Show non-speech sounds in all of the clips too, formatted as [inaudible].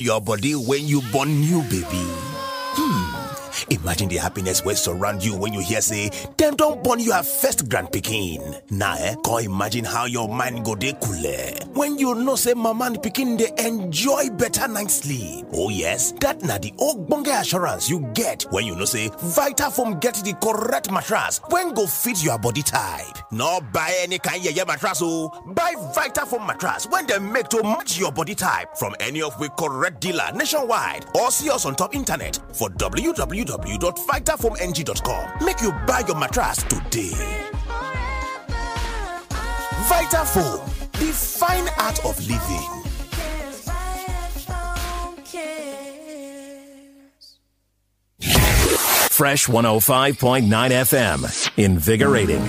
Your body when you born new baby. Hmm. Imagine the happiness will surround you when you hear say, them don't born your first grand picking. Now, eh, can imagine how your mind go de cool When you know say mama and picking they enjoy better night sleep. Oh yes, that na the bunge assurance you get when you know say Vitafoam get the correct mattress when go fit your body type. No buy any kind of mattress oh. Buy Vitafoam mattress when they make to match your body type from any of we correct dealer nationwide or see us on top internet for www www.vitafoamng.com. Make you buy your mattress today. Vitafoam, the fine art of living. Fresh 105.9 FM. Invigorating.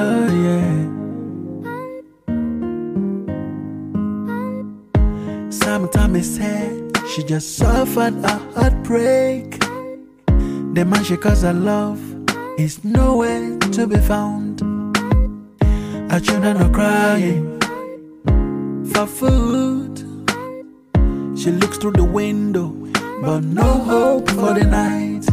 Oh, yeah. time and time is said she just suffered a heartbreak. The man she calls her love is nowhere to be found. Our children are crying for food. She looks through the window, but no hope for the night.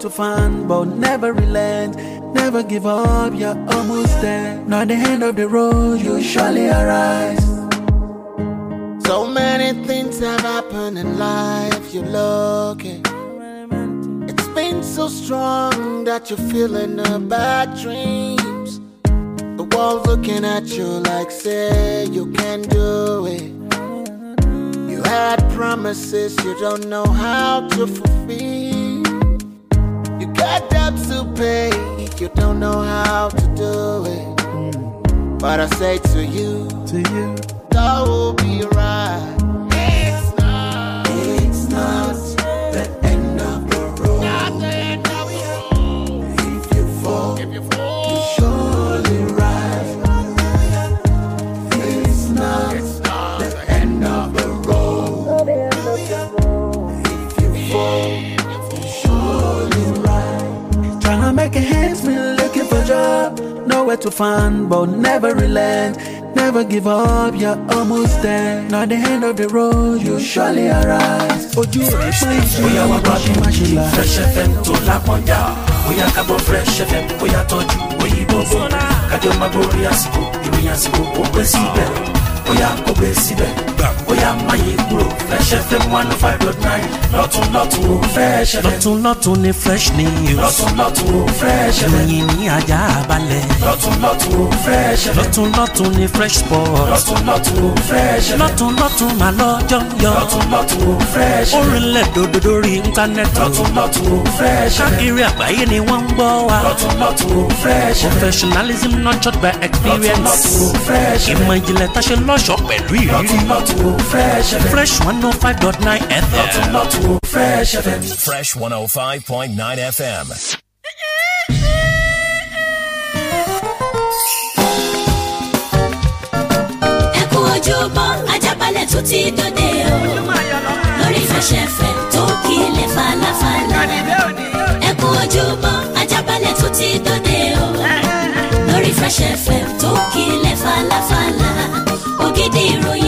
to find, but never relent. Never give up, you're almost there. Not the end of the road, you surely arise. So many things have happened in life, you are looking. It's been so strong that you're feeling the bad dreams. The world looking at you like, say, you can do it. You had promises you don't know how to fulfill up to pay. You don't know how to do it. Mm. But I say to you, to you, that will be right. It's not. It's not. Tryna make a hands, me looking for job. Nowhere to find, but never relent. Never give up, you're almost there. Not the end of the road, you surely arise. Ojú ìpín ìṣòyà wà bàbí Fresh FM tó lápọ̀njà. Bóyá kábọ̀ Fresh FM, bóyá tọ́jú òyìnbó fún. Kájọ máa borí àsìkò, ìròyìn àsìkò, ó gbé síbẹ̀. Bóyá kò gbé síbẹ̀. program. ó yá kúrò Fresh FM one oh five dot nine lọ́tún lọ́tún Fresh FM. lọ́tún lọ́tún ni fresh news. lọ́tún lọ́tún Fresh FM. ròyìn ní ajá balẹ̀. lọ́tún lọ́tún Fresh FM. lọ́tún lọ́tún ni fresh sport. lọ́tún lọ́tún Fresh FM. lọ́tún lọ́tún mà lọ́jọ́ ń yọ. lọ́tún lọ́tún Fresh FM. orinlẹ̀ dòdò lórí íńtánẹ́ẹ̀tì. lọ́tún lọ́tún Fresh FM. káàkiri àgbáyé ni wọ́n ń gbọ́ wa. lọ́tún lọ́tún Fresh FM. professionalism nurtured by experience. lọ́tún lọ́tún Fresh FM. ìmọ̀ ìjìnlẹ̀ tá a ṣe lọ́ṣọ̀ọ́ pẹ̀lú ìrírí. lọ́tún lọ́tún fresh fm. fresh one oh five fm. fresh fm. fresh one oh five point nine fm. fresh fm oh tó kílẹ̀ falafala fm falafala ògidì ìròyìn.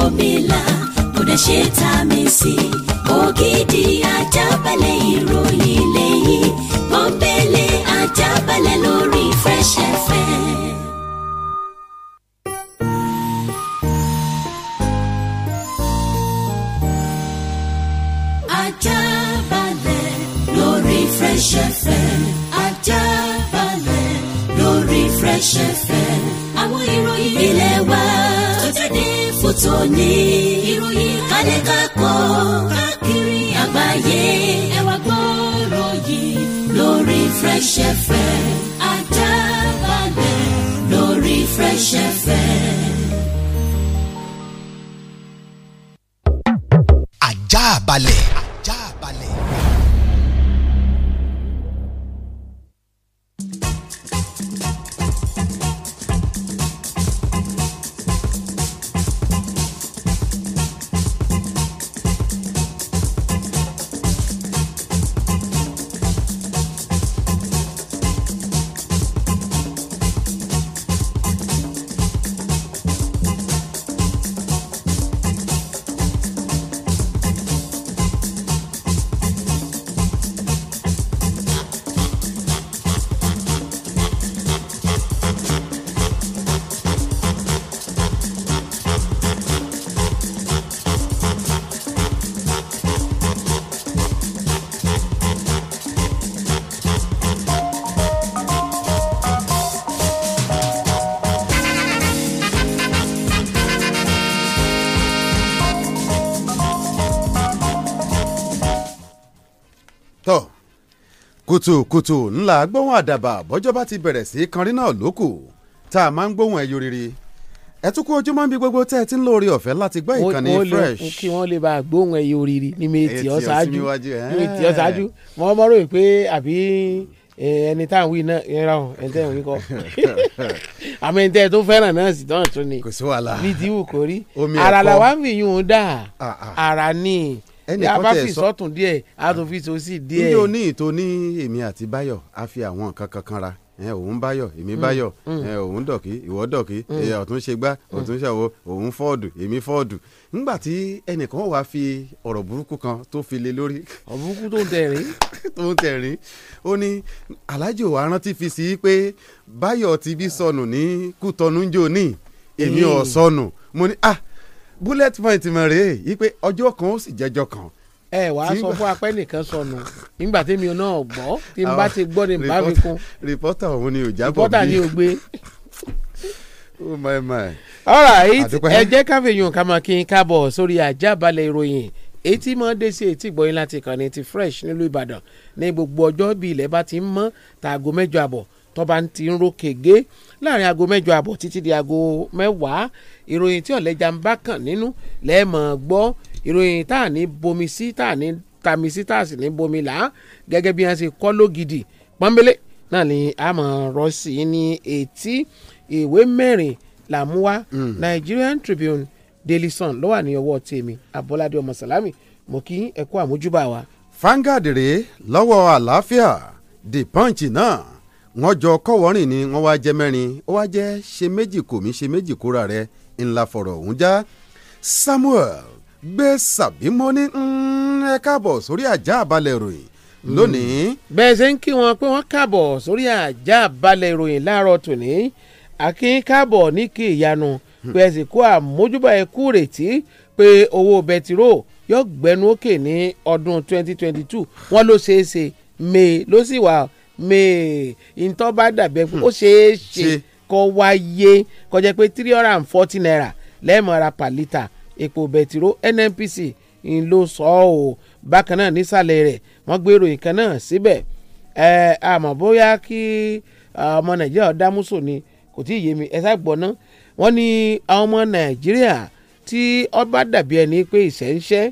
bòmílà kò dẹ̀ ṣe tá ajabale mi sí. ògidì ajábalẹ̀ ìròyìn lẹ́yìn pọ́npẹ́lẹ́ ajábalẹ̀ lórí Fresh FM. Ajábalẹ̀ lórí Fresh FM. Ajábalẹ̀ lórí Fresh FM. àwọn ìròyìn ilé wa àkókò tó ní ìròyìn kálẹ̀ kákọ́ káàkiri àgbáyé ẹ gbọ́rọ̀ yìí lórí Fresh FM Àjààbálẹ̀ lórí Fresh FM. Àjààbálẹ̀. kùtùkùtù ńlá gbóhùn àdàbà bọ́jọ́bá ti bẹ̀rẹ̀ sí kanrin náà lókù tá a máa ń gbóhùn ẹyọ rere ẹ tún kú ojúmọ́ bí gbogbo tẹ́ ẹ ti ń lo oore láti gbọ́ ìkànnì fresh. kí wọ́n lè bá gbóhùn ẹyọ rere ní mi tì ọ́ ṣáájú mi tì ọ́ ṣáájú mo mọ́ rò pé àbí ẹni tá à ń wí náà yẹra o ẹni tẹ́ ẹ̀ ń wí kọ́ [laughs] àmọ́ ẹni tẹ́ ẹ tó fẹ́ràn náà sì tán tún kò sí wàhálà ní ti wù kórí ara làwọn ẹnìkan tẹ̀ sọ yàrá sọ́tún díẹ̀ àtúnfi tó sì díẹ̀. njó ní ìtò ní èmi àti Báyọ̀ a fi àwọn nǹkan kankan ra òun Báyọ̀ èmi mm, Báyọ̀ mm. òun dọ̀kí ìwọ dọ̀kí mm. ọ̀tún ṣe gbá ọ̀tún ṣàwọ̀ òun fọ́ọ̀dù èmi fọ́ọ̀dù ńgbà tí ẹnìkan wàá fi ọ̀rọ̀ burúkú kan tó fi lé lórí. ọ̀rọ̀ burúkú tó ń tẹ̀rín. [laughs] tó ń tẹ̀rín ó ní alájò wa rántí fi sí pé Báyọ̀ ti bí sọnù ní Kútọ́nù jò ní èmi ò mo ní ah bullet point mọ̀ rèé yí pé ọjọ́ kan ó sì jẹjọ́ kan ẹ wàá sọ fún apẹ́ nìkan sọnù nígbà tẹ́mi náà gbọ́ tí n bá ti gbọ́ ni bá mi kún. rìpọ́tà òun ni ò jábọ̀ bí rìpọ́tà [laughs] oh my my. all right ẹ jẹ́ ká kí n káàbọ̀ sórí àjábálẹ̀ ìròyìn etí mọ́ dé etí gbọ́yìn láti kàn ní ti fresh nílùú ìbàdàn ní gbogbo ọjọ́ bí ilẹ̀ bá ti ń mọ́ tààgó mẹ́jọ àbọ̀ tó bá ti ń rókè gé láàrin aago mẹ́jọ àbọ̀ títí di aago mẹ́wàá ìròyìn tí ọ̀lẹ́jà ń bá kàn nínú lẹ́ẹ̀mọ̀ gbọ́ ìròyìn tá à ní bomi sí tá à ní tami sí tá à sì ní bomi là á gẹ́gẹ́ bí wọ́n ṣe kọ́ lógidì pọ́nbélé náà ni a mọ̀ ọ̀rọ̀ sí ní etí ìwé mẹ́rin làmúwá hmm. Nigerian Tribune Daily Sun ló wà ní ọwọ́ tèmi Abọ́ládé ọmọ Sàlámì mo kí ẹ kú àmójúbà wa. Vanguard rèé lọ́wọ́ àlàáfíà The Punch náà wọ́n jọ kọ́wọ́rìn ni wọ́n wá jẹ́ mẹ́rin ó wá jẹ́ ṣe méjì kò mí ṣe méjì kóra rẹ̀ ńlá fọ̀rọ̀ ọ̀hún já Samuel gbé sàbímọ́ ní ẹ káàbọ̀ sórí àjà àbálẹ̀ ìròyìn hmm. lónìí. bẹ́ẹ̀ ṣe ń kí wọn pé wọ́n káàbọ̀ sórí àjà àbálẹ̀ ìròyìn láàárọ̀ tòní akin káàbọ̀ ní kí ìyanu hmm. pé ẹ̀sìn kó àmójúbà ẹ̀kú rètí pé owó bẹtiró yóò gbẹnu òkè may ntọ́ bá dàbẹ̀ ó hmm. ṣeé ṣe kọ́ wáyé kọjá pé three hundred and forty naira lẹ́ẹ̀mọ́ra per litre epo bẹtiró nnpc ń lo sọ ọ́ o bákan náà nísàlẹ̀ rẹ̀ wọ́n gbé ìròyìn kan náà síbẹ̀ ẹ̀ àmọ́ bóyá kí ọmọ nàìjíríà dámúsò ni kò tí ì yé mi ẹ sá gbọ́ wọ́n ní ọmọ nàìjíríà tí ọba dàbí ẹni pé ìṣẹ́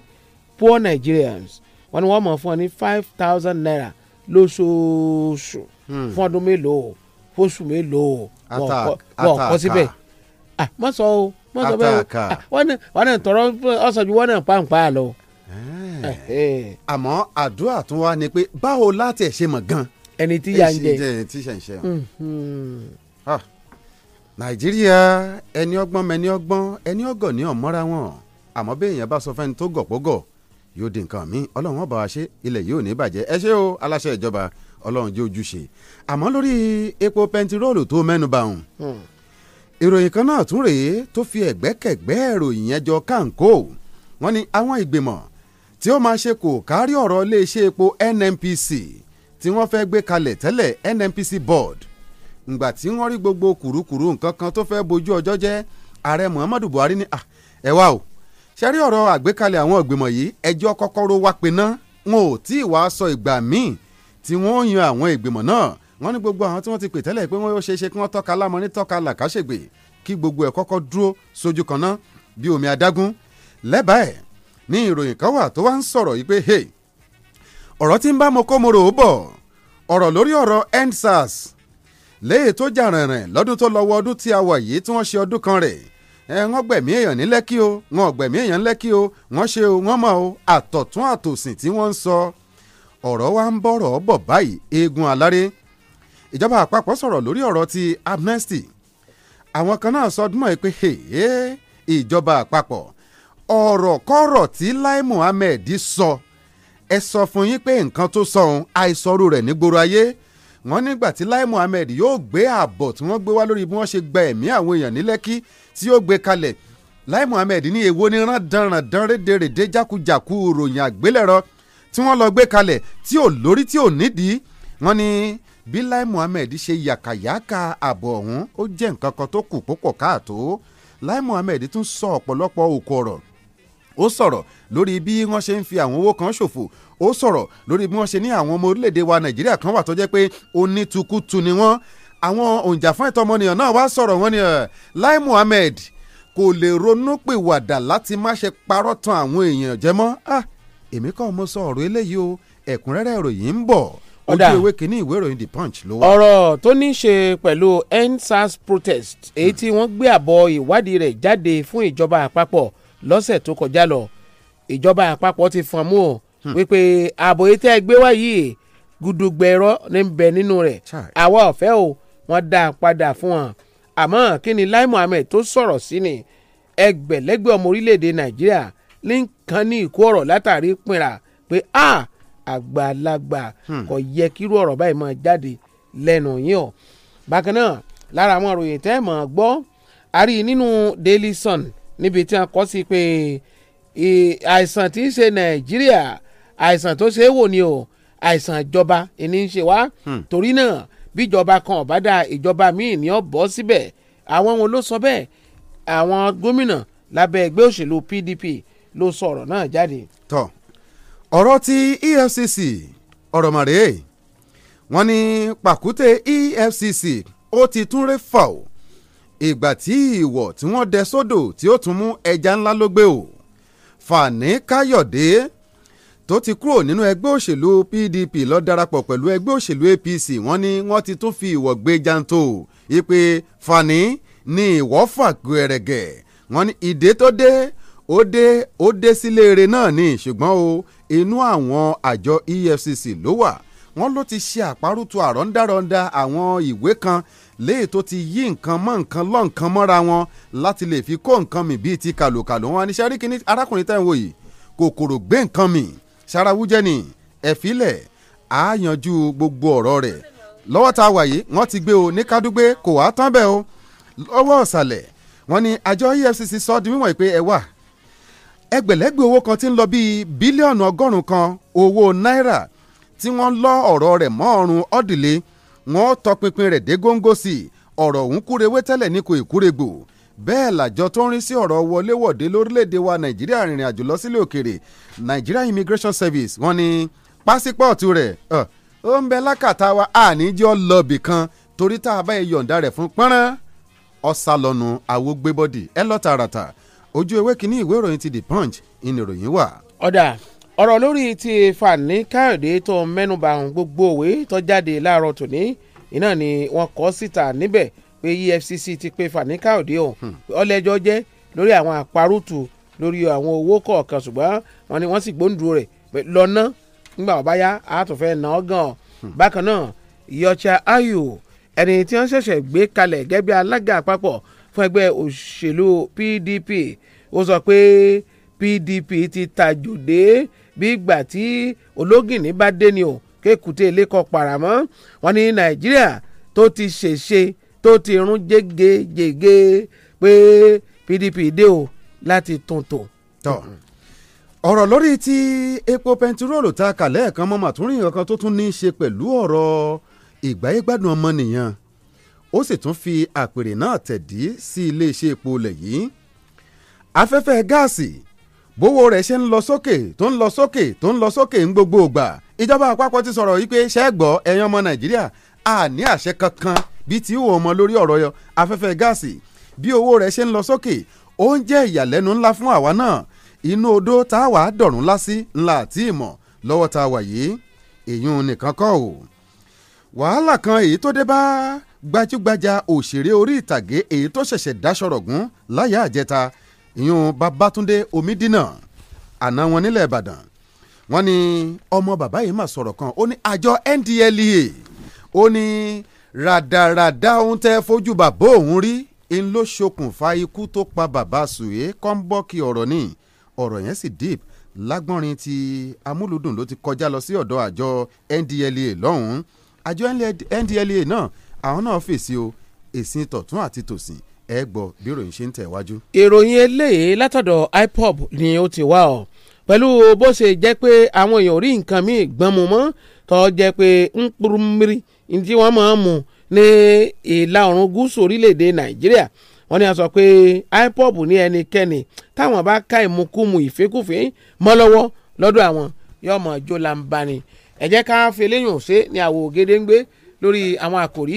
poor nigerians wọ́n ní wọ́n mọ̀ fún ọ ní five thousand naira lóṣooṣù hmm. fún ọdún mélòó fóṣù mélòó wọn kọ síbẹ̀ mọ sọ o mọ sọ bẹ́ẹ̀ o wọn náà tọrọ ọsàn ju wọn náà pàǹpà lọ. àmọ́ àdúrà tún wá ni pé báwo láti ẹ̀ ṣe mọ̀ gan. ẹni tí yà ń jẹ ẹni tí yà ń ṣe mhm. ah. nàìjíríà ẹni ọgbọ́n mẹni ọgbọ́n ẹni ọgọ̀ ni ọ̀mọ́ra wọn àmọ́ bí èèyàn bá sọ fẹ́ni tó gọ̀pọ̀gọ̀ yóò di nǹkan mi ọlọ́run ọba wa ṣe ilẹ̀ yóò ní bàjẹ́ ẹ ṣé o aláṣẹ ìjọba ọlọ́run jẹ́ ojúṣe àmọ́ lórí epo pẹntiróòlù tó mẹ́nuba ọ̀hún hmm. ìròyìn kan náà tún rèé tó fi ẹ̀gbẹ́kẹ̀gbẹ́ ìròyìn yẹn jọ káńkó wọ́n ní àwọn ìgbìmọ̀ tí ó máa ṣe kò kárí ọ̀rọ̀ iléeṣẹ́ epo NNPC tí wọ́n fẹ́ gbé kalẹ̀ tẹ́lẹ̀ NNPC board ngbà tí wọ́n rí gbogbo kùrukùru nǹkan kan tó fẹ́ bojú ọjọ́ jẹ́ ààrẹ Muhammadu Buhari ní ẹ wá o ṣẹ́rí ọ̀rọ̀ àgbékalẹ̀ àwọn ìgbìmọ̀ yìí ẹjọ́ kọ́kọ́rọ́ wá pe ná wọn ò tí ì wá sọ ìgbà míì tí wọ́n yan àwọn ìgbìmọ̀ náà wọ́n ní gbogbo àwọn tí wọ́n ti pè tẹ́lẹ̀ pé wọ́n yóò ṣe é ṣe kí wọ́n tọ́ka lámọ́ ní tọ́ka làkàṣègbè kí gbogbo ẹ̀ kọ́kọ́ dúró sójú kan ná bí omi adágún lẹ́bàá ẹ̀ ní ìròyìn kan wà tó wá ń sọ̀rọ̀ yìí pé hey ọ̀rọ̀ tí ń bá mo kó mo rò ó bọ̀ ọ̀rọ̀ lórí ọ̀rọ̀ EndSARS léyìí tó jà rìnrìn lọ́dún tó lọ́wọ́ ọdún tí a wà yìí tí wọ́n ṣe ọdún kan rẹ̀ ẹ wọ́n gbẹ̀mí èèyàn ní lẹ́kí o wọ́n gbẹ̀mí èèyàn ní lẹ́kí o wọ́n ṣe o wọ́n mọ̀ o àtọ̀tún àtòsìn tí wọ́n ń sọ ọ̀rọ̀ wa ń bọ̀rọ̀ bọ̀ báyìí eegun aláré ìjọba àpapọ̀ sọ̀rọ̀ lórí ọ̀rọ̀ ti amnesty àwọn kan náà sọ ọdún mọ́ ẹ pé ìjọba àpapọ̀ ọ̀rọ̀ kọ̀rọ̀ tí Lai Muhammed sọ ẹ sọ fún yín pé nǹkan tó sọ òun àìsọrú rẹ̀ nígboro ayé wọ́n nígbà tí Lai Muhammed yóò gbé ààbọ̀ tí wọ́n gbé wá lórí bí wọ́n ṣe gba ẹ̀mí àwọn èèyàn ní Lẹ́kí tí ó gbé kalẹ̀ Lai Muhammed ní èwo ni rándanrandan rédèrèdè jákujàku ròyìn àgbélẹ̀rọ tí wọ́n lọ gbé kalẹ̀ tí ò lórí tí ò nídìí wọ́n ní bí Lai Muhammed ṣe yàkàyàkà àbọ̀ ọ̀hún ó jẹ́ nǹkan kan tó kù púpọ̀ káàtó Lai Muhammed tún sọ ọ̀pọ̀lọpọ̀ òkò ọ̀rọ̀ ó sọ̀rọ̀ lórí bí wọ́n ṣe ń fi àwọn owó kan ṣòfò ó sọ̀rọ̀ lórí bí wọ́n ṣe ní àwọn ọmọ orílẹ̀-èdè wa Nàìjíríà kan wà tó jẹ́ pé onítukutu ni wọ́n àwọn òǹjàfún ẹ̀tọ́ ọmọnìyàn náà wá sọ̀rọ̀ wọn ni Lai Muhammed kò lè ronú pìwàdà láti má ṣe parọ́ tan àwọn èèyàn jẹ mọ́ ah, èmi kọ́ mo sọ ọ̀rọ̀ eléyìí o ẹ̀kúnrẹ́rẹ́ ìròyìn ń bọ̀ ojú ewé kínní ìwé ìròyìn the punch ló wà. ọ̀rọ̀ tó ní í ṣe pẹ̀lú endsars protest èyí tí wọ́n gbé àbọ̀ ìwádìí rẹ̀ jáde fún ìjọba àpapọ̀ lọ́sẹ̀ tó kọjá lọ ìjọba àpapọ̀ ti fọ́n mú o hmm. wípé ààbò yìí tẹ́ ẹ gbé wá yìí gudugbẹ̀rọ ní bẹ̀ nínú rẹ̀ àwa ọ̀fẹ́ o. Chai wọ́n dá a padà fún wọn àmọ́ kí ni Lai Muhammed tó sọ̀rọ̀ sí ni ẹgbẹ̀lẹ́gbẹ̀ ọmọ orílẹ̀-èdè Nàìjíríà ní nǹkan ní ìkó ọ̀rọ̀ látàrí pinra pé a àgbàlagbà hmm. kò yẹ kírú ọ̀rọ̀ báyìí máa jáde lẹ́nu yín o bákan náà lára àwọn òròyìn tẹ́ mọ̀ gbọ́ àrí nínú Daily Sun níbi tí wọ́n kọ sí pé àìsàn tí ń ṣe Nàìjíríà àìsàn tó ṣe é wò ni o àìsàn ìjọba ìní ń ṣe wá hmm. torí náà bíjọba kan ọ̀bádà ìjọba míì ní ọ̀bọ̀ síbẹ̀ àwọn wọn ló sọ bẹ́ẹ̀ àwọn gómìnà lábẹ́ ẹgbẹ́ òṣèlú PDP ló sọ ọ̀rọ̀ náà jáde. tọ ọ̀rọ̀ ti EFCC ọ̀rọ̀ màrèé wọ́n ní pàkúté EFCC ó ti tún ré fà ó ìgbà tí ìwọ̀ tí wọ́n dẹ sódò tí ó tún mú ẹja ńlá ló gbé o Fani Káyọ̀dé tó ti kúrò nínú ẹgbẹ́ òṣèlú PDP lọ darapọ̀ pẹ̀lú ẹgbẹ́ òṣèlú APC wọ́n ní wọ́n ti tún fi ìwọ̀ gbé janto ipe fani ni ìwọ́ fà gbẹ̀rẹ̀gẹ̀ wọ́n ní ìdè tó dé ó dé ó dé sílé eré náà ni ṣùgbọ́n o inú àwọn àjọ EFCC ló wà wọ́n ló ti ṣe àparùtù àrọ́ndàrọ́ndà àwọn ìwé kan léè tó ti yí nǹkan mọ́ nǹkan lọ́ nǹkan mọ́ra wọn láti lè fi kó nǹkan mì bíi ti kàlòkàlò wọn àníṣe arákùnrin tẹ́ wò yìí kòkòrò gbé nǹkan mì Sarawújẹ́ ni ẹ̀fílẹ̀ á yanjú gbogbo ọ̀rọ̀ rẹ̀ lọ́wọ́ tá a wà yìí wọ́n ti gbé o ní kádúgbé kò wá tán bẹ́ẹ̀ o lọ́wọ́ ọ̀sàlẹ̀ wọ́n ní àjọ EFCC sọ ọ́ di mímọ̀ pé ẹ wà ẹgbẹ̀lẹ́gbẹ̀ owó kan ti ń lọ bíi bílíọ̀nù ọgọ́rùn-ún kan owó náírà tí wọ́n lọ ọ̀rọ̀ rẹ̀ mọ́ ọ̀run ọ̀dìlé wọ́n tọpinpin rẹ̀ dé góńgó sí ọ̀rọ̀ òun kúrewé tẹ́lẹ̀ ní kò ìkúregbò bẹ́ẹ̀ làjọ tó ń rí sí ọ̀rọ̀ wọléwọ̀de lórílẹ̀‐èdè wa nàìjíríà rìnrìn àjò lọ sílé òkèèrè Nigeria Immigration Service wọ́n ní pásípọ̀ọ̀tù rẹ̀ ó ń bẹ lákàtà wa àníjọ́ lọ́ọ̀bì kan torí tá a bá yẹ yọ̀ǹda rẹ̀ fún pọ́nrán ọ̀sálọ́nù àwògbébọ́dì ẹ lọ tààràtà ojú ewé kínní ìwé ìròyìn ti The Punch ìnìròyìn wà. ọ̀dà ọ̀rọ̀ lórí ti Fani Káyọ̀dé tó mẹ́nuba gbogbo òwe tó jáde láàárọ̀ tòní iná ni wọ́n kọ́ síta níbẹ̀ pé EFCC ti pe Fani Káyọ̀dé ọ̀hún ọlẹ́jọ́ hmm. jẹ́ lórí àwọn àparùtù lórí àwọn owó kọ̀ọ̀kan ṣùgbọ́n wọn ni wọ́n sì gbóǹdúró rẹ̀ lọ́nà nígbà wọ́n bá yá àtúnfẹ́ nà ọ́ gan hmm. bákan náà Yọcha Ayu ẹni tí wọ́n ṣẹ̀ṣẹ̀ gbé kalẹ̀ gẹ́gẹ́ bí alága àpapọ̀ fún ẹgbẹ́ òṣèlú PDP ó sọ pé PDP ti tàjòdè bí ìgbà tí ológìnní bá dé ni o kékùté ilé kọ pàràmọ́ wọn ní Nàìjíríà tó ti ṣèṣe tó ti rún jégejège pé PDP dé o láti tuntun. tọ ọ̀rọ̀ lórí ti epo bẹntiróòlù ta kàlẹ́ kan mọ́ màtúrì nǹkan tó tún ní í ṣe pẹ̀lú ọ̀rọ̀ ìgbáyégbádùn ọmọnìyàn ó sì tún fi àpèrè náà tẹ̀dí sí iléeṣẹ́ epo ilẹ̀ yìí afẹ́fẹ́ gáàsì bówó rẹ̀ ṣe ń lọ sókè tó ń lọ sókè tó ń lọ sókè ń gbogbo ògbà ìjọba àpapọ̀ ti sọ̀rọ̀ yìí pé ṣẹ́gbọ́ ẹ̀yàn ọmọ nàìjíríà a ní àṣẹ kankan bíi ti ìwò ọmọ lórí ọ̀rọ̀ afẹ́fẹ́ gáàsì bí owó rẹ̀ ṣe ń lọ sókè ó ń jẹ́ ìyàlẹ́nu ńlá fún àwa náà inú odó tá a wà á dọ̀rùn lásì ńlá àti ìmọ̀ lọ́wọ́ tá a wà yìí èyí ò nìkan kọ́ o wàhálà kan èyí tó dé bá gbajúgbajà òṣèré orí ìtàgé èyí tó ṣẹ̀ṣẹ̀ dáṣọ̀rọ̀ gún láyà àjẹta ìyún Babátúndé Omídínà àná wọn nílẹ̀ Ìbàdàn wọ́n ní ọmọ bàbá yìí mà sọ̀rọ̀ kan ó ní àjọ NDLEA ó ní ràdàràdà ohun tẹ́ fojú bàbá òun rí ń ló ṣokùnfà ikú tó pa bàbá sùwé kọ́ńbọ́ọ̀kì ọ̀rọ̀ ni ọ̀rọ̀ yẹn sì deep lágbọ́nrin ti amúlùdùn ló ti kọjá lọ sí ọ̀dọ̀ àjọ NDLEA lọ́hùn-ún àjọ NDLEA náà àwọn náà fèsì o èsì tọ̀tún àti tòsìn ẹ gbọ́ bí ìròyìn ṣe ń tẹ̀ ìròyìn eléyìí látọ̀dọ̀ IPOB ni ó ti wá ọ pẹ̀lú bó ṣe jẹ́ pé àwọn èèyàn rí nǹkan míì gbọ́n mu mọ́ tó jẹ́ pé ń purú mìíràn ní tí wọ́n máa ń mu ní ìlà oòrùn gúúsù orílẹ̀-èdè nàìjíríà wọ́n ní a sọ pé ipob ní ẹnikẹ́ni táwọn bá ká ìmukúmu ìfẹ́kùfẹ́ mọ́ lọ́wọ́ lọ́dọ̀ àwọn yóò mọ̀ jó lambani ẹ jẹ́ ká fi eléyìí ṣe ní àwò gédéǹgbé lórí àwọn àkòrí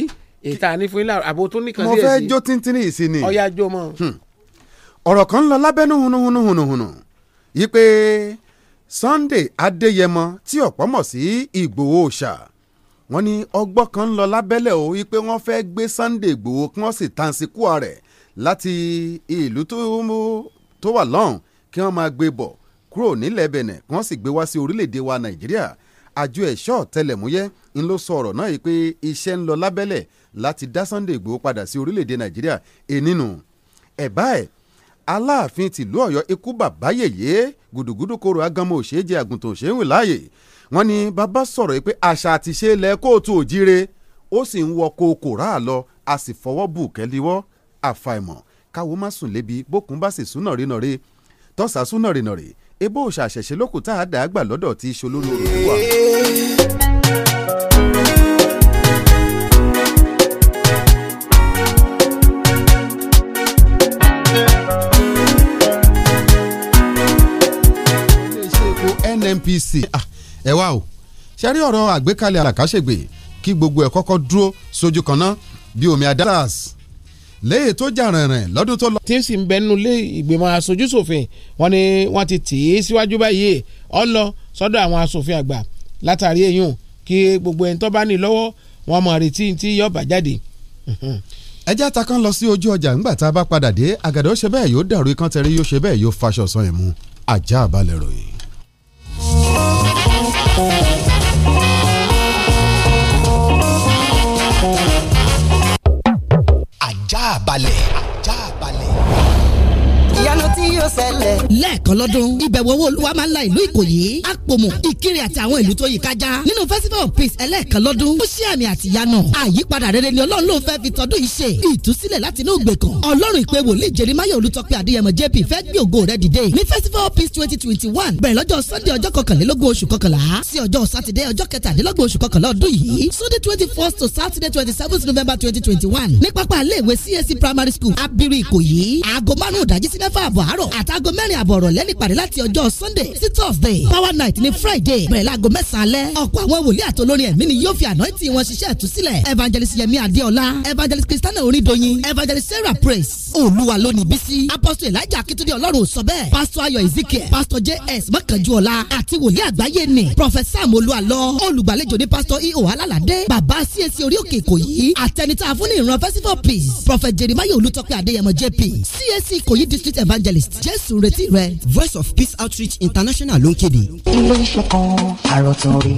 ètà nífun ilà àbò tó nìkan sí èsì. mo fẹ́ jó tíntínní yìí sí ni. ọ̀ya jó mọ́. Hmm. ọ̀rọ̀ kan lọ lábẹ́nú hunuhunuhunuhunu yí pé Sunday Adéyẹmọ tí ọ̀pọ̀ mọ̀ sí Ìgbòho ṣáà wọ́n ní ọgbọ́n kan ń lọ lábẹ́lẹ̀ o wípé wọ́n fẹ́ gbé Sunday Igboho kí wọ́n sì tanṣíkú rẹ̀ láti ìlú tó wà lọ́hùn kí wọ́n máa gbé bọ̀ kúrò nílẹ̀ Benin kí wọ́n sì gbé wá sí orílẹ̀-èdè wa Nàìjíríà àjọ ẹ̀ṣọ́ ọ̀tẹlẹ̀múyẹ́ ń ló sọ ọ̀rọ̀ náà yìí pé iṣẹ́ ń lọ lábẹ́lẹ̀ láti dá Sunday Igboho padà sí orílẹ̀-èdè Nàìjíríà ènìnú ẹ̀bá ẹ̀ Aláàfin tìlú Ọ̀yọ́ ikú bàbá yèyé gùdùgùdù koro agamọ òṣèjẹ àgùntàn òṣèwìn láàyè wọ́n ní bàbá sọ̀rọ̀ yìí pé àṣà àti ṣe ilẹ̀ kóòtù òjíire ó sì ń wọ kookò ráà lọ a sì fọwọ́ bù kẹ́líwọ́ àfàìmọ̀ káwo má sùn lébi bókun bá sì sún nàrínàrí tọ́sà sún nàrínàrí ebó òòṣà àṣẹ̀ṣẹ̀ lókùtà àdàgbà lọ́dọ̀ tí iṣẹ́ olóró rẹ̀ NNPC ah ẹ wá o ṣe rí ọ̀rọ̀ àgbékalẹ̀ àràkàṣègbè kí gbogbo ẹ̀ kọ́kọ́ dúró sójú kan náà bí omi adálas léyìí tó jà rìnrìn lọ́dún tó lọ. tí ń sì ń bẹnu lé ìgbìmọ̀ aṣojúṣòfin wọn ni wọ́n ti tì í síwájú báyìí ọ lọ sọ́dọ̀ àwọn aṣòfin àgbà látàrí èyàn kí gbogbo ẹni tó bá ní lọ́wọ́ wọn mọ̀ retí tí yóò bá jáde. ẹjẹ́ atakan lọ sí ojú ọjà ńgbà tá a bá padà dé àgàdo ṣe bẹ́ẹ̀ yóò dàrú ikán tẹ̀rí yóò ṣe bẹ́ẹ̀ yóò faṣọ sọ ẹ̀ mú ajá balẹ̀ ròyìn. Àjààbalẹ̀ yóò ṣẹlẹ̀. lẹ́ẹ̀kan lọ́dún ìbẹ̀wò owó olúwa máa ń la ìlú ìkòyí àpòmù ìkirè àti àwọn ìlú tó yí kájá nínú festival of peace ẹlẹ́ẹ̀kan lọ́dún ó ṣe àmì àtìyanu àyípadà rere ni ọlọ́run ló fẹ́ fi tọdún yìí ṣe ìtúsílẹ̀ láti inú ìgbèkùn ọlọ́run ìpè wòlíì jerimáyà olùtọ́pẹ́ adéyẹmọ jp fẹ́ gbé ògo rẹ̀ dìde ní festival of peace twenty twenty one bẹ̀rẹ̀ lọ́jọ́ sunday ọjọ́ kọkànlélógún oṣù kọkànlá sí ọjọ́ sátidé ọjọ́ kẹtàdínlógún oṣù kọkànlá ọdún yìí sunday twenty first to saturday twenty seventh november twenty twenty one ní pápá iléèwé csc primary school abiri ìkòyí aago márùn-ún ìdájí sí mẹ́fà àbọ̀ àárọ̀ àtàgọ́ mẹ́rin àbọ̀ ọ̀rọ̀lẹ́ nípàdé láti ọjọ́ sunday sí thursday power night ní friday bẹ̀rẹ̀ láago mẹ́sàn-án alẹ́ ọ̀pọ̀ àwọn wòlíì àtolórin ẹ̀mí ni yóò fi ànáìtì wọn ṣiṣẹ́ ìtúsílẹ̀ evangelist yemi Adeola. evangelist christiana orindoyin evangelist sarah praise olúwa lónìí bísí apostle elijah akitunde ọlọ́run sọ bẹ́ẹ̀ pastor ayọ̀ ezekiel pastor js mọ́kànjúọlá àti wòlíì àgbáyé ni prophet sam olúwalọ olùgbàlejò ni pastor iho e alálàdé bàbá cac orí òkè ìkòyí àtẹnitá afúnni ìran festival peace prophet jeremiah olùtọ́pẹ́ adéyẹmọ jp CSC koyi district evangelist jésù retí rẹ voice of peace outreach international ló ń kéde. ilé kan àròtún rí.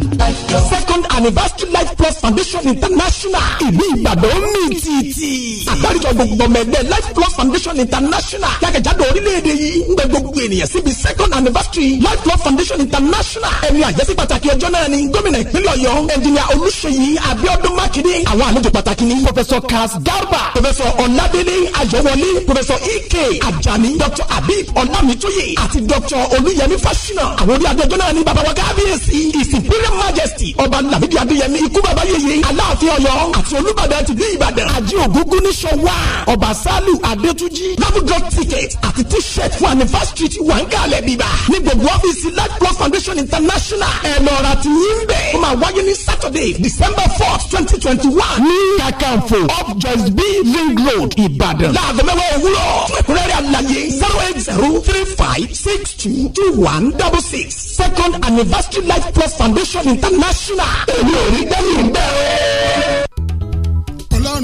second anniversary life plus foundation international ìlú ìbàdàn mi tìtì. àgbáríjọ gbogbo mẹ́gbẹ́ life plus foundation international jákèjádò orílẹ̀-èdè yìí ń gbẹ gbogbo ènìyàn síbi second anniversary life plus foundation international ẹni àjẹsí pàtàkì ọjọ́ náà ni gómìnà ìpínlẹ̀ ọ̀yọ́ ẹnjìnìà olùṣeyí abiodun makinde àwọn àlejò pàtàkì ni professor kaz garba professor ọ̀nàdélé ayọ̀wọlé professor ike ajani Doctor abi habib ọlámìtóyè àti dr olúyẹmí fásinà àwọn orí adájọ́ náà ní baba wa kábíyèsí ìsìnkúrẹ́ majesty ọba lamidi adéyẹmí ikú baba yeye aláàfin ọ̀yọ́ àti olúbàdàn ti bí ìbàdàn àjẹ ògúngún ní sọwá ọba salu adétúnjì labudrop ticket àti t-shirt fún anniversary ti wà ń kalẹ̀ bíbá ní gbogbo ọ́fíìsì light plus foundation international ẹ̀ lọ́ra ti yín bẹ́ẹ̀ ó máa wáyé ní saturday december fourth twenty twenty one ní kakanfo up just be ring road ìbàdàn láàgọ́ mẹ́wàá òwúrọ̀ fún ẹ̀kúnrẹ́rẹ́ àlàyé zero eight zero three five six two two one double six second anniversary life plus foundation international èmi ò rí dẹ́yìn bẹ́ẹ̀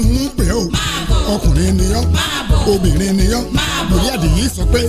ọlọ́run ń pè ó ọkùnrin ni ọ́ obìnrin ni ọ́ lórí àdìyí sọ pé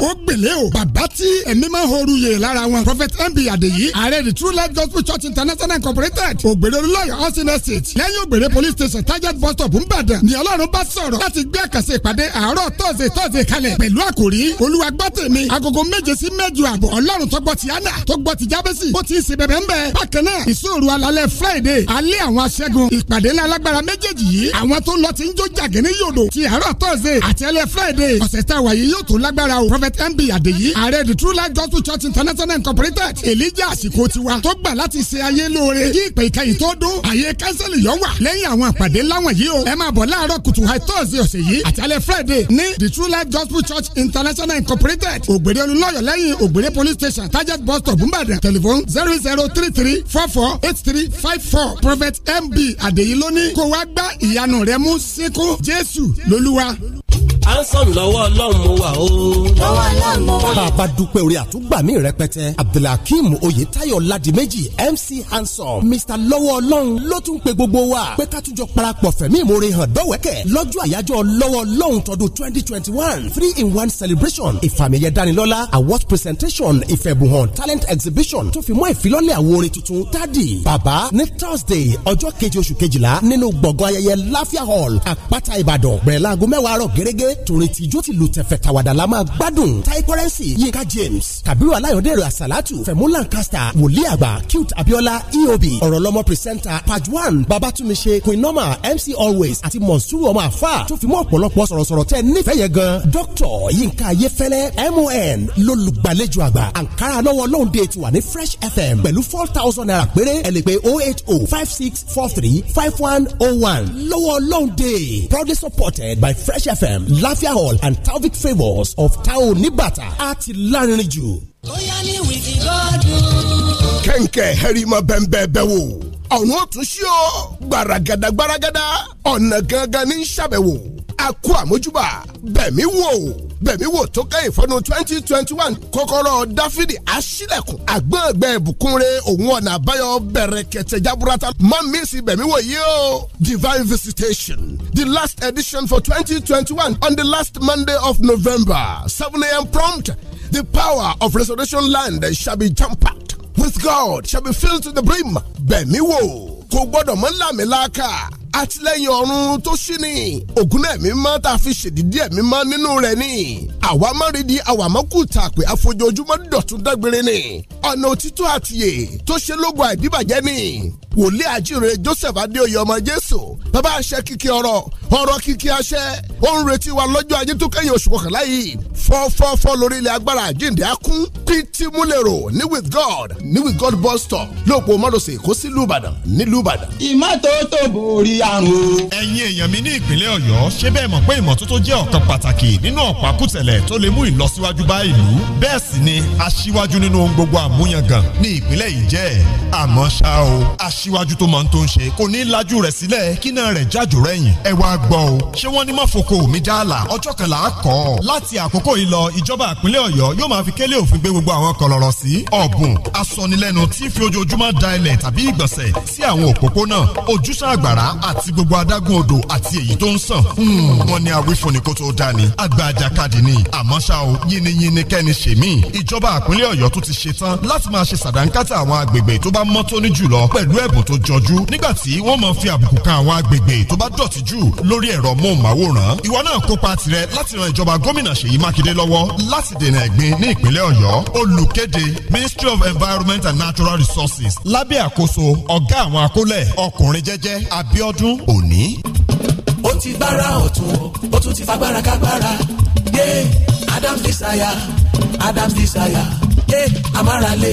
ó gbèlè o bàbá tí ẹ̀mí máa ń horu yè lára wọn prophet mb àdèyí ààrẹ the true life gospel church international incorporated ògbèrè olùlọ́yọ̀ housing estate lẹ́yìn ògbèrè police station target bus stop ńbàdàn ni ọlọ́run bá sọ̀rọ̀ láti gbé àkàsẹ̀ ìpàdé àárọ̀ tọ́sẹ̀ tọ́sẹ̀ kalẹ̀ pẹ̀lú àkòrí olúwa gbọ́ tèmi agogo méje sí mẹ́jọ àbọ̀ ọlọ́run tó gbọ́ ti anna tó gbọ́ ti jábẹ́sì ó ti ń ṣe bẹ̀bẹ̀ ńbẹ̀ bákan náà ìṣòro alalẹ́ friday alẹ́ àwọn aṣẹ́gun ìpàdé lálágbára méje méjèèjì yìí àwọn tó lọ ti ń jó jàgínní yòdò ti àárọ̀ tọ́sẹ̀ àti ẹlẹ́ friday ọ̀sẹ̀ tá a wà yìí yóò tó lágbára o prophet mb adeyi ààrẹ the true life gospel church international incorporated èlíjà àsìkò tiwa tó gbà láti ṣe ayé lóore kí ìpè ìkẹyìn tó dún àyè kánsẹ́lì yọ wà lẹ́yìn àwọn àpàdé láwọn yìí o ẹ máa bọ̀ láàárọ̀ kùtù high thursday ọ̀sẹ̀ yìí àti alẹ́ friday ní the true life gospel church international incorporated ògbèrè olùlọ́yọ̀ lẹ́yìn ògbèrè police station target bus stop nìbàdàn telephone zero zero three three four four eight three five four prophet mb adeyi lóní gbá ìyanu rẹ mú síkú jésù lolúwa à ń sọ̀rọ̀ lọ́wọ́ ọlọ́run mo wà o. lọ́wọ́ ọlọ́run mo wà. bàbá dúpẹ́ orí àtúgbàmí rẹpẹtẹ abdulhakeem oyetayo ladimeji mc handsome mr lọ́wọ́ ọlọ́run ló tún pe gbogbo wa pé ká tún jọ parapọ̀ fẹ̀mí ìmoore hàn dọ́wẹ́kẹ̀ lọ́jọ́ àyájọ́ lọ́wọ́ ọlọ́run tọdún twenty twenty one three in one celebration ìfàmìyẹ danilọ́lá awards presentation ìfẹ̀bùhàn talent exhibition tó fi mọ́ ìfilọ́lẹ̀ àwo orin tuntun tádì bàbá ní thursday ọjọ́ keje oṣù kejìlá nínú gbọ̀ngàn ayẹyẹ láfíà hall àpáta ìbàdàn bẹ̀rẹ̀ láago mẹ́wàá àárọ̀ gẹ́gẹ́ torí tìjó ti lù tẹ̀fẹ̀ tàwàdà la máa gbádùn tai currency yinka james kabiru alayọ̀dẹ̀rẹ̀ asalatu fẹ̀mú lancaster wòlíì àgbà cute abiola eob ọ̀rọ̀ lọ́mọ pírísẹ́ńtà pajwan babatunmise queen norma mc always àti monsuru ọmọ àfà tó fi mọ́ ọ̀pọ̀lọpọ̀ sọ̀rọ̀sọ̀rọ̀ tẹ́ nífẹ̀ẹ́ yẹn gan dr yinka ayefẹ́lẹ́ mon lólùgbàlejò àgbà ankara lọ́wọ́ lóhùndé ti wà ní fresh fm pẹ̀lú four thousand naira péré ẹ lè pè oh eight oh five six four three five one oh one one lọ́wọ́ Ọlọ́run day proudly supported by Fresh FM Lafia Hall and Talvik Favours of Tao Nibata àti lárinrin jù. ó yá ní wìkì gọ́dún. kẹ̀ǹkẹ̀ bẹ́ẹ̀ bẹ́ẹ̀ bẹ́ẹ̀ wò ọ̀run tún ṣí o gbaragada gbaragada ọ̀nà gangan ní sàbẹ̀wò a kú àmójúbà bẹ̀mí wò bẹ̀mí wò tó kẹ́yìn fọ́dún twenty twenty one kọ́kọ́rọ́ dáfídì aṣílẹ̀kùn àgbọ̀ngbẹ̀ ìbùkúnre òun ọ̀nà àbáyọ bẹ̀rẹ̀ kẹ̀tẹ̀ jaburata má bẹ̀mí wò yìí o divine visitation the last edition for twenty twenty one on the last monday of november seven a.m. prompt the power of restoration land shall be jam-packed with god shall be filled to the brim bẹ̀mí wò kò gbọ́dọ̀ mọ́ làmìlàkà àtìlẹ́yìn ọ̀run tó ṣí ni ògùn náà mi máa tá a fi ṣèdídí ẹ̀mí máa nínú rẹ̀ ni àwa máa rí di àwa máa kú tàpé àfojoojúmọ́ dọ̀tún dágbére ni ọ̀nà òtítọ́ àtìyè tó ṣe lógun àìdíbàjẹ́ ni wòlíì àjíire Joseph Adéoyè ọmọ Jésù bàbá àṣẹ kìkì ọ̀rọ̀ ọ̀rọ̀ kìkì àṣẹ ó ń retí wa lọ́jọ́ ajé tó kẹ́yìn oṣù kọkànlá yìí fọ́fọ́fọ́ lórí ilẹ̀ agbára àjíǹde akún pt múlẹ̀rò ní with God ní with God bus stop lóòpọ̀ mọ́dọ̀sẹ̀ kó sí lùbàdàn ní lùbàdàn. ìmọ́tótó borí bí àrùn o. ẹ̀yin èèyàn mi ní ìpínlẹ̀ ọ̀yọ́ ṣé bẹ́ẹ̀ mọ̀ pé ìmọ́tótó jẹ́ ọ̀kan pàtàkì nínú ọ̀pá kùtẹ̀lẹ̀ tó lè mú ìlọsíwájú bá ìlú bẹ́ẹ̀ sì ni aṣíwájú nínú ohun gbogbo àmúyangàn ní ìpínlẹ̀ yìí jẹ́ àmọ́ ṣá o aṣíwájú tó máa ń tó ń ṣe kò ní lajú rẹ̀ sílẹ̀ kí náà rẹ̀ jájò rẹ̀yìn ẹ wá gbọ́ o ṣé wọ́n ní mọ́foko mi dáàlà ọjọ́ kẹlà á kọ́ ọ láti àkókò àti gbogbo adágún odò àti èyí tó ń sàn. Hmm. wọ́n ní àwífúnni kó tó dá ni àgbà àjàkadì ni àmọ́ ṣá o yínníyínní kẹ́ni ṣe mí. ìjọba àpínlẹ̀ ọ̀yọ́ tún ti ṣe tán láti máa ṣe sàdánkátà àwọn agbègbè tó bá mọ́ tóní jùlọ pẹ̀lú ẹ̀bùn tó jọjú nígbà tí wọ́n máa fi àbùkù kan àwọn agbègbè tó bá dọ̀tí jù lórí ẹ̀rọ móhùnmáwòrán. ìwọ náà kópa tirẹ̀ láti ran ìjọba gómìnà Ṣèyí Mákindé lọ́wọ́ láti dènà ẹ̀gbin ní ìpínlẹ̀ ọ̀yọ́ olùkéde Ministry of Environment and Natural Resources lábẹ́ àkóso ọ̀gá àwọn akólẹ̀ ọkùnrin jẹ́jẹ́ Abiod ọdún òní. ó ti gbára ọ̀tún ó tún ti fagbára kágbára yé yeah. Adam's Desire Adam's Desire yé yeah. amárale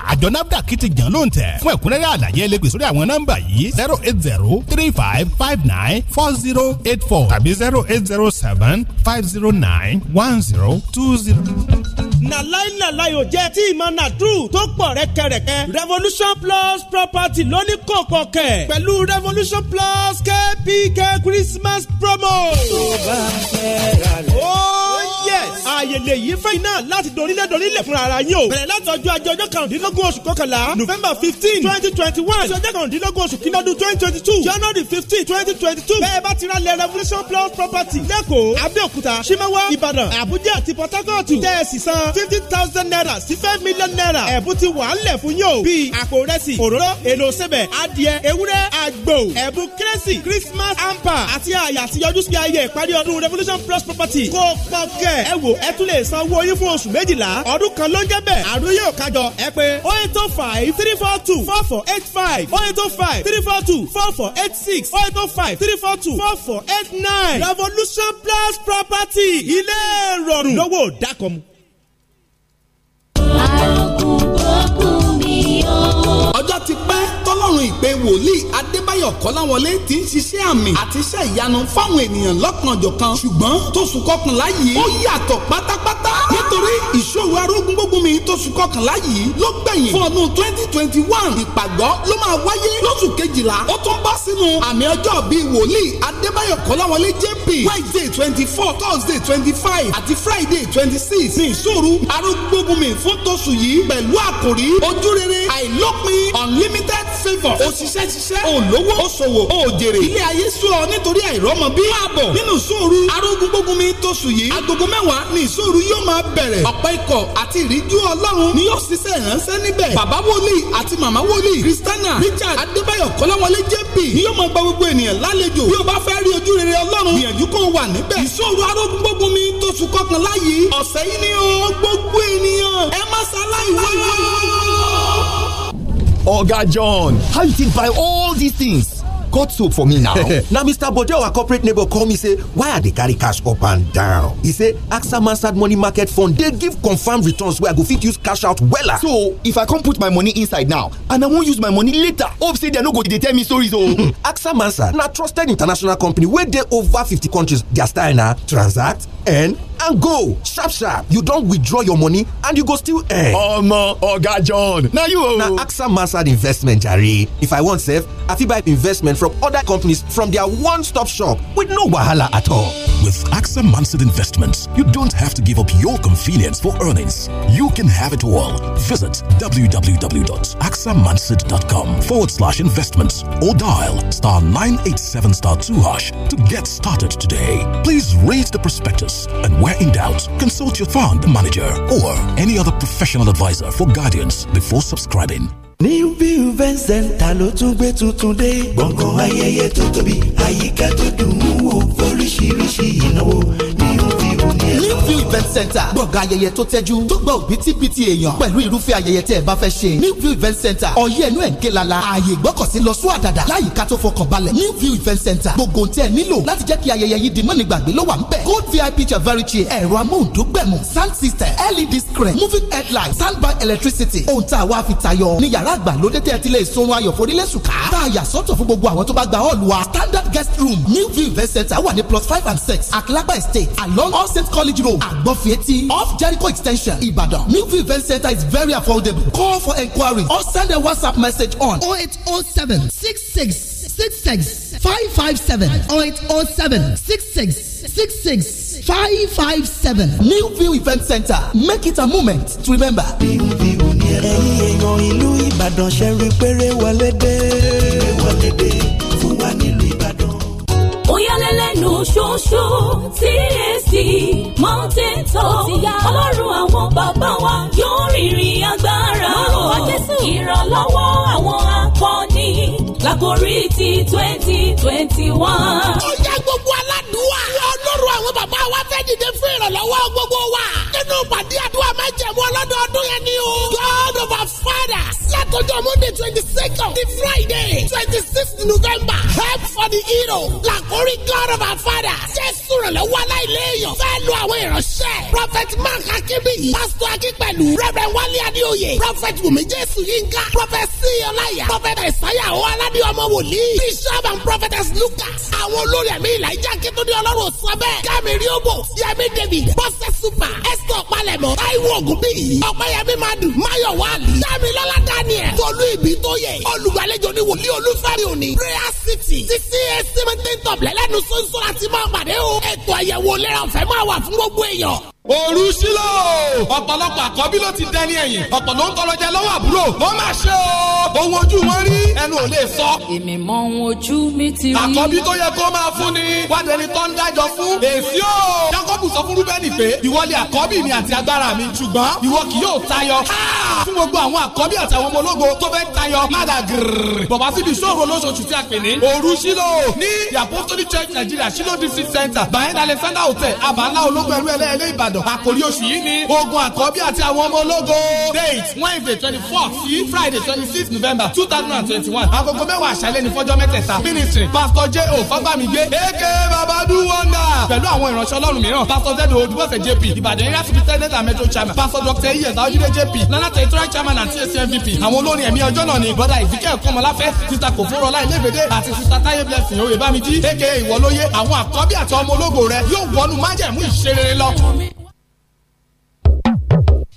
àjọ nafdac ti jàn ló ń tẹ̀ fún ẹ̀kúnrẹ́rẹ́ àlàyé ẹlẹ́gbẹ̀ sórí àwọn nọ́mbà yìí zero eight zero three five five nine four zero eight four tàbí zero eight zero seven five zero nine one zero two zero na láìláì ò jẹ́ tí ìmọ̀ nàdúrù tó pọ̀ rẹ́kẹrẹ́kẹ́ revolution plus property lóní kòkò kẹ̀ pẹ̀lú revolution plus kpk christmas promo. tó bá fẹ́ ra rẹ̀. Yes, ààyè lè yí fẹ́yìn náà láti dorílẹ̀ dorílẹ̀ fúnra ara yín o. bẹ̀rẹ̀ láti ọjọ́ ajé ọjọ́ kàrúndínlógún oṣù kọkànlá november fifteen twenty twenty one ọjọ́ kàrúndínlógún oṣù kìnnàdún twenty twenty two january fifteen twenty twenty two. bẹ́ẹ̀ bá ti lẹ revolution plus property lẹ́kọ̀ọ́ abẹ́òkúta simawa ìbàdàn àbújá àti port harcourt tẹ́ ẹ fifty thousand naira sí five million naira ẹ̀bùn ti wà á lẹ̀ fún yín o bíi àpò rẹsì òróró èlò sẹbẹ̀ adìẹ ewúrẹ́ àgbò ẹ̀bùn kérésì christmas hamper àti àyà àtijọ́jú sí ayẹyẹ ìparí ọdún revolution plus property kó pọ́kẹ́ bẹ́ẹ̀ ẹ wò ẹ tún lè san owó yín fún oṣù méjìlá ọdún kan ló ń jẹ́ bẹ́ẹ̀ àdúró yóò kájọ ẹ pé oh eight oh five three four two four four eight five oh eight oh five three four two four four eight six oh eight oh five three four two four four eight nine revolution plus property ilé ìrọ̀rùn lówó dákọ̀mù. àròkùn tó kù mí o. ọjọ́ ti pẹ́ tọ́lọ́run ìpè wòlíì adébáyọ̀ kọ́láwọlé ti ń ṣiṣẹ́ àmì àti iṣẹ́ ìyanu fáwọn ènìyàn lọ́kan-ò-jọ̀kan ṣùgbọ́n kọkànlá yìí ó yàtọ̀ pátápátá nítorí ìṣòro arógun gbógun mi tó sùn kọkànlá yìí ló gbẹ̀yìn fún ọdún twenty twenty one ìpàgọ́ ló máa wáyé lóṣù kejìlá ó tún bọ́ sínú àmì ọjọ́ bíi wòlíì adébáyọ̀ kọ́láwọlé jp wednesday twenty four thursday twenty five àti friday twenty six ní ìṣòro arógun gbógun mi fún tóṣù yìí pẹ̀lú àkòrí ojúrere àìlópin unlimited favour òṣìṣẹ́ ṣiṣẹ́ olówó oṣòwò òjèrè ilé ayé sú ọ nítorí àìrọ́mọ bí máa bọ̀ nínú ìṣòro arógun gbógun mi tóṣù yìí agogo mẹ́wàá ní ìṣòro yóò máa bẹ̀ bẹ̀rẹ̀ ọ̀pọ̀ ikọ̀ àti ìríjú ọlọ́run ni yóò ṣiṣẹ́ ìránṣẹ́ níbẹ̀ bàbá wòlíì àti màmá wòlíì kristiana richard adébáyọ̀ kọ́láwọlé jp ni yóò máa gba gbogbo ènìyàn lálejò bí o bá fẹ́ rí ojú rere ọlọ́run gbìyànjú kó wà níbẹ̀ ìṣòro arógbógun mi tó sùn kọkànlá yìí ọ̀sẹ̀ yìí ni ó gbogbo ènìyàn ẹ má ṣaláì Oga John, how you take buy all these things? cut soap for me now. [laughs] Now, mr bode our corporate neighbor call me say why are they carry cash up and down. He say axa mansard money market fund they give confirmed returns where i go fit use cash out weller. so if i come put my money inside now and i won't use my money later hope say dem no go dey tell me stories Oh, [laughs] axa mansard now trusted international company where they over 50 countries their style na transact and and go sharp sharp you don withdraw your money and you go still earn. omo oga john na you o. na axa mansard investment jare if i wan save i fit buy investment from other companies from their one stop shop with no wahala at all. With AXA Mansard Investments, you don't have to give up your convenience for earnings. You can have it all. Visit www.axamansard.com forward slash investments or dial star 987 star 2 hash to get started today. Please read the prospectus and where in doubt, consult your fund manager or any other professional advisor for guidance before subscribing. New View Event Center ló tún gbé tuntun dé. gbọ̀ngàn ayẹyẹ tó tóbi àyíká tó dùn ún wò fóríṣiríṣi ìnáwó New ìbò ni event center gbọ̀ngàn ayẹyẹ tó tẹ́jú tó gba òbítíbitì èèyàn pẹ̀lú irúfẹ́ ayẹyẹ tẹ́ ẹ bá fẹ́ ṣe greenview event center ọ̀yẹ́ ẹnu ẹ̀ ń ké lala ààyè ìgbọ́kọ̀sí lọ sún àdàdà láyìíká tó fọkàn balẹ̀ greenview event center gbogbo tẹ́ ẹ nílò láti jẹ́ kí ayẹyẹ yìí di mọ́ni gbàgbé ló wà ń bẹ̀ gold vip chavari chair ẹ̀rọ amóhùndógbẹ̀mù sound system led screen moving headlight standby electricity ohun tá a wá fi tayọ ní yàrá àgbàlódé tẹ́ ẹ ti lè sunrun ayọ̀ forílẹ̀ sùkà tá a yà sọ́tọ̀ fún gbogbo àwọn tó bá gba hall wa standard guest room new view event center wà ní plus five and six àkìlápá estate along all state college road agbọfieti off jericho extension ibadan newview event center is very affordable call for enquiry or send a whatsapp message on 0807 66 66 557 0807 66 66 557 newview event center make it a moment to remember. ẹ̀yin èèyàn ìlú ìbàdàn ṣe rí péré wọlé dé. wọlé dé Oyalẹ́lẹ́nu ṣoṣo TSD mountain top ọlọ́run àwọn bàbá wa yóò rìnrìn agbára o ìrànlọ́wọ́ àwọn akọni lágorí ti twenty twenty one gbogbo àwọn bàbá wa fẹ́ dìde fún ìrànlọ́wọ́ gbogbo wa. nínú pàdé àdúrà májẹ̀mú ọlọ́dọọdún yẹn ni o. God of our father. látọjọ́ monday twenty second di friday twenty sixth november help for the hero. làkórí God of our father. jésù ìrànlọ́wọ́ aláìléèyàn. fẹ́ lu àwọn ìránṣẹ́. prophet mark akínbíyì. pásítọ̀ akínpẹ̀lú. rẹ̀rẹ̀ wálé adéoyè. prophet wùmí jésù yínká. prophet sí ọláyà. prophet ẹ̀sáyà ó aládé wòlíì. bishop and prophetess lucas. àwọn olórí ẹ̀mí ìlà ìjà kí tó dé ọlọ́run sọ bẹ́ẹ̀ kámi rí òbò yẹmi david bọ́sẹ̀ super esther palẹ̀mọ́ táíwò ògùn bíyì ọ̀pẹ́yẹmí madu mayo wali dámilọ́lá daniel tolú ìbí tó yẹ olùgbàlejò ní wòlíì olúfẹ́rẹ́ òní prayer city ti cac mẹ́tẹ́ntọ̀blẹ́lẹ́nu sọ́nsọ́ àti máa pàdé o ètò àyẹ̀wò lẹ́ràn fẹ́ máa wà fún gbogbo èèyàn òru sílò ọ̀pọ̀lọpọ̀ àkọ́bí ló ti dẹni ẹ̀yìn ọ̀pọ̀lọ́ ń tọrọ jẹ lọ́wọ́ àbúrò ó mà ṣe o ohun ojú wọn rí ẹnu ò lè sọ. èmi mọ ohun ojú mi ti rí. àkọ́bí tó yẹ kó máa fún ni wádẹni tó ń dájọ fún èsì o. Jákọ́bù sọ fún Rúbẹ́nì pé ìwọ àkọ́bí mi àti agbára mi ṣùgbọ́n ìwọ kì yóò tayọ. fún gbogbo àwọn àkọ́bí àti àwọn ọmọ ológo tó fẹ́ tayọ mádà gírrrr. bọ̀bá church Nigeria sílò district center behind Alexander hotel abanla ológun ẹlú ayọ̀ àkórí oṣù yìí ni ogun àkọ́bí àti àwọn ọmọ ológo date wednesday twenty fourth sí friday twenty six november two thousand and twenty one agogo mẹ́wàá àṣálẹ́ ní fọ́jọ́ mẹ́tẹ̀ẹ̀ta ministry pastor j o fagbamigbe eke babadu wonder pẹ̀lú àwọn ìránṣẹ́ ọlọ́run mìíràn pastor zedo odubose jp ìbàdàn area superintendent and metro chairman pastor dr iyes aojude jp nana territorial chairman and tsc mvp àwọn olórin ẹ̀mí ọjọ́ náà ni brother ezekiel kọmọláfẹ́ sista kòfóróla ilébèdè àti sista táyé blessing oyèbámijì eke ìwọlóye àwọn àkọ́bí àti ọmọ ológo rẹ yóò wọnú májẹ̀mú ìṣerere lọ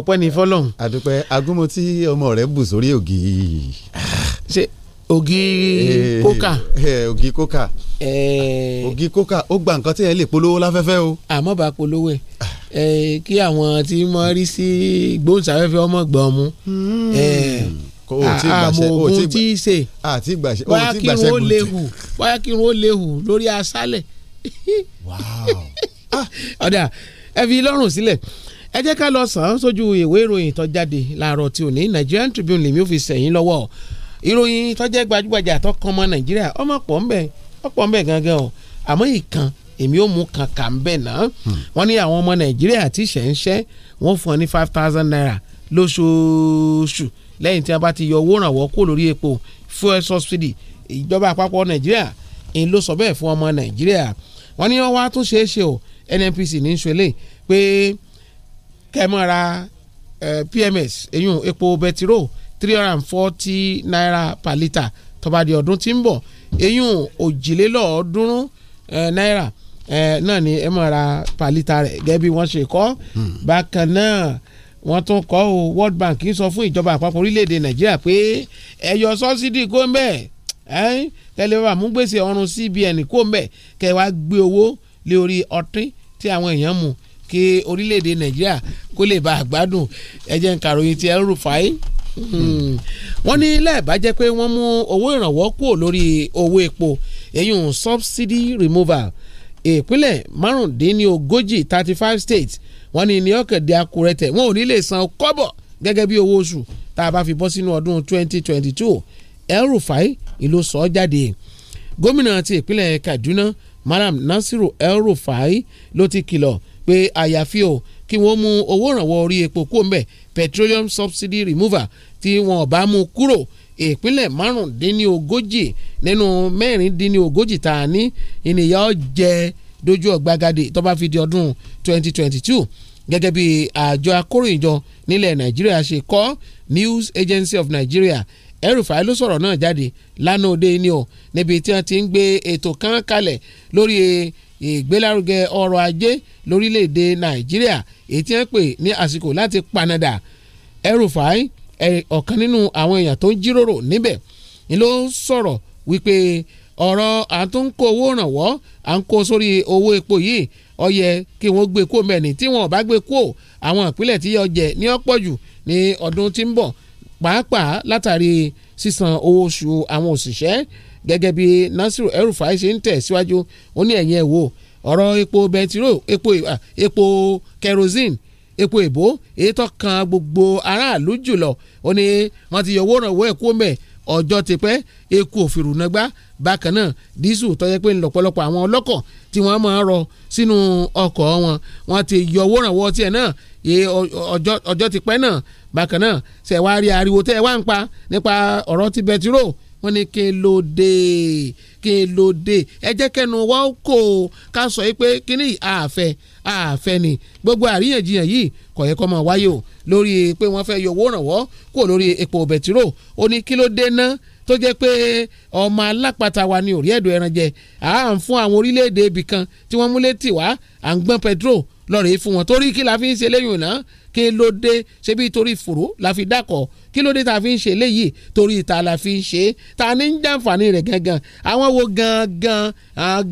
ọpẹ́ ní fọlọ́hún. àdúpẹ́ agúnmọ̀ tí ọmọ rẹ̀ bù sórí ògì. ṣe eh, eh, ògì kókà. ògì eh. kókà. ògì kókà ó gba nǹkan tí ẹ lè polówó láfẹ́fẹ́ o. àmọ́ bá polówó ẹ̀ ah. kí àwọn tí mo rí sí gbóhùnsáfẹ́fẹ́ ọmọ gbọ́n mu àmọ̀gùn tí í ṣe báyà kí n ó léwu báyà kí n ó léwu lórí asálẹ̀ [laughs] ah. ọ̀dà ẹ fi lọ́rùn sílẹ̀ ẹ jẹ́ ká lọ sàn án sójú ìwé ìròyìn tó jáde láàárọ̀ tí ò ní Nigerian Tribune lèmi ò fi sẹ̀yìn lọ́wọ́ ìròyìn tó jẹ́ gbajúgbajà tó kan ọmọ Nàìjíríà ọmọ pọ̀ ń bẹ̀ ọ̀pọ̀ ń bẹ̀ gangan o àmọ́ ìkan èmi ò mú kankan ń bẹ̀ náà hmm. wọ́n ní àwọn ọmọ Nàìjíríà tí ṣẹ̀ńṣẹ́ wọ́n fún ọ ní five thousand naira lóṣooṣù lẹ́yìn tí a bá ti yọ owó rànwọ́ kó lórí epo fuel subsidy ìjọba àpapọ̀ Nàìjíríà èyí ló sọ bẹ́ẹ̀ fún ọmọ Nàìjíríà wọ́n ní wọ́n wá tún ṣeé ṣe o NNPC ní í ṣe pé kẹ́mọ́ra PMS eyín epo bẹtiró three hundred and forty naira per litre tó bá di ọdún tí ń bọ̀ eyín òjìlélọ́ọ̀ọ́dúnrún náírà náà ni ẹ máa ra per litre rẹ̀ gẹ́gẹ́ bí wọ́n ṣe kọ́ hmm. bákan náà wọ́n tún kọ́ o World Bank sọ fún ìjọba àpapọ̀ orílẹ̀-èdè Nàìjíríà pé ẹ yọ sọ́sídì kó ń bẹ̀ kẹlẹ́bà mú gbèsè ọrùn CBN kó ń bẹ̀ kẹ wá gbé owó lé ọtí tí àwọn èèyàn mú kí orílẹ̀-èdè nàìjíríà kó lè bá àgbádùn ẹ̀jẹ̀ nkàròyìn ti El Rufai hmm. wọ́n ní láìbájẹ́ pé wọ́n mú owó ìrànwọ́ kúrò lórí owó epo èyun subsidy removal ìpínlẹ̀ márùndínlógójì thirty five states wọ́n ní ní ọ̀kẹ́dẹ́ akurẹ́tẹ̀ wọn ò ní lè san kọ́bọ̀ gẹ́gẹ́ bí owó oṣù tá a bá fi bọ́ sínú ọdún twenty twenty two El Rufai ìlú sọ jáde gómìnà ti ìpínlẹ̀ Kaduna Malam Nasiru El Rufai ló ti kìlọ̀ pé àyàfi o kí wọ́n mú owó ìrànwọ́ orí epo kúrò ńbẹ̀ petroleum subsidy remover tí wọn ò bá mú kúrò ìpínlẹ̀ márùndínlógójì nínú mẹ́rìndínlógójì tá a ní ìnìyà ọ̀jẹ̀ dojú ọ̀gbagadè tó bá fi di ọdún 2022 gẹ́gẹ́ bí àjọ akóròyìnjọ nílẹ̀ nàìjíríà ṣe kọ́ news agency of nigeria ẹrùfàá ló sọ̀rọ̀ náà jáde lánàá òde ni o níbi tí wọ́n ti ń gbé ètò kan kalẹ̀ lórí ìgbélárugẹ ọrọ̀ ajé lórílẹ̀‐èdè nàìjíríà èyí tí pè ní àsìkò láti panadà el ọ̀kan nínú àwọn èèyàn tó ń jíròrò níbẹ̀ ni ló sọ̀rọ̀ wípé ọ̀rọ̀ à ń tún kó owó rànwọ́ à ń kó sórí owó epo yìí ó yẹ kí wọ́n gbé kúò mẹ́ni tí wọ́n ò bá gbé kúò àwọn ìpínlẹ̀ tí yọ jẹ ní ọ̀pọ̀ jù ní ọdún tí ń bọ̀ pàápàá látàrí sísan owó oṣù àwọn òṣìṣẹ́ gẹ́gẹ́ bí Nasiru El-Rufai ṣe ń tẹ̀síwájú ó ní ẹ̀yìn ẹ̀ wò ọ̀rọ̀ epo bẹntiró epo epo kerosene epo èbó èyí tó kan gbogbo aráàlú jùlọ ó ní wọ́n ti yọ owó rànwọ́ ẹ̀kú mẹ́ ọjọ́ ti pẹ́ eku òfìrù nàgbá bákan náà dísù tó yẹ pé lọ́pọ̀lọpọ̀ àwọn ọlọ́kọ̀ tí wọ́n máa rọ sínú ọkọ̀ wọn wọ́n ti yọ owó rànwọ́ tiẹ̀ náà ọjọ́ ti pẹ́ náà bákan náà ṣẹ̀wá rí ariwo tẹ́ ẹ wá ń pa nípa ọ̀rọ̀ ti bẹtiró wọ́n ní kí ló de kí ló dé ẹ jẹ́ kẹ́nu wá kó o ká sọ pé kíní àfẹ́ àfẹ́ ni gbogbo àríyànjiyàn yìí kò yẹ kó máa wáyé o lórí pé wọ́n fẹ́ yọ owó rànwọ́ kó lórí epo bẹ̀tírò ó ní kí ló dé ná tó jẹ́ pé ọmọ alápatà wa ni òrí ẹ̀dọ̀ ẹran jẹ à ń fún àwọn orílẹ̀-èdè ibì kan tí wọ́n múlé tì wá à ń gbọ́n pẹtrò lọ́ọ̀rẹ́ fún wọn torí kí la fi ń ṣe lẹ́yìn náà kí ló dé ṣebí torí fòró la fi dákọ̀ kí ló dé tá a fi ń ṣe léyìí torí ìta la fi ń ṣe ta ni ń jàǹfààní rẹ̀ gangan àwọn wo gangan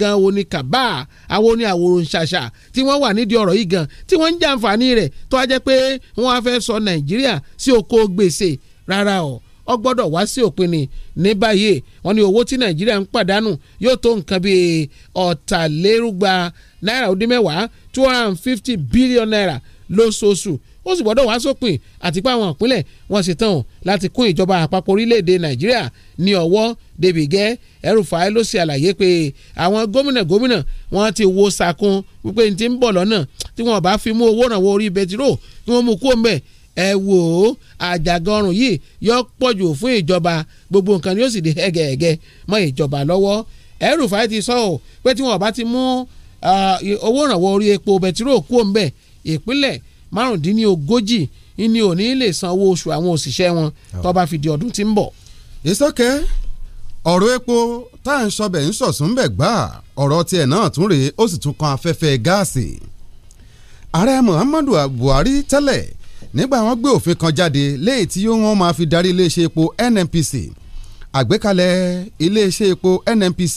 gan wo ni kàbá àwọn ni àwòrán ṣàṣà tí wọ́n wà nídìí ọ̀rọ̀ yìí gan tí wọ́n ń jàǹfààní rẹ̀ tó a jẹ́ pé wọ́n á fẹ́ sọ Nàìjíríà sí oko gbèsè rárá o ọ gbọ́dọ̀ wá sí òpin ni ní báyìí wọ́n ní owó tí nàìjíríà ń pàdánù yóò tó nǹkan bíi ọ̀tàlérúgba náírà ó dín mẹ́wàá two hundred and fifty billion naira lóṣooṣù ó sì gbọ́dọ̀ wá sópin àti pé àwọn ìpínlẹ̀ wọn ṣe tán láti kún ìjọba àpapọ̀ orílẹ̀-èdè nàìjíríà ní ọwọ́ débi gẹ́ ẹrùfàá ló ṣe àlàyé pé àwọn gómìnà gómìnà wọn ti wo sàkún wípé n ti ń bọ̀ lọ́nà tí wọn bá fi mú owó ìrànwọ́ orí bẹtiró tí wọ́n mú kó mbẹ̀ ẹ wò ó àjàgọrùn yìí yọ pọ̀jù fún ìjọba gbogbo nǹkan ni ó sì di hẹ́gẹ́hẹ́gẹ́ mọ́ ìjọba lọ́wọ́ ẹrùfàá ti sọ ọ́ pé tí wọn bá ti mú owó ìrànwọ́ orí epo bẹtiró kó mbẹ̀ ìpínlẹ̀ márùndínlógójì ni ò ní lè san owó oṣù àwọn òṣìṣẹ́ wọn tó bá fi di ọdún tí ń bọ̀. ìsọkẹ́ ọ̀rọ̀ epo tá à ń sọbẹ̀ ń sọ̀sùn bẹ̀ gbà ọ̀rọ̀ tiẹ̀ náà tún rèé ó sì tún kan afẹ́fẹ́ gáàsì. ààrẹ muhammadu buhari tẹ́lẹ̀ nígbà wọ́n gbé òfin kan jáde léyìí tí wọ́n máa fi darí iléeṣẹ́ epo nnpc àgbékalẹ̀ iléeṣẹ́ epo nnpc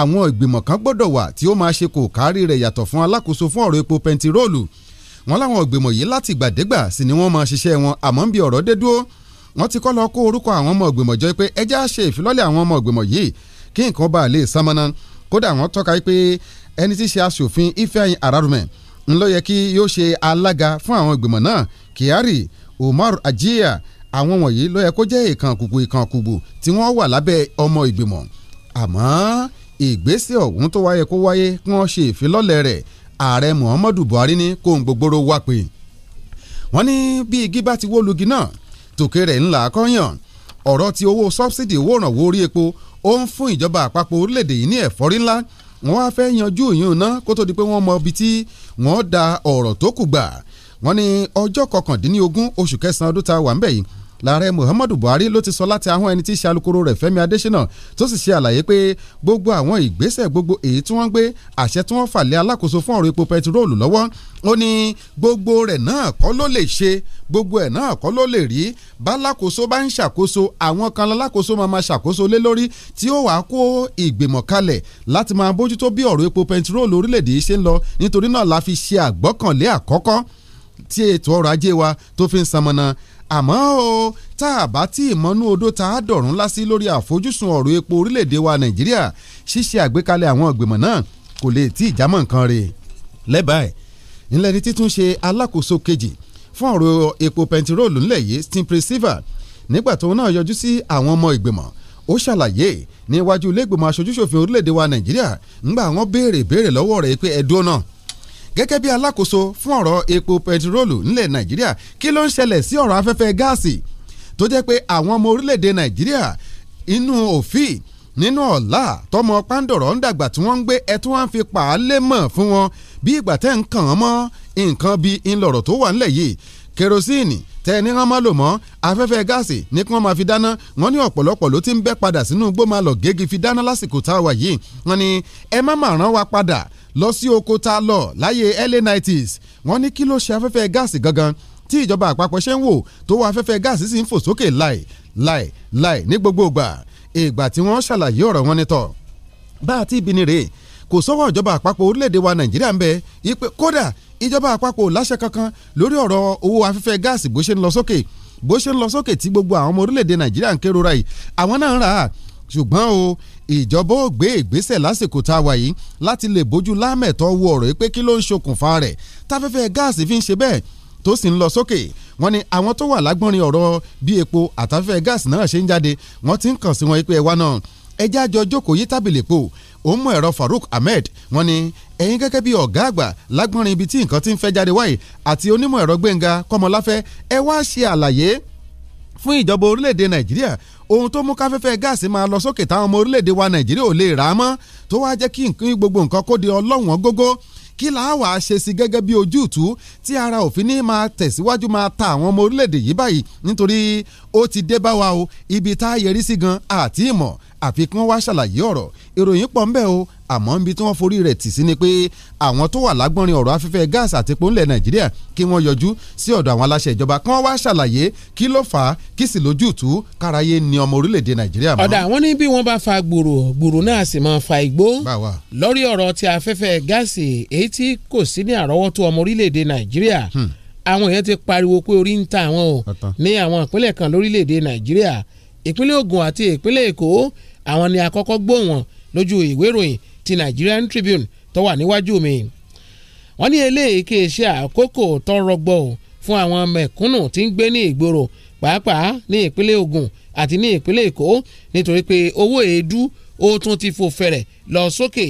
àwọn ìgbìmọ̀ kan gbọ́dọ̀ wà tí ó máa ṣe kò kárí rẹ̀ yàtọ̀ fún alákòóso fún ọ̀rọ̀ epo pẹntiróòlù wọ́n láwọn ọ̀gbìmọ̀ yìí láti gbàdégbà sì ni wọ́n máa ṣiṣẹ́ wọn àmọ́ ń bi ọ̀rọ̀ dé dúró wọ́n ti kọ́ lọ kó orúkọ àwọn ọmọ ọ̀gbìmọ̀ jọ pé ẹjẹ́ á ṣe ìfilọ́lẹ̀ àwọn ọmọ ọ̀gbìmọ̀ yìí kí nǹkan bá lè sánmọ́ná kódà wọ́n tọ́ka pé ẹni tí ṣe aṣòfin Ifeanyi Ararume ń ló yẹ kí yóò ṣe alága fún àwọn ìgbìmọ̀ náà Kyari Umar Ajiya àwọn wọ̀nyí ló kó jẹ́ ìkànkùkù ìkànkùgbù tí wọ́n wà lábẹ́ ọmọ ìgbìmọ̀ àmọ́ ìgbésẹ̀ ọ̀hún tó wáyé kó wáyé kí wọ́n ṣe ìfilọ́lẹ̀ rẹ̀ ààrẹ muhammadu buhari ní kóhun gbogboro wá pé wọ́n ní bí igi bá ti wó lugi náà tòkè rẹ̀ ńlá kọ́yàn ọ̀rọ̀ ti owó sọ́bsidì owó ìrànwọ́ orí epo ó ń fún ìjọba àpapọ̀ orílẹ̀-èdè yìí ní ẹ̀fọ́rí ńlá wọ́n wá fẹ́ yanjú ìyún ná kó tó di pé wọ́n mọ ibi tí wọ́n da ọ̀rọ̀ tó kù gbà wọ́n ní ọjọ́ kọkàndínlógún oṣù kẹsàn-án ọdún ta wà ń bẹ̀ yìí lààrẹ muhammadu buhari ló ti sọ láti ahọ́n ẹni tí í ṣe alukoro rẹ̀ fẹ́mi adésínà tó sì ṣe àlàyé pé gbogbo àwọn ìgbésẹ̀ gbogbo èyí tí wọ́n gbé àṣẹ tí wọ́n fà lé alákòóso fún ọ̀rọ̀ epo pẹtiróòlù lọ́wọ́ ó ní gbogbo rẹ̀ náà kọ́ ló lè ṣe gbogbo ẹ̀ náà kọ́ ló lè rí bálákòóso bá ń ṣàkóso àwọn kan lálákòóso máa máa ṣàkóso lé lórí tí ó wàá kó ìgbìmọ̀ kalẹ̀ láti máa bójútó bí ọ̀rọ̀ epo pẹtiróòlù orílẹ̀-èdè yìí ṣe ń lọ nítorí náà la fi ṣe àgbọ́kànlé àkọ́kọ́ tí ètò ọrọ̀ ajé wa tó fi ń sanmọ́nà àmọ́ o tá a bá tí ìmọ̀nú odó ta á dọ̀rùn lásì lórí àfojúsùn ọ̀rọ̀ epo orílẹ̀-èdè wa nàìjíríà ṣíṣe àgbékalẹ̀ àwọn ìgbìmọ̀ náà kò lè tí ì jámọ́ nǹkan rè lẹ́bàá ẹ̀ ńlẹ́ni títún ṣe alákòóso kejì fún ọ̀rọ̀ epo pẹntiróòlù ńlẹ̀ yìí stinpre silva nígbà tóun náà yọjú sí àwọn ọmọ ìgbìmọ̀ ó ṣàlàyé níwájú ilé ìgbìmọ̀ aṣojúṣòfin orílẹ̀-èdè wa nàìjíríà ńgbà wọn béèrè béèrè gẹ́gẹ́ bí alákòóso fún ọ̀rọ̀ epo pẹtiróòlù nílẹ̀ nàìjíríà kí ló ń ṣẹlẹ̀ sí ọ̀rọ̀ afẹ́fẹ́ gáàsì tó jẹ́ pé àwọn ọmọ orílẹ̀-èdè nàìjíríà inú òfin nínú ọ̀la tọmọ pàǹdọ̀rọ̀ ń dàgbà tí wọ́n ń gbé ẹ tí wọ́n fi pa á lé mọ̀ fún wọn bí ìgbà tẹ́ ń kàn án mọ́ nǹkan bíi ńlọrọ̀ tó wà ńlẹ̀ yìí kérosíìnì tẹ ní wọn máa lò mọ afẹ́fẹ́ gáàsì ní kí wọ́n máa fi dáná wọ́n ní ọ̀pọ̀lọpọ̀ ló ti ń bẹ́ padà sínú igbó máa fi dáná lásìkò tá a wà yìí wọ́n ní ẹ má máa rán wa padà lọ sí oko tá a lọ láyé early nineties wọ́n ní kí ló ṣe afẹ́fẹ́ gáàsì gangan tí ìjọba àpapọ̀ ṣe ń wò tó wọ afẹ́fẹ́ gáàsì sì ń fò sókè láì láì láì ní gbogbo ìgbà ìgbà tí wọ́n ṣàlàyé ọ̀rọ̀ wọn nítọ̀ bá a ti ibi rèé kò sọ́wọ́ ìjọba àpapọ̀ orílẹ̀-èdè wa nàìjíríà ń bẹ ipe kódà ìjọba àpapọ̀ láṣẹ kankan lórí ọ̀rọ̀ owó afẹ́fẹ́ gáàsì bó ṣe ń lọ sókè bó ṣe ń lọ sókè tí gbogbo àwọn ọmọ orílẹ̀-èdè nàìjíríà ń kérora yìí àwọn náà ń rà á ṣùgbọ́n o ìjọba ó gbé ìgbésẹ̀ lásìkò tá a wà yìí láti lè bójú lámẹ̀tọ́ wo ọ̀rọ̀ yìí pé kí ló ń ṣokùnfà rẹ̀ táfẹ́fẹ́ gáàsì fi ń ṣe bẹ́ẹ̀ tó sì ń lọ sókè wọ́n ní àwọn tó wà lágbọ́nrin ọ̀rọ̀ bí epo àtàfẹ́ gáàsì náà ṣe ń jáde wọ́n ti ń kàn sí wọn pé ẹ wá náà ẹjẹ́ àjọ jókòó yí tábìlì po ó mú ẹ̀rọ Farouk Ahmed wọ́n ní ẹ̀yin gẹ́gẹ́ bí ọ̀gá àgbà lágbọ́nrin ibi tí nǹkan ti ń fẹ́ jáde wáyé àti onímọ̀ ẹ̀rọ Gbẹ́ngà Kọ́mọláfẹ́ ẹ wá ṣe àlàyé fún ìjọba orílẹ̀-èdè nàìjíríà ohun tó mú káfẹ́fẹ́ gáàsì máa lọ sókè táwọn ọmọ orílẹ̀-èdè wa nàìjíríà ò lè rà á mọ́ tó wá jẹ́ kí gbogbo nǹkan kó di ọlọ́wọ́n gógó kí làá wàá ṣe sí gẹ́gẹ́ bí ojútùú tí ara òfin ní máa tẹ̀síwájú máa ta àwọn ọmọ orílẹ̀-èdè yìí báyìí nítorí ó ti dé bá wa o ibi tá a yẹrí sí gan àti ìmọ̀ àfikún wa ṣàlàyé ọ̀rọ̀ ìròyìn pọ̀ ńbẹ́ o àmọ́ níbi tí wọ́n forí rẹ̀ tì sí ni pé àwọn tó wà lágbọ́nrin ọ̀rọ̀ afẹ́fẹ́ gáàsì àti epo ńlẹ̀ nàìjíríà kí wọ́n yọjú sí ọ̀dọ̀ àwọn aláṣẹ ìjọba kí wọ́n wá ṣàlàyé kí ló fà á kí sì lójútù káráyé ni ọmọ orílẹ̀-èdè nàìjíríà mọ́. ọ̀dà àwọn ní bí wọ́n bá fa gbòòrò gbòòrò náà sì máa fa igbó lórí ọ̀rọ̀ ti afẹ́fẹ́ gáàsì èyí tí kò sí ní àrọ́wọ́tó ọmọ orílẹ̀-èdè nàìjíríà hmm. àwọn èèyàn ti pariwo pé orí ń ta àwọn o ní àwọn ìpínlẹ̀ kan lórílẹ̀-èdè nàìjíríà ìpínlẹ̀ Ògùn àti ìpínlẹ̀ Èkó àwọn ni àkọ́kọ́ gbóhùn lójú ìwé ìròyìn ti Nigerian Tribune tó wà níwájú mi wọ́n ní eléyìí kì í ṣe àkókò tó rọgbọ o fún àwọn mẹ̀kúnnù tí ń gbé ní ìgboro pàápàá ní ìpínlẹ̀ Ògùn àti ní ìpínlẹ̀ Èkó nítorí pé owó èédú ó tún ti fò fẹ̀rẹ̀ lọ sókè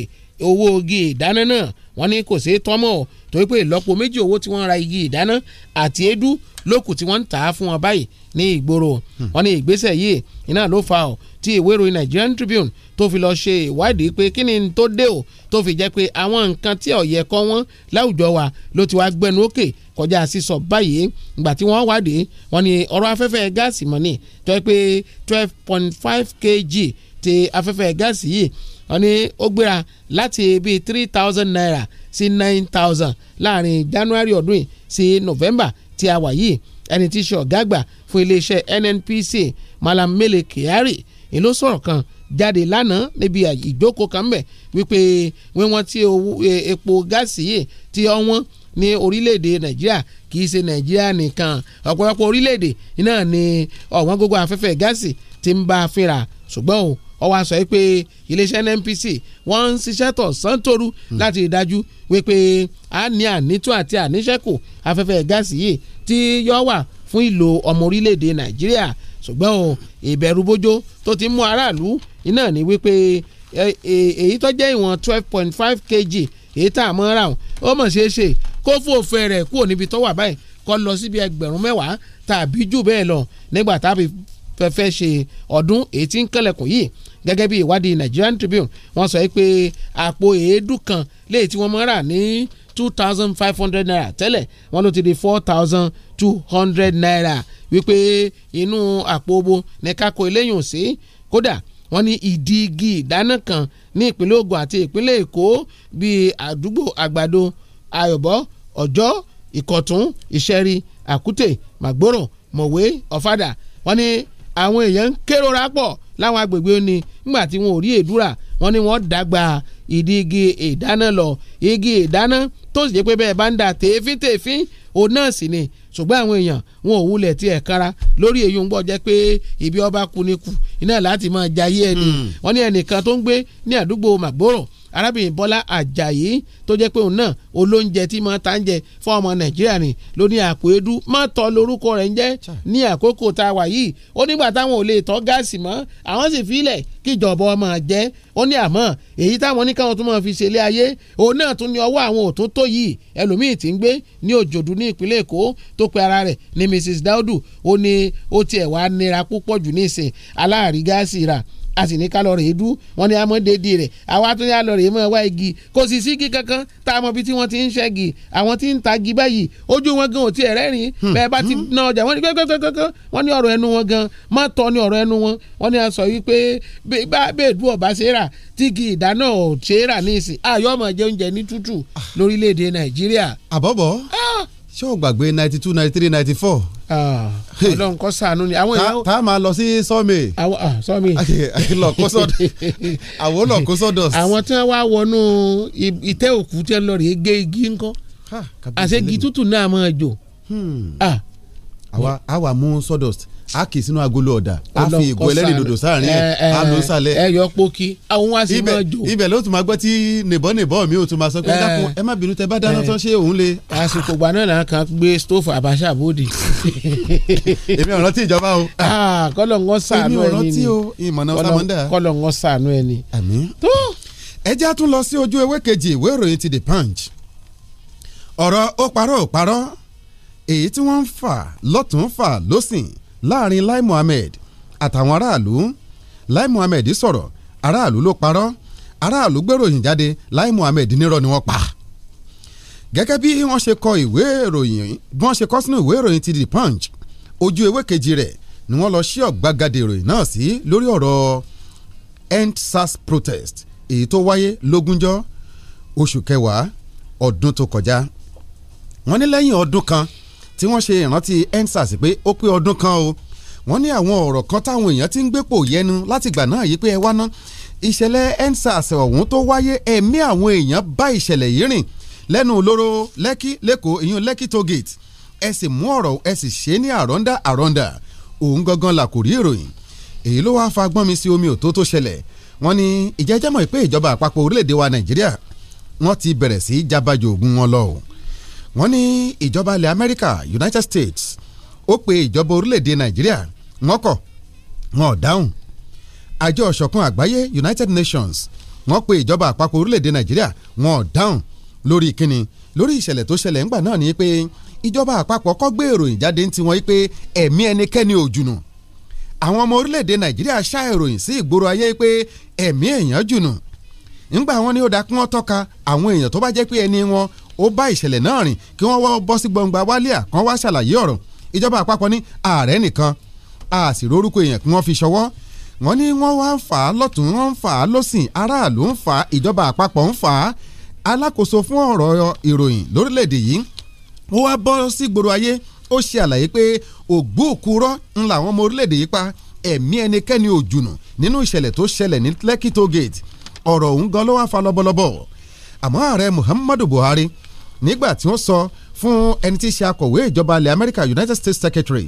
owó igi ìdáná náà wọ́n ní kò sí tọ́mọ̀ o torí pé ìlọ́po méjì owó tí wọ́n ra igi ìdáná àti èédú lókù tí wọ́n ń tà á fún wọn báyìí ní ìgboro hmm. wọ́n ní ìgbésẹ̀ yìí iná ló fa o tí ìwé ìròyìn Nigerian Tribune tó fi lọ ṣe ìwádìí pé kí ni n tó dé o tó fi jẹ́ pé àwọn nǹkan tí ọ̀yẹ́ kọ́ wọ́n láwùjọ wa ló ti wá gbẹnu òkè kọjá sísọ báyìí ìgbà tí wọ́n wádìí wọ́n ní ọ̀rọ̀ afẹ́fẹ́ gáàsì mọ́ni tó yẹ pé twelve point five kg ti afẹ́fẹ́ gáàsì yìí wọ́n ní ó gbéra láti bíi three thousand naira sí nine thousand láàrin January ọdún yìí sí November tí a wà yìí ẹni tí ṣe ọ̀gá àgbà fún iléeṣẹ́ NNPC Malam Mele Kyari ìlú sọ̀rọ̀ kan jáde lánàá níbi ìjókòó kan bẹ̀ wípé wíwọ́n tí e, epo gáàsì yìí tí ọ̀wọ́n ní orílẹ̀-èdè nàìjíríà kì í ṣe nàìjíríà nìkan ọ̀pọ̀lọpọ̀ orílẹ̀-èdè náà ni ọ̀wọ́n gógó afẹ́fẹ́ gáàsì ti ń bá a fínra ṣùgbọ́n o ó wá sọ pé iléeṣẹ́ NNPC wọ́n ń ṣiṣẹ́ tọ̀ sántoru hmm. láti dájú wípé a ní ànítún àti àníṣẹ́kù afẹ́fẹ́ gáàsì yìí tí yọ wà fún ìlò ọmọ orílẹ̀-èdè nàìjíríà ṣùgbọ́n ìbẹ̀rùbojo tó ti mú aráàlú iná ní wípé èyí tó jẹ́ ìwọ̀n twelve point five kg èyí tá a mọ̀ ra ó mọ̀ ṣeé ṣe kó fún òfin rẹ̀ kúrò níbi tó wà báyìí kó lọ síbi ẹgbẹ̀rún mẹ́wàá tàbí jù bẹ́ẹ̀ lọ nígbà tábí fẹ́fẹ́ ṣe ọdún èyí tí ń kẹlẹ̀kùn yìí gẹ́gẹ́ bí ìwádìí Nigerian Tribune wọ́n sọ pé àpò èédú kan léyìí tí wọ́n mọ̀ rà ní two thousand five hundred naira tẹ́lẹ̀ wọ́n ló ti di four thousand two hundred naira wípé inú àpò obo ní kákó eléyùn sí kódà wọ́n ní ìdí igi ìdáná kan ní ìpínlẹ̀ Ògùn àti ìpínlẹ̀ Èkó bíi àdúgbò àgbàdo ayọ̀bọ ọjọ́ ìkọ̀tún ìṣẹ́rí àkútè màgbòrò mọ̀wé ọ̀fadà wọ́n ní àwọn èèyàn ń kérora pọ̀ láwọn agbègbè ni nígbà tí wọn ò rí èdúrà wọ́n ní wọ́n dàgbà ìdí igi ìdáná lọ igi ìdáná tó sì jẹ́ pé bẹ́ẹ̀ bá ń dà tèéfín tèéfín òun náà sì ni ṣùgbọ́n àwọn èèyàn wọn ò wulẹ̀ tiẹ̀ kára lórí èyí ń gbọ́ jẹ́ pé ibi ọba kú ni kù iná láti máa jayé ẹni hmm. wọ́n ní ẹnìkan tó ń gbé ní àdúgbò màgbòrò arábìnrin bọ́lá àjàyí tó jẹ́ pé òun náà olóúnjẹ tí máa ta ń jẹ fún ọmọ nàìjíríà ni ló ní àpò edu má tọ́ lórúkọ rẹ̀ ń jẹ́ ní àkókò tá a wà yìí ó nígbà táwọn ò lè tọ́ gáàsì mọ́ àwọn sì filẹ̀ kíjọba ọmọ jẹ́ ó ní àmọ́ èyí táwọn oníkàwọn tó máa fi ṣe ilé ayé òun náà tún ní ọwọ́ àwọn òtún tó yìí ẹlòmíì tí ń gbé ní òjòdú ní ìpínlẹ̀ èkó tó pe ara rẹ̀ ní mrs daudu ó ní ó tiẹ̀ wá nira púpọ̀ jù ní ìsìn aláàrí gáàsì rà a sì ní ká lọ rèé dú wọn ní amọ̀dédé rẹ̀ àwa tó ní alọ̀ rèé mọ̀ wá igi kò sì sí igi kankan tá a mọ̀ bí tí wọ́n ti ń ṣẹ́gi àwọn tí ń ta igi báyìí ojú wọn gan ò tiẹ̀ rẹ́rìn hmm. bẹ́ẹ̀ bá ti hmm. na ọjà wọn ní kẹ́kẹ́kẹ́kẹ́ wọn ní ọ̀rọ̀ ẹnu wọn gan má tọ́ ní ọ̀rọ̀ ẹnu wọn wọn ní a sọ wípé bẹ́ẹ̀ dú ọ̀bá ṣe rà tí igi ìdáná ò ṣe rà ní ìsìn àyọ̀mọ̀ jẹ oúnjẹ ní tútù ah. lórílẹ̀‐èdè Nàìjíríà. àbọ̀bọ̀. Ah! ṣé o gbàgbé ninety two ninety three ninety four. Ah, ọlọ́run kọ́ sànú ni. tá a máa lọ sí sọ́ọ̀mì. sọ́ọ̀mì. àwọn ah, [laughs] lọ kó sọ́dọ̀s. [laughs] àwọn tí wọ́n wá wọnú ìtẹ́ òkú tí wọ́n lọ rèé gé igi ńkọ́. àṣegi tútù náà máa jò. Hmm. Ah. àwa mú sawdust. So a kì í sínú agolo ọ̀dà a fi ègò ẹlẹ́rìndòdò sáàrin ẹ̀ a ló ń sàlẹ̀. ẹ yọ pókí àwọn a sì máa jò. ibẹ̀ ló tún máa gbọ́ tí nìbọ́nìbọ́ mi ò tún máa sọ pé dákun ẹ má bínú tẹ bá dáná tán ṣé òun le. àsìkò ìgbà náà náà kan gbé stóòfù àbáṣà bòdì. èmi ò rántí ìjọba o. [laughs] Ah, kọ́lọ̀ ń wọ́n sàánú ẹni ni kọ́lọ̀ ń wọ́n sàánú ẹni. ẹ jẹ́ àtún lọ sí ojú ewé kejì ìwé ìròyìn ti The Punch ọ̀rọ̀ ó parọ́ ó parọ́ èyí tí wọ́n ń fà lọ́tún fà lọ́sìn láàrin Lai Muhammed àtàwọn aráàlú Lai Muhammed sọ̀rọ̀ aráàlú ló parọ́ aráàlú gbéròyìn jáde Lai Muhammed nírọ́ ni wọ́n pa gẹ́gẹ́ bí wọ́n ṣe kọ ìwé ìròyìn bí wọ́n ṣe kọ sínú ìwé ìròyìn ti The Punch ojú ewé kejì rẹ̀ ni wọ́n lọ sí ọ̀gbagadè ìròyìn náà sí lórí ọ̀rọ̀ endsars protest èyí tó wáyé lógúnjọ́ oṣù kẹwàá ọdún tó kọjá wọ́n ní lẹ́yìn ọdún kan tí wọ́n ṣe ìrántí endsars pé ó pé ọdún kan o wọ́n ní àwọn ọ̀rọ̀ kan táwọn èèyàn ti ń gbépò yẹnu látìgbà náà yìí pé ẹ wá ná ìṣẹ̀lẹ̀ endsars ọ̀hún tó wáyé ẹ̀mí àwọn èèyàn bá ìṣẹ̀lẹ̀ yìí rìn lẹ́nu olóró lẹ́kí lẹ́kọ̀ọ́ ìyún lẹ́kí tollgate ẹ sì mú ọ̀rọ̀ ẹ sì ṣe ní àrọ́ndà àrọ́ndà òun gangan là kò rí ìròyìn èyí ló wáá fa gbọ́n mi sí omi òtó tó ṣẹlẹ̀ wọ́n ní ìjẹ́jẹ́ mọ̀ ìjọba àpapọ̀ orílẹ̀-èdè wa Nàìjíríà wọ́n ti bẹ̀rẹ̀ sí jábàjò ògùn wọn lọ wọ́n ní ìjọba ilẹ̀ Amẹ́ríkà United States ó pe ìjọba orílẹ̀-èdè Nàìjíríà wọ́n kọ̀ wọn ò dáhùn àjọ ọ̀ṣọ̀kan àgbáyé United Nations wọ́n pe ìjọba àpapọ̀ orílẹ̀-èdè Nàìjíríà wọn ò dáhùn lórí kíni lórí ìṣẹ̀lẹ̀ tó ṣẹlẹ̀ ńgbà náà ni pé ìjọba àpapọ̀ kọ́ gbé ìròyìn jáde ní tiwọn pé ẹ̀mí ẹnikẹ́ni ò jùnù àwọn ọmọ orílẹ̀-èdè Nàìjíríà ṣá ìròyìn sí ìgboro ayé pé ẹ̀mí èèyàn jùnù ńgbà wọn ni ó dá kí wọ́n tọ́ka àwọn èèyàn tó bá jẹ́ pé ẹni wọn ó bá ìṣẹ̀lẹ̀ náà rìn kí wọ́n wọ́ bọ́ sí gbọ̀ngbà wálíà kan wá ṣàlàyé ọ̀rọ̀ ìjọba àpapọ̀ ní ààrẹ nìkan a sì rórúkọ èèyàn kí wọ́n fi ṣọwọ́ wọ́n ní wọ́n wá ń fà á lọ́tún wọ́n ń fà á lọ́sìn aráàlú ń fà á ìjọba àpapọ̀ ń fà á alákòóso fún ọ̀rọ̀ ìròyìn lórílẹ̀‐èdè yìí wọ́n wá bọ́ sí gbòòrò ayé ó ṣe àlàyé pé ògbó òkúrọ́ ń làwọn ọmọ orílẹ̀‐èdè yìí pa ẹ̀mí ẹnikẹ́ni òjùnù nínú ìṣẹ̀lẹ̀ tó ṣẹlẹ̀ ní Lekki ọ̀rọ̀ ọ̀hún gan ló wá fa lọ́bọ̀lọ́bọ̀ àmọ́ ààrẹ Muhammadu Buhari nígbà tí wọ́n sọ fún ẹni tí í ṣe akọ̀wé ìjọba ilẹ̀ Amẹ́ríkà United States Secretary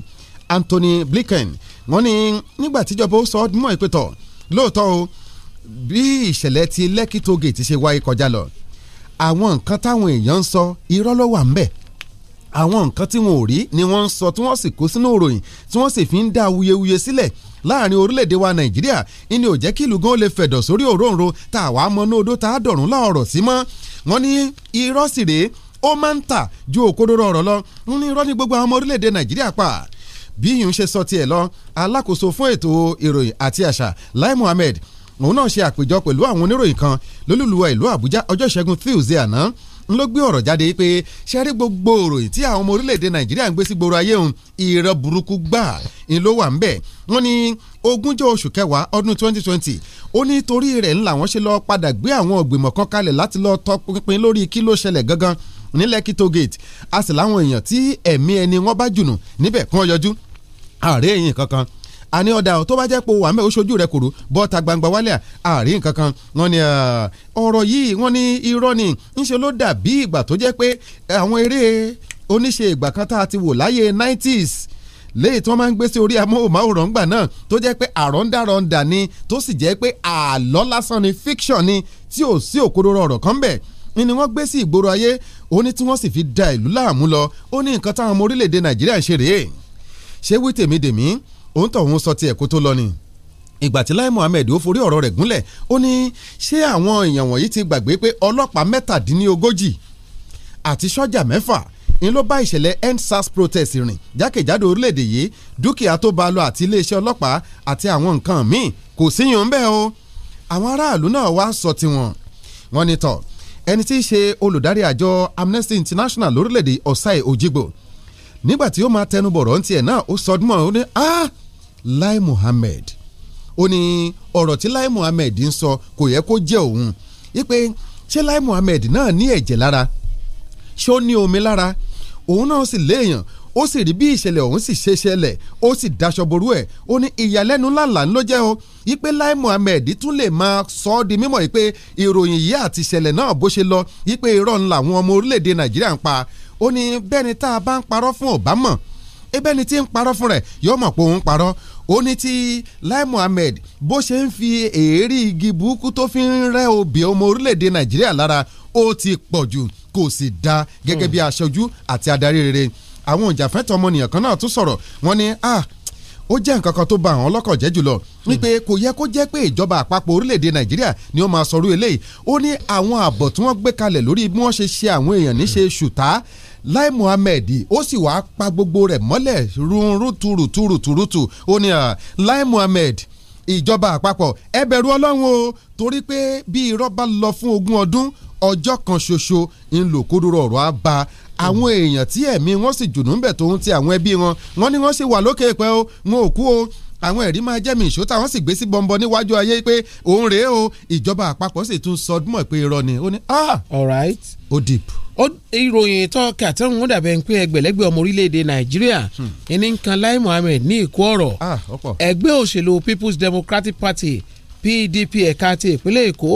Anthony Blinken wọ́n ní nígbà tíjọba ó sọ ọ́ mọ́ ìpẹ́tọ̀ lóòótọ́ o bí ìṣẹ̀lẹ̀ ti Lekki toll gate ṣe wáyé kọjá lọ àwọn nǹkan táwọn èèyàn ń sọ irọ́ ló wà ń bẹ̀ àwọn nǹkan tí wọn ò rí ni wọ́n ń sọ tí wọ́n sì kó sínú òròyìn tí wọ́n sì fi ń dá wuyewuye sílẹ̀ láàrin orílẹ̀ wa nàìjíríà ìní ò jẹ́ kí ìlú gan lè fẹ̀dọ̀ sórí òróǹro tá a wàá mọ ní odó tá a dọ̀rùn láọ̀rọ̀ sí mọ́ wọ́n ní irọ́ sì rèé ó máa ń tà ju òkodoro ọ̀rọ̀ lọ ń ní irọ́ ní gbogbo àwọn ọmọ orílẹ̀ nàìjíríà pa bí yìí ṣe sọ tiẹ̀ lọ alákòóso fún ètò ìròyìn àti àṣà Lai Muhammed òun náà ṣe àpèjọ pẹ̀lú àwọn oníròyìn kan lólùlùwà ìlú Àbújá ọjọ́ ìṣẹ́gun Tuesday àná n ló gbé ọ̀rọ̀ jáde pé ṣe rí gbogbo òròyìn tí àwọn ọmọ orílẹ̀-èdè nàìjíríà ń gbé sí gbòòrò ayé òun ìrọ̀ burúkú gbà ń ló wà ń bẹ̀ wọ́n ní ogúnjọ́ oṣù kẹwàá ọdún 2020 ó ní torí rẹ̀ ńlá wọn ṣe lọ padà gbé àwọn ògbìmọ̀ kan kalẹ̀ láti lọ tọpinpin lórí kí ló ṣẹlẹ̀ gangan ní Lekki gate a sì láwọn èèyàn tí ẹ̀mí ẹni wọn bá jùnù níbẹ̀ kún ọyọjú àárẹ̀ èèyàn kankan àní ọ̀dà tó bá jẹ́ pé wà mẹ́ o ṣojú rẹ kòrò bọ́ta gbangba wálé àárín kankan wọ́n ní ọ̀rọ̀ yìí wọ́n ní irọ́ ni ńṣe ló dà bí ìgbà tó jẹ́ pé àwọn eré oníṣe ìgbà kan tá a ti wò láyé 90s léyìí tí wọ́n máa ń gbé sí orí amóhùnmáwòrán gbà náà tó jẹ́ pé àrọ́ndàrọ́ndà ni tó sì jẹ́ pé àlọ́ lásán ni fiction ni tí ò sí òkodoro ọ̀rọ̀ kan bẹ̀ ni wọ́n gbé sí ìgboro ayé ó ní tí wọ́n sì fi da ìlú láàmú lọ ó ní nǹkan táwọn ọmọ orílẹ̀-èdè Nàìjíríà ṣe rèé ṣé wí tèmi dèmí òun tọ̀ òun sọ tiẹ̀ kó tó lọ ni ìgbà tí Lai Muhammed ó forí ọ̀rọ̀ rẹ̀ gúnlẹ̀ ó ní ṣé àwọn èèyàn wọ̀nyí ti gbàgbé pé ọlọ́pàá mẹ́tàdínlógójì àti sọ́jà mẹ́fà ń ló bá ìṣẹ̀lẹ̀ endsars protest rìn jákèjádò orílẹ̀-èdè yìí dúkìá tó bá lọ àti iléeṣẹ́ ọlọ́pàá àti àwọn nǹkan míì kò síyàn bẹ́ẹ̀ o àwọn aráàlú náà wá sọ tiwọn wọ́n ní tọ̀ ẹni tí í ṣe olùdarí àjọ Amnesty International lórílẹ̀-èdè Ọ̀sáì Òjìgbò nígbà tí ó máa tẹnubọ̀rọ̀ ń tiẹ̀ náà ó sọdúnmọ́ ó ní ah Lai Muhammed ó ní ọ̀rọ̀ tí Lai Muhammed ń sọ kò yẹ kó jẹ́ òun wípé ṣé Lai Muhammed náà ní ẹ̀jẹ̀ lára ṣé ó ní omi lára òun náà sì léèyàn ó sì rí bí ìṣẹ̀lẹ̀ ọ̀hún sì ṣe ṣẹlẹ̀ ó sì daṣọ ború ẹ̀ ó ní ìyàlẹ́nu làlà ló jẹ́ o ipe Lai Muhammed tún lè máa sọ ọ́ di mímọ̀ pé ìròyìn yìí àti ìṣẹ̀lẹ̀ náà bó ṣe lọ ipe irọ́ ńlá àwọn ọmọ orílẹ̀-èdè Nàìjíríà ń pa ó ní bẹ́ẹ̀ ni tá a bá ń parọ́ fún Obama ebẹ́ni tí ń parọ́ fún rẹ̀ yóò mọ̀ pé òun parọ́ ó ní tí Lai Mohammed bó ṣe ń fi èérí igi burúkú tó fi ń rẹ́ obì ọmọ orílẹ̀-èdè Nàìjíríà lára ó ti pọ̀ jù kò sì da gẹ́gẹ́ bí aṣojú àti adarí rere àwọn ìjàfẹ́tọ̀ ọmọnìyàn kan náà tún sọ̀rọ̀ wọ́n ní ah ó jẹ́ nǹkan kan tó ba àwọn ọlọ́kọ̀ jẹ́ jùlọ wípé kò yẹ kó jẹ́ pé ìjọba àpapọ̀ orílẹ̀-èdè nàìjíríà ni ó máa sọrú eléyìí ó ní àwọn ààbọ̀ tí wọ́n gbé kalẹ̀ lórí bí wọ́n ṣe ṣe àwọn èèyàn níṣe ṣùtá Lai Muhammed ó sì wáá pa gbogbo rẹ̀ mọ́lẹ̀ rúnrúturùturùturùtù ó ní Lai Muhammed ìjọba àpapọ̀ ẹ ọlọ́run o torí pé bí irọ́ bá lọ fún ogún ọdún ọjọ́ kan ṣoṣo ń lò kódúró ọ̀rọ̀ á ba àwọn èèyàn tí ẹ̀mí wọn sì jùnú bẹ̀ tó ń ti àwọn ẹbí wọn wọn ni wọ́n sì wà lókè pẹ́ o wọn ò kú o àwọn ẹ̀rí máa jẹ́mi ìṣótá wọ́n sì gbé sí bọ́ńbọ́n níwájú ayé pé òun rèé o ìjọba àpapọ̀ sì tún sọdúnmọ̀ pé irọ́ ni ó ní. Ah! all right ó deep. ó ìròyìn tó kàtẹ́hùn ó dàbẹ̀ pé ẹgbẹ̀lẹ́gbẹ̀ ọmọ orílẹ̀‐èdè nàìjíríà hmm. ẹni nǹkan Lai Mohammed ní ìkó ọ̀rọ̀ ah, ẹgbẹ́ òṣèlú People's Democratic Party PDP ẹ̀ka ti ìpínlẹ̀ èkó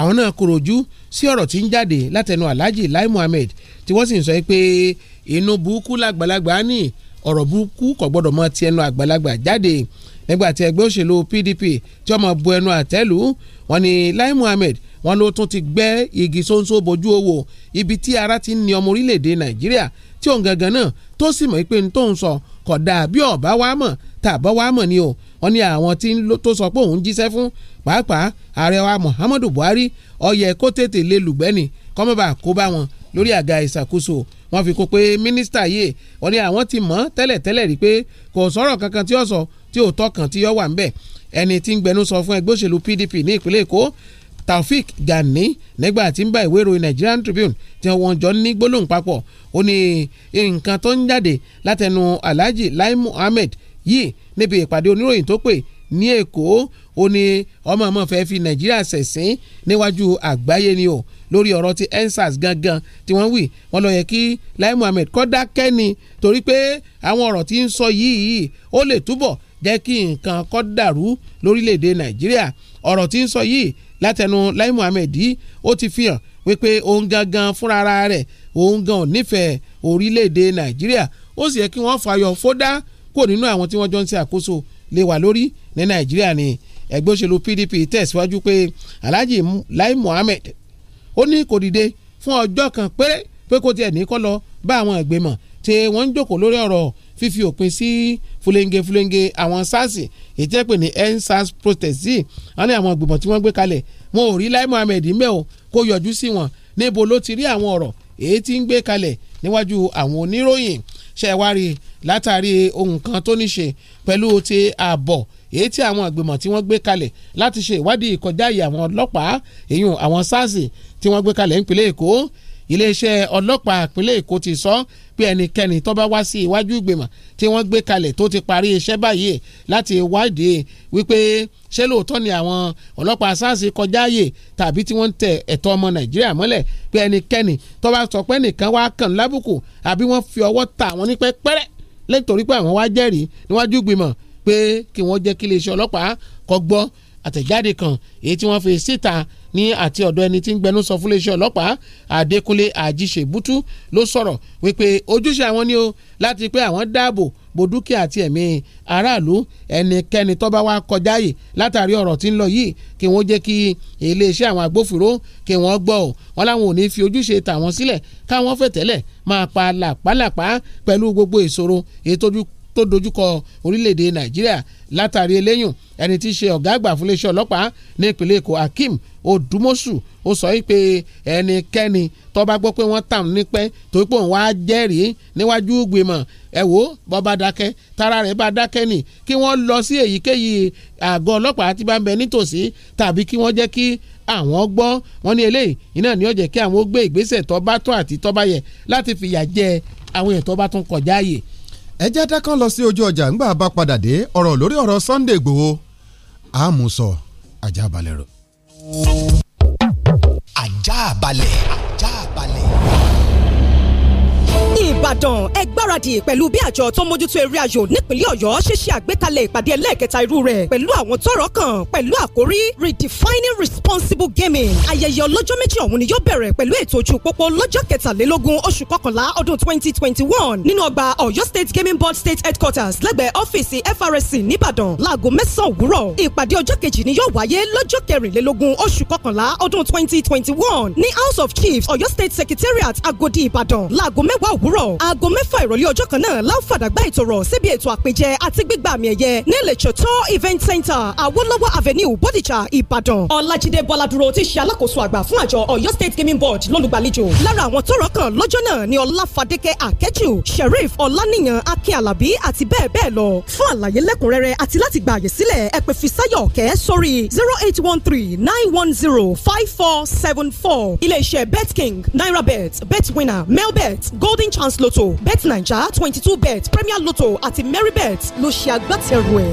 àwọn náà korojú sí ọ̀rọ̀ tí ń jáde látẹnu alhaji Lai Mohammed tí wọ́n sì ń sọ pé inú burúkú làgbàlagbà ní ọ̀rọ̀ burúkú kò gbọ́dọ̀ mọ ti ẹnu àgbàlagbà jáde nígbà tí ẹgbẹ́ òṣèlú PDP tí ọmọ bu ẹnu àtẹ́lù wọ́n ní Lai Mohammed wọ́n ló tún ti gbẹ́ igi ṣóńṣó bojú owó ibi tí ara ti ń ni ọmọ orílẹ̀-èdè nàìjíríà tí òun gangan náà tó sì mọ̀ pé n tó ń sọ kódà bí ọ̀bá wa mọ̀ tàbọ̀ wa mọ̀ ni o wọ́n ní àwọn tí tó sọ pé òun jíṣẹ́ fún pàápàá ààrẹ wa muhammadu buhari ó yẹ kó tètè lè lùgbẹ́ni kọ́mọ́bà kó bá wọn lórí àga ìṣàkóso wọ́n fi kó pé mínísítà yìí wọ́n ní àwọn ti mọ̀ tẹ́lẹ̀tẹ́lẹ̀ rí pé kò sọ̀rọ̀ kankan tí ó sọ tí ò tọkàn tí ó wà ń bẹ̀ ẹni tí ń gbẹnusọ fún ẹgbẹ́ òṣèlú pdp ní ìpínlẹ̀ èkó Taofik Gani nígbà tí ń bá ìwé ìròyìn Nigerian Tribune tí wọ́n jọ ní gbólóhùn papọ̀ ó ní nǹkan tó ń jáde látẹnu Alhaji Lai Muhammed yìí níbi ìpàdé oníròyìn tó pè ní Èkó ó ní ọmọ ọmọ fẹ́ fi Nàìjíríà ṣẹ̀sín níwájú àgbáyé ni o lórí ọ̀rọ̀ ti EndSARS gangan tí wọ́n wí wọ́n lọ yẹ kí Lai Muhammed kọ́ dákẹ́ ni torí pé àwọn ọ̀rọ̀ tí ń sọ yìí ó lè túbọ̀ jẹ́ kí nǹkan kó dàrú lórílẹ̀‐èdè nàìjíríà ọ̀rọ̀ tí ń sọ yìí látẹnu lai muhammed yìí ó ti fi hàn wípé òun gangan fúnra rẹ̀ òun gan ò nífẹ̀ẹ́ orílẹ̀‐èdè nàìjíríà ó sì yẹ kí wọ́n fàyọ̀ fódà kò nínú àwọn tí wọ́n jọ ń ṣe àkóso lè wà lórí ní nàìjíríà ni ẹgbẹ́ òṣèlú pdp tẹ̀síwájú pé alhaji lai muhammed ó ní kò dìde fún ọjọ́ kan péré pé kó tiẹ̀ ní kọ́ lọ bá àwọn ìgbìmọ̀ tí wọ́n ń jókòó lórí ọ̀rọ̀ fífi òpin sí fúlẹ́ńgẹ fúlẹ́ńgẹ àwọn SARS èyí tẹ́ pè ní nsars protest yìí wọ́n ní àwọn ìgbìmọ̀ tí wọ́n gbé kalẹ̀ wọn ò rí Lai Mohammed mbẹ́ o kó yọjú sí wọn níbo ló ti rí àwọn ọ̀rọ̀ èyí tí ń gbé kalẹ̀ níwájú àwọn oníròyìn ṣẹ̀wárí látàrí ohun kan tó ní ṣe pẹ̀lú ti ààbọ̀ èyí tí àwọn ìgbìmọ̀ tí wọ́n gbé kalẹ̀ láti ṣe ìwádìí ìkọjá àyè ọlọ́pàá èyí àwọn SARS tí wọ́n gbé kalẹ̀ nípínlẹ̀ Èkó iléeṣẹ́ ọlọ́pàá ìpínlẹ̀ èkó ti sọ pé ẹnikẹ́ni tó bá wá sí iwájú ìgbìmọ̀ tí wọ́n gbé kalẹ̀ tó ti parí iṣẹ́ báyìí láti wádìí wípé ṣé lóòótọ́ ni àwọn ọlọ́pàá sars kọjá ààyè tàbí tí wọ́n ń tẹ ẹ̀tọ́ ọmọ nàìjíríà mọ́lẹ̀ pé ẹnikẹ́ni tó bá sọ pé nìkan wá kàn lábùkù àbí wọ́n fi ọwọ́ ta àwọn ní pẹ́pẹ́rẹ́ lẹ́tọ̀rí pé àwọn wá jẹ́rìí níwájú ìgbìmọ̀ pé kí wọ́n jẹ́ kí iléeṣẹ́ ọlọ́pàá kó gbọ́ àtẹ̀jáde kan èyí tí wọ́n fi síta ní àti ọ̀dọ̀ ẹni tí ń gbẹnú sọ fún iléeṣẹ́ ọlọ́pàá Adékúnlé Àjíṣebútú ló sọ̀rọ̀ wípé ojúṣe àwọn ni o láti pé àwọn dáàbò bo dúkìá àti ẹ̀mí aráàlú ẹnikẹ́ni tó bá wá kọjá yìí látàrí ọ̀rọ̀ tí ń lọ yìí kí wọ́n jẹ́ kí iléeṣẹ́ àwọn agbófinró kí wọ́n gbọ́ ọ̀ wọ́n láwọn ò ní fi ojúṣe tàwọn sílẹ̀ káwọn fẹ̀tẹ́lẹ̀ máa pa làpálàpá pẹ̀lú gbogbo ìṣòro èyí tó dojúkọ orílẹ̀-èdè Nàìjíríà látàrí eléyùn ẹni tí í ṣe ọ̀gá àgbà fún iléeṣẹ́ ọlọ́pàá ní ìpínlẹ̀ Èkó Akeem Odùmọ̀ṣù ó sọ wípé ẹnikẹ́ni tó bá gbọ́ pé wọ́n tàn nípẹ́ tó pé òun wá jẹ́rìí níwájú ìgbìmọ̀ ẹ wò bọ́ bá dákẹ́ tara rẹ̀ bá dákẹ́ nì kí wọ́n lọ sí èyíkéyìí àgọ́ ọlọ́pàá tí bá ń bẹ nítòsí tàbí kí wọ́n jẹ́ kí àwọn gbọ́ wọn ní eléyìí iná ni ó jẹ́ kí àwọn gbé ìgbésẹ̀ tó tó àti tó yẹ láti fìyà jẹ àwọn èèyàn tó bá kọjá yìí ẹ jẹ́ dákan lọ sí ojú ọjà ńgbà bá padà dé ọ̀rọ̀ lórí ọ̀rọ̀ Sunday Igboho àmùsọ̀ àjàbalẹ̀ rẹ̀. àjàbalẹ̀ àjàbalẹ̀ ní ìbàdàn ẹ gbáradì pẹ̀lú bí àjọ tó mójútó eré ayò nípínlẹ̀ ọ̀yọ́ ṣe ṣe àgbékalẹ̀ ìpàdé ẹlẹ́ẹ̀kẹta irú rẹ̀ pẹ̀lú àwọn tọ́rọ̀ kàn pẹ̀lú àkórí redefining responsible gaming ayẹyẹ ọlọ́jọ́ méjì ọ̀hún ni yóò bẹ̀rẹ̀ pẹ̀lú ètò ojú pópó lọ́jọ́ kẹtàlélógún oṣù kọkànlá ọdún twenty twenty one nínú ọgbà ọ̀yọ́ state gaming board state headquarters lẹ́gbẹ̀ẹ́ ọ́fíìsì FRSC nìbàdàn láago mẹ́sàn-án òwúrọ̀ ìpàdé ọjọ́ kejì ni yóò wáyé lọ́jọ́ kẹrìnlélógún oṣù kọkànlá ọdún twenty twenty house of chiefs ọ̀yọ́ state secretariat agodi ìbàdàn láago mẹ́wàá òwúrọ̀ aago mẹ́fà ìrọ̀lẹ́ ọjọ́ kan náà láǹfààdàgbà ètò rọ̀ síbi ètò àpèjẹ àti gbígbà àmì ẹ̀yẹ ní Lẹ́tọ̀tọ̀ event center Awólọ́wọ̀ avenue Bódìjà Ìbàdàn Ọlájídé Bọ́ládúró ti ṣe alákòóso àgbà fún àjọ Ọ̀yọ́ state gaming board lólùgbàlejò lára àwọn tọ́rọ̀ kan lọ́jọ́ náà ni Ọláfadékẹ́ Akẹ́jù Sheriff Ọláníyàn Akin Àlàbí àti bẹ́ẹ̀ bẹ́ẹ̀ lọ fún àlàyé lẹ́kùnrẹ́rẹ́ àti láti gba àyè sílẹ̀ ẹ pè zero eight one three nine one zero five four seven four ilé iṣẹ́ betking nairabet betwinner melbet golden chance lotto bet naija twenty two bet premier lotto àti merybet ló ṣe agbátẹrù ẹ̀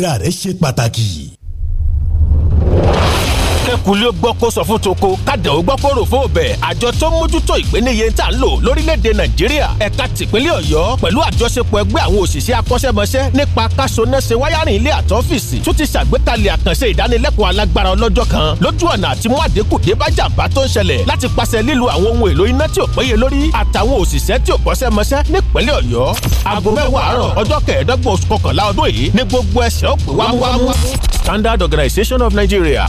ìlera rẹ ṣe pàtàkì kẹ́kulé gbọ́ kó sọ fún toko kádà ó gbọ́ kó rò fún òbẹ̀ àjọ tó mójútó ìpínlẹ̀ tá à ń lò lórílẹ̀‐èdè nàìjíríà ẹ̀ka tìpínlẹ̀ ọ̀yọ́ pẹ̀lú àjọṣepọ̀ ẹgbẹ́ àwọn òṣìṣẹ́ akọ́ṣẹ́mọṣẹ́ nípa kásonáṣe wáyárìn ilé àtọ́fíìsì tún ti ṣàgbékalẹ̀ àkànṣe ìdánilẹ́kọ̀ọ́ alágbára ọlọ́jọ́ kan lójú ọ̀nà àti Standard Organization of Nigeria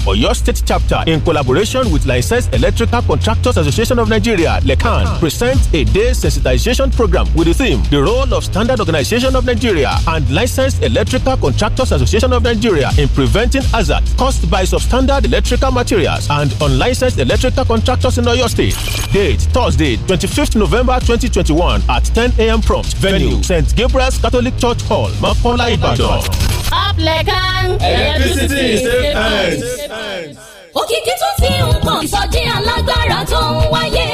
chapter in collaboration with Licensed Electrical Contractors Association of Nigeria, LECAN, presents a day sensitization program with the theme The Role of Standard Organization of Nigeria and Licensed Electrical Contractors Association of Nigeria in Preventing Hazards Caused by Substandard Electrical Materials and Unlicensed Electrical Contractors in Oyo State. Date Thursday, 25th November 2021 at 10 a.m. prompt. Venue St. Gabriel's Catholic Church Hall, Makola Ibadan. Up Electricity, safe hands òkìkí tún fi ń pọ̀ ìsọjí alágbára tó ń wáyé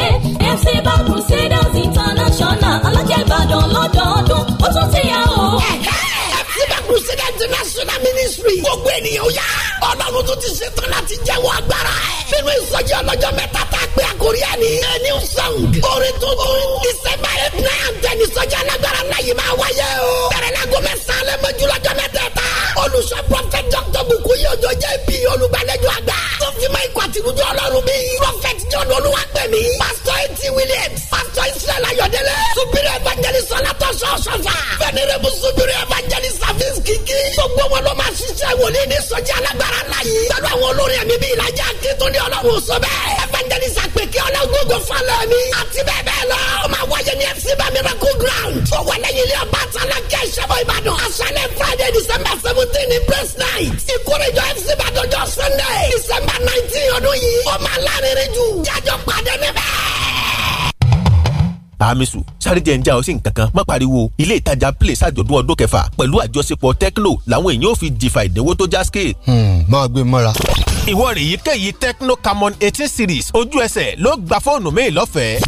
FC Bar Crusaders International alájẹ́ Ìbàdàn lọ́dọọdún ó tún ti yà ó. President National Ministry. Gbogbo ènìyàn yá. Ọlọ́run tún ti ṣetán láti jẹ́wọ́ agbára ẹ̀. Nínú ìsọjí ọlọ́jọ́ mẹ́ta tá a pé àkórí ẹ̀ ní. A new song. Orin tuntun. December eight nine and ten ìsọjí alágbára náà yìí máa wáyé o. Bẹ̀rẹ̀ la gómẹ̀ sàn lẹ́mọ̀jú lọ́jọ́ mẹ́tẹ̀ẹ̀ta. Olùṣọ́ Prọfẹ̀t Dr. Bukuyi Ojo jẹ́ bí olùgbàlejò àgbà. Tó fi máa ikọ̀ àtìrújọ Ọlọ́run bí. Prọfẹ̀t John Olúwapẹ̀mí. Pásítọ̀ Eti Williams. Pásítọ̀ Israel Ayọ̀délé. Superior Evangelist Ọlátọ̀ Sọ̀ọ̀sọ̀fà. Venerable Superior Evangelist Service joseph kiki. gbogbo wọn ló máa ṣiṣẹ́ wòlíì ní sọ́jà alágbára la yìí. pẹ̀lú àwọn olórin ẹ̀mí bíi ìlàjà akitun ní ọlọ́run sọ bẹ́ẹ̀. evangelist àpèké ọlọ́gbọ́gbọ́ falẹ̀ mi. àti bẹ́ẹ̀ bẹ́ẹ̀ lọ. ó máa wáyé ní fc bamiraku ground. ó wà lẹ́yìn ilé ọba àtàlà kẹ́ ìṣẹ́bọ̀ ìbàdàn. aṣálẹ̀ friday december seventeen ní praise night. ìkórèjọ fc bàdànjọ sunday december nineteen ọdún yìí. ó máa hamisu sáréjẹ ń já ọ sí nǹkan kan má pariwo ilé ìtajà play ṣàjọ̀dún ọdún kẹfà pẹ̀lú àjọṣepọ̀ tecno làwọn èèyàn ò fi jìfà ìdínwó tó já scale. Hmm, máa gbé e mọ́ra. ìwọ rè yí kéyìí tecno camon eighteen series ojú ẹsẹ̀ ló gba fóònù míì lọ́fẹ̀ẹ́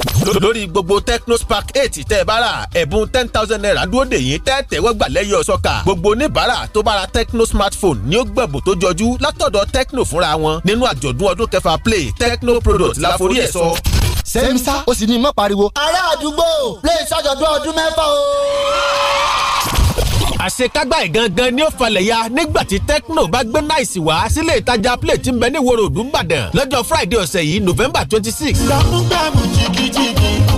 lórí gbogbo tecno spark eight tẹ́ ẹ bá rà ẹ̀bùn ten thousand naira dúró dè yín tẹ́tẹ́ wọ́gbà lẹ́yìn ọ̀ṣọ́ka gbogbo oníbàárà tó bá ra tecno smartphone ni ó gbẹ̀bùn tó jọjú látọ̀dọ̀ tecno fúnra wọn nínú àjọ̀dún ọdún kẹfà play tecno product la forí ẹ̀ sọ sẹ́mísà ó sì ní mọ́ pariwo. ará àdúgbò lè ṣàjọ̀dún ọdún mẹ́fà o àṣekágbá ìgangan ni ó falẹ̀ ya nígbà tí Tecno bá gbé náìsì wá sílé ìtajà play tí ń bẹ ní ìwòrò òdùnbàdàn lọ́jọ́ Friday ọ̀sẹ̀ yìí November twenty six. gbàmúgbàmù jìgìjì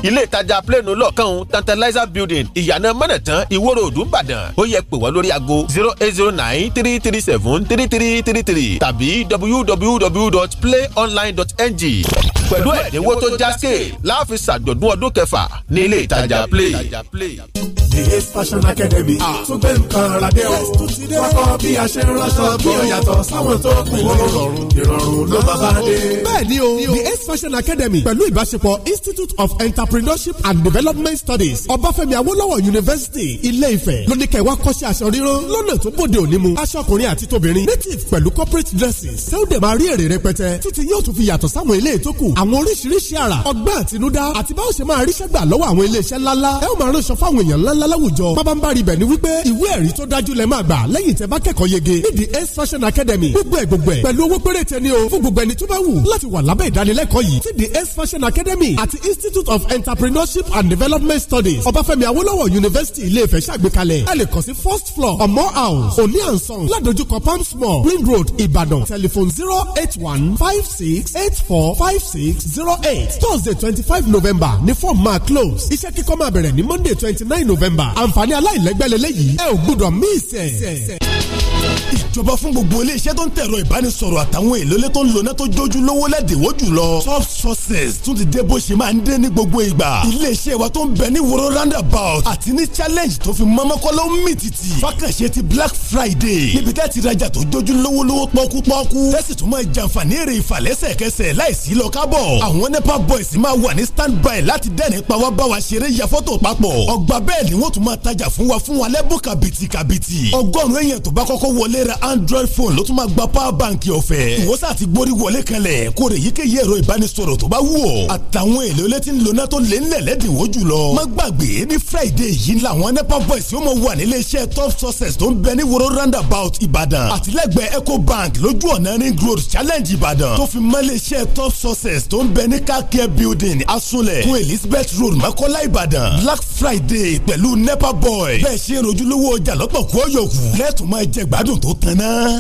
ilé ìtajà plẹ́ẹ̀nù lọ́ọ̀kan òun tantalizer building ìyànà mọ́nàtán ìwòrò òdùn ìbàdàn ó yẹ pè wá lórí aago zero eight zero nine three three seven three three three three tàbí www.playonline.ng pẹ̀lú ẹ̀dínwó tó já sí láàfin ṣàjọ̀dún ọdún kẹfà ní ilé ìtajà play the ace fashion academy ah. tún gbé nǹkan ràdé o wákọ́ bí a ṣe ń rọ́ṣọ bí ó yàtọ̀ sáwọn tó kù ó ìrọ̀rùn ló bá bá dé. bẹ́ẹ̀ni o the ace fashion academy pẹ̀lú ìbáṣepọ̀ institute of entrepreneurship and development studies ọbáfẹ́mi Awolowo university ilé-ifẹ̀ lóní kẹwàá kọ́ṣẹ́ aṣọ ríran lọ́nà tó bòde òní mu aṣọ ọkùnrin àti tóbìnrin native pẹ̀lú corporate dresses sẹ́wọ́dẹ̀ máa rí èrè rẹpẹtẹ títí yóò tún fi yàtọ̀ sáwọn ilé ìtókù àwọn oríṣiríṣi àrà ọgbọ́n àtinúdá àti báwo ṣe máa ríṣẹ́ gbà lọ́wọ́ àwọn ilé iṣẹ́ ńláńlá ẹ ó máa ránṣọ fáwọn èèyàn ńláńl ńlá láwùjọ pábánbárì bẹ̀ ni wípé ìwé ẹ̀rí tó dájú lẹ máa gbà lẹ́yìn tẹ́ bá kẹ́kọ̀ọ́ yege nídìí ace fashion academy gbogbo ẹ̀ gbogbo ẹ̀ pẹ̀lú owó péréte ni o fún gbogbo ẹni tó bá wù láti wà lábẹ́ ìdánilẹ́kọ̀ọ́ yìí ti the ace fashion academy àti institute of entrepreneurship and development studies ọbáfẹ́mi awólọ́wọ̀ university ilé-ifẹ̀ ṣàgbékalẹ̀ ẹ lè kàn sí first floor omo house oni and son ládojúkọ palms mall green road Ibadan. telephone zero eight one five six eight four five six zero eight thursday twenty five november ní form máa close iṣẹ́ kíkọ́ máa bẹ̀rẹ̀ ní monday twenty nine november November àǹfààní aláìlẹ́gbẹ́lẹ́lẹ́ yìí ẹ ò gbọ́dọ̀ miss ẹ̀ ìjọba fún gbogbo iléeṣẹ́ tó ń tẹ̀rọ ìbánisọ̀rọ̀ àtàwọn èlòlé tó ń lona tó jójú lówó lẹ́dínwó jùlọ. top sources tún ti dé bó ṣe máa ń dé ní gbogbo ìgbà. iléeṣẹ́ wa tó ń bẹ ní woro roundabout àti ní challenge tó fi mọ́mọ́kọ́lọ́ mì tìtì. fákànṣe ti black friday níbi tá ti rajà tó jójú lówó lówó pọ́kúpọ́kú. tẹ́sí tó máa jàǹfààní èrè ìfàlẹ́sẹ̀kẹsẹ̀ láìsí lọ kábọ̀. àwọn nepa boys máa wà ní standby láti dẹ́ni pàwọ́ bá wa ṣeré ya fọ́tò papọ̀. ọgbà bẹ́ẹ̀ ni wọ́n tún máa tajà fún wa fún wa lẹ́bùn kàbìtì kàbìtì ọgọ́rùn-ún èèyàn tó bá kọ́kọ́ wọlé ra android phone ló tún máa gba power bank ọ̀fẹ́ ìwọ́sà àti gbórí wọlé kanlẹ̀ kó rè yíkéyìí ẹ̀rọ ìbánisọ̀rọ̀ tó bá wù ọ́ àtàwọn èlò ilé tí ń lona tó lé ńlẹ̀ lẹ́dínwó jùlọ má gbàgbé ní friday yìí làwọn nepa boys yóò mọ wà nílé iṣẹ́ top success tó ń bẹ ní woro roundabout ìbàdàn àtìlẹ́gbẹ̀ẹ́ eco bank lójú ọ̀nà ring growth challenge ìbàdàn tó fi mọ́ iṣẹ́ top success tó ń bẹ ní car care building asunlẹ̀ fún elizabeth road mọ́kọ́lá ìbàdàn black friday pẹ̀lú pẹ̀lú nepa boy bẹ́ẹ̀ ṣe rojúlówó ọjà lọ́pọ̀ kú ọ̀yọ̀kù lẹ́tùn máa jẹ gbádùn tó tán náà.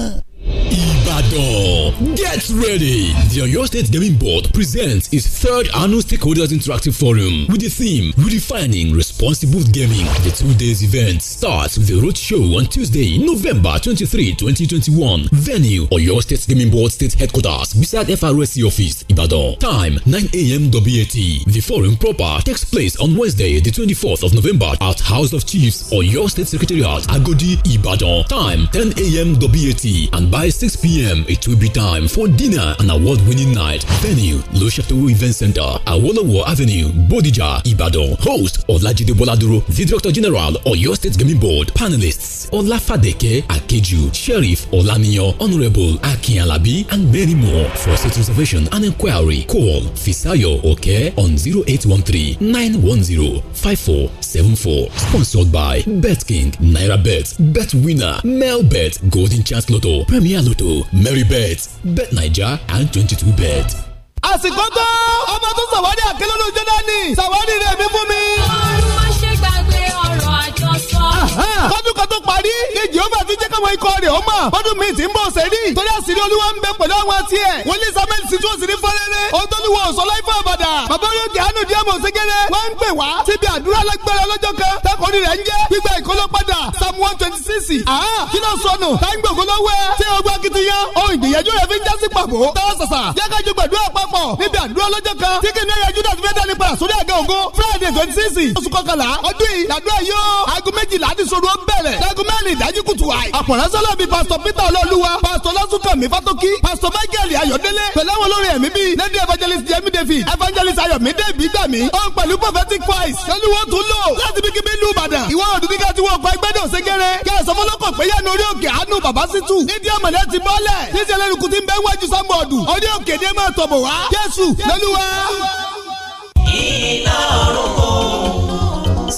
Ibadan. Get ready! The Oyo State Gaming Board presents its third annual Stakeholders Interactive Forum with the theme Redefining Responsible Gaming. The two days event starts with the roadshow on Tuesday, November 23, 2021. Venue Oyo State Gaming Board State Headquarters beside FRSC Office, Ibadan. Time 9 a.m. WAT. The forum proper takes place on Wednesday, the 24th of November at House of Chiefs, Oyo State Secretariat, Agodi, Ibadan. Time 10 a.m. WAT and by by 6 p.m., it will be time for dinner and award-winning night. Venue, Loshatoro Event Center, Awolowo Avenue, Bodija, Ibadan. Host, Olajide Boladuro, the Director General, of Your State Gaming Board. Panelists, Olafadeke Akeju, Sheriff Olaniyo, Honorable Akin Alabi, and many more. For seat reservation and inquiry, call Fisayo Oke on 0813-910-5474. Sponsored by BetKing, NairaBet, BetWinner, Melbet, Golden Chance Lotto, Premier premier lotto Bet betnaija and twenty two bet. àsìkò tó ọmọ tó ṣàwárí àkẹ́lọ́lù jẹ́dá ni ṣàwárí rẹ̀ mi fún mi. ọ̀run má ṣe gbàgbé ọ̀rọ̀ kọ́dún kan tó parí ni Jehova ti jẹ́ káwọn ikọ̀ rẹ̀ ọmọ kọ́dún mi ti ń bọ̀ sẹ́rí torí àṣírí olúwa ń bẹ pẹ̀lú àwọn tiẹ̀ wọlé samuel sì tún òsìrí fọlẹ́rẹ́ olùtọ́lùwọ̀ òsọlá ifá àbàdà bàbá olóògì àánú díẹ̀ mọ̀ ṣẹ́gẹ́rẹ́ wọ́n ń pè wá síbi àdúrà lágbára lọ́jọ́ kan takòrí rẹ̀ ń jẹ́ gbígbà ìkólópadà psalm 126 twenty ah kí ló sọnù táǹgbòkó lọ́wọ́ ẹ tí ogun akitiyan ohun ìgbìyànjú rẹ̀ fi ń jásí pàbó táwọn sàṣà yágájú gbàdúrà papọ̀ níbi àdúrà lọ́jọ́ kan tí kìnìún yẹn júdà ti fẹ́ dání friday twenty six oṣù kọkànlá ọdún yìí làdúrà aago méjìlá àdìsoro ń bẹ̀rẹ̀ láago mẹ́rin ìdájí kùtù wa. àpọ̀lọ́sọ́lá bíi pásítọ̀ peter ọlọ́ọ̀lúwa pásítọ̀ lásùnkànmí fátókí pásítọ̀ michael ayọ̀délé pẹ̀lú àwọn olórin ẹ̀mí bíi lady evangelist jẹ́mi david evangelist ayọ̀mídé ìbígbàmí ó ń pẹ̀lú prophetic voice pẹ̀lú wọn tún lò láti bíkí bí lùbàdàn ìwọ òdùdí ká ti wọ ọkọ ẹgbẹ́ dẹ̀ òsèkéré kẹsàn fọlọ́kọ̀ pé yẹn lórí òkè àánú bàbá sítú nídìí àmàlẹ́ ti bọ́lẹ̀ títí ẹlẹ́rìkú ti ń bẹ́ wájú sábọ̀ọ̀dù orí òkè ní ẹ máa tọ̀bọ̀ wá jésù lọ́lúwa. iná ọ̀run kò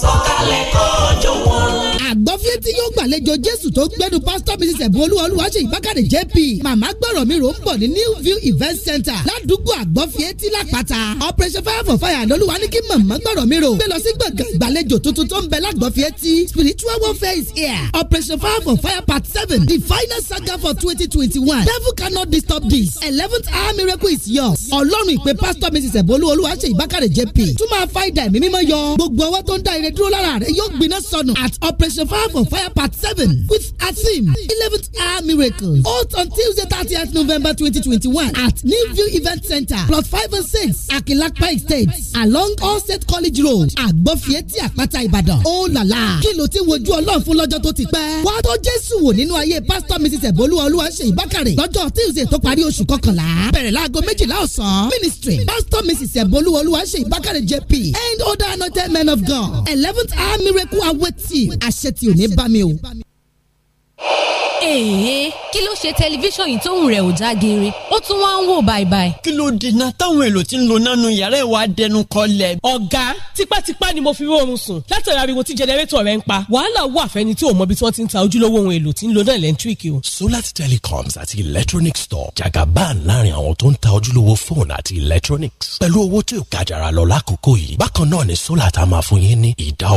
sọ̀kalẹ̀ kọjọ wọn. àgbọ̀fí tí yóò gbàlejò jésù tó gbẹ́nu pastor, mrs ẹ̀bùn olúwa olúwa ṣe ìbákàdé jp màmá gbọ́rọ̀ mi rò ń bọ̀ ní new view event center ládùúgbò àgbọ̀fìẹ́tì lápáta operation fire for fire lolúwa ní kí màmá gbọ́rọ̀ mi rò gbé lọ sí gbọ̀ngàn ìgbàlejò tuntun tó ń bẹ lágbọ̀fìẹ́tì spiritual warfare is here operation fire for fire part seven the final saga for twenty twenty one devil cannot disturb this eleventh hour miracle is yours ọlọ́run ìpè pastor, mrs ẹ̀bùn olúwa olúwa ṣe ìbákàdé jp tún máa fa ìdá ẹ̀mí mímọ́ yọ gbogbo ọwọ́ tó ń dá ire dúró lára rẹ̀ yóò gbiná sọnù at operation fire for fire part seven with asim eleventh hour miracle hold on tuesday thirtieth november 2021 twenty one at newview event center plot five and six akilapa estate along all state college road at agbofieti àpáta ìbàdàn ó oh làlà kí ló ti wojú ọlọ́run fún lọ́jọ́ to ti pẹ́ wàá tó jésù wò nínú ayé pásítọ̀ mrs ẹ̀bọ́lúwa olúwaṣẹ́ ìbákàrẹ̀ lọ́jọ́ tuesday tó parí oṣù kọkànlá bẹ̀rẹ̀ láago méjìlá ọ̀sán ministry Pastor, mrs ẹ̀bọ́lúwa olúwaṣẹ́ ìbákàrẹ̀ jp and other anointed men of god eleventh hour miracle awaits you àṣẹ tí ò ní bá mi o èèyàn kí ló ṣe tẹlifíṣàn yìí tóun rẹ̀ ò já ó tún wá ń wò bàìbàì. kí ló dènà táwọn èlò tí ń lo nánú yàrá ìwà dẹnu kọlẹ̀. ọ̀gá tipátipá ni mo fi rọrùn sùn látara ariwo tí jẹnẹrétọ̀ rẹ̀ ń pa wàhálà wà fẹ́ni tí ò mọ ibi tí wọ́n ti ń ta ojúlówó ohun èlò tí ń lo náà lẹ́ńtíríkì o. solar telecoms àti electronic store jagaban láàrin àwọn tó ń ta ojúlówó fóònù àti electronics pẹ̀lú owó tí ò kájàra lọ lákòókò yìí bákan náà ni solar ta máa fún yín ní ìdá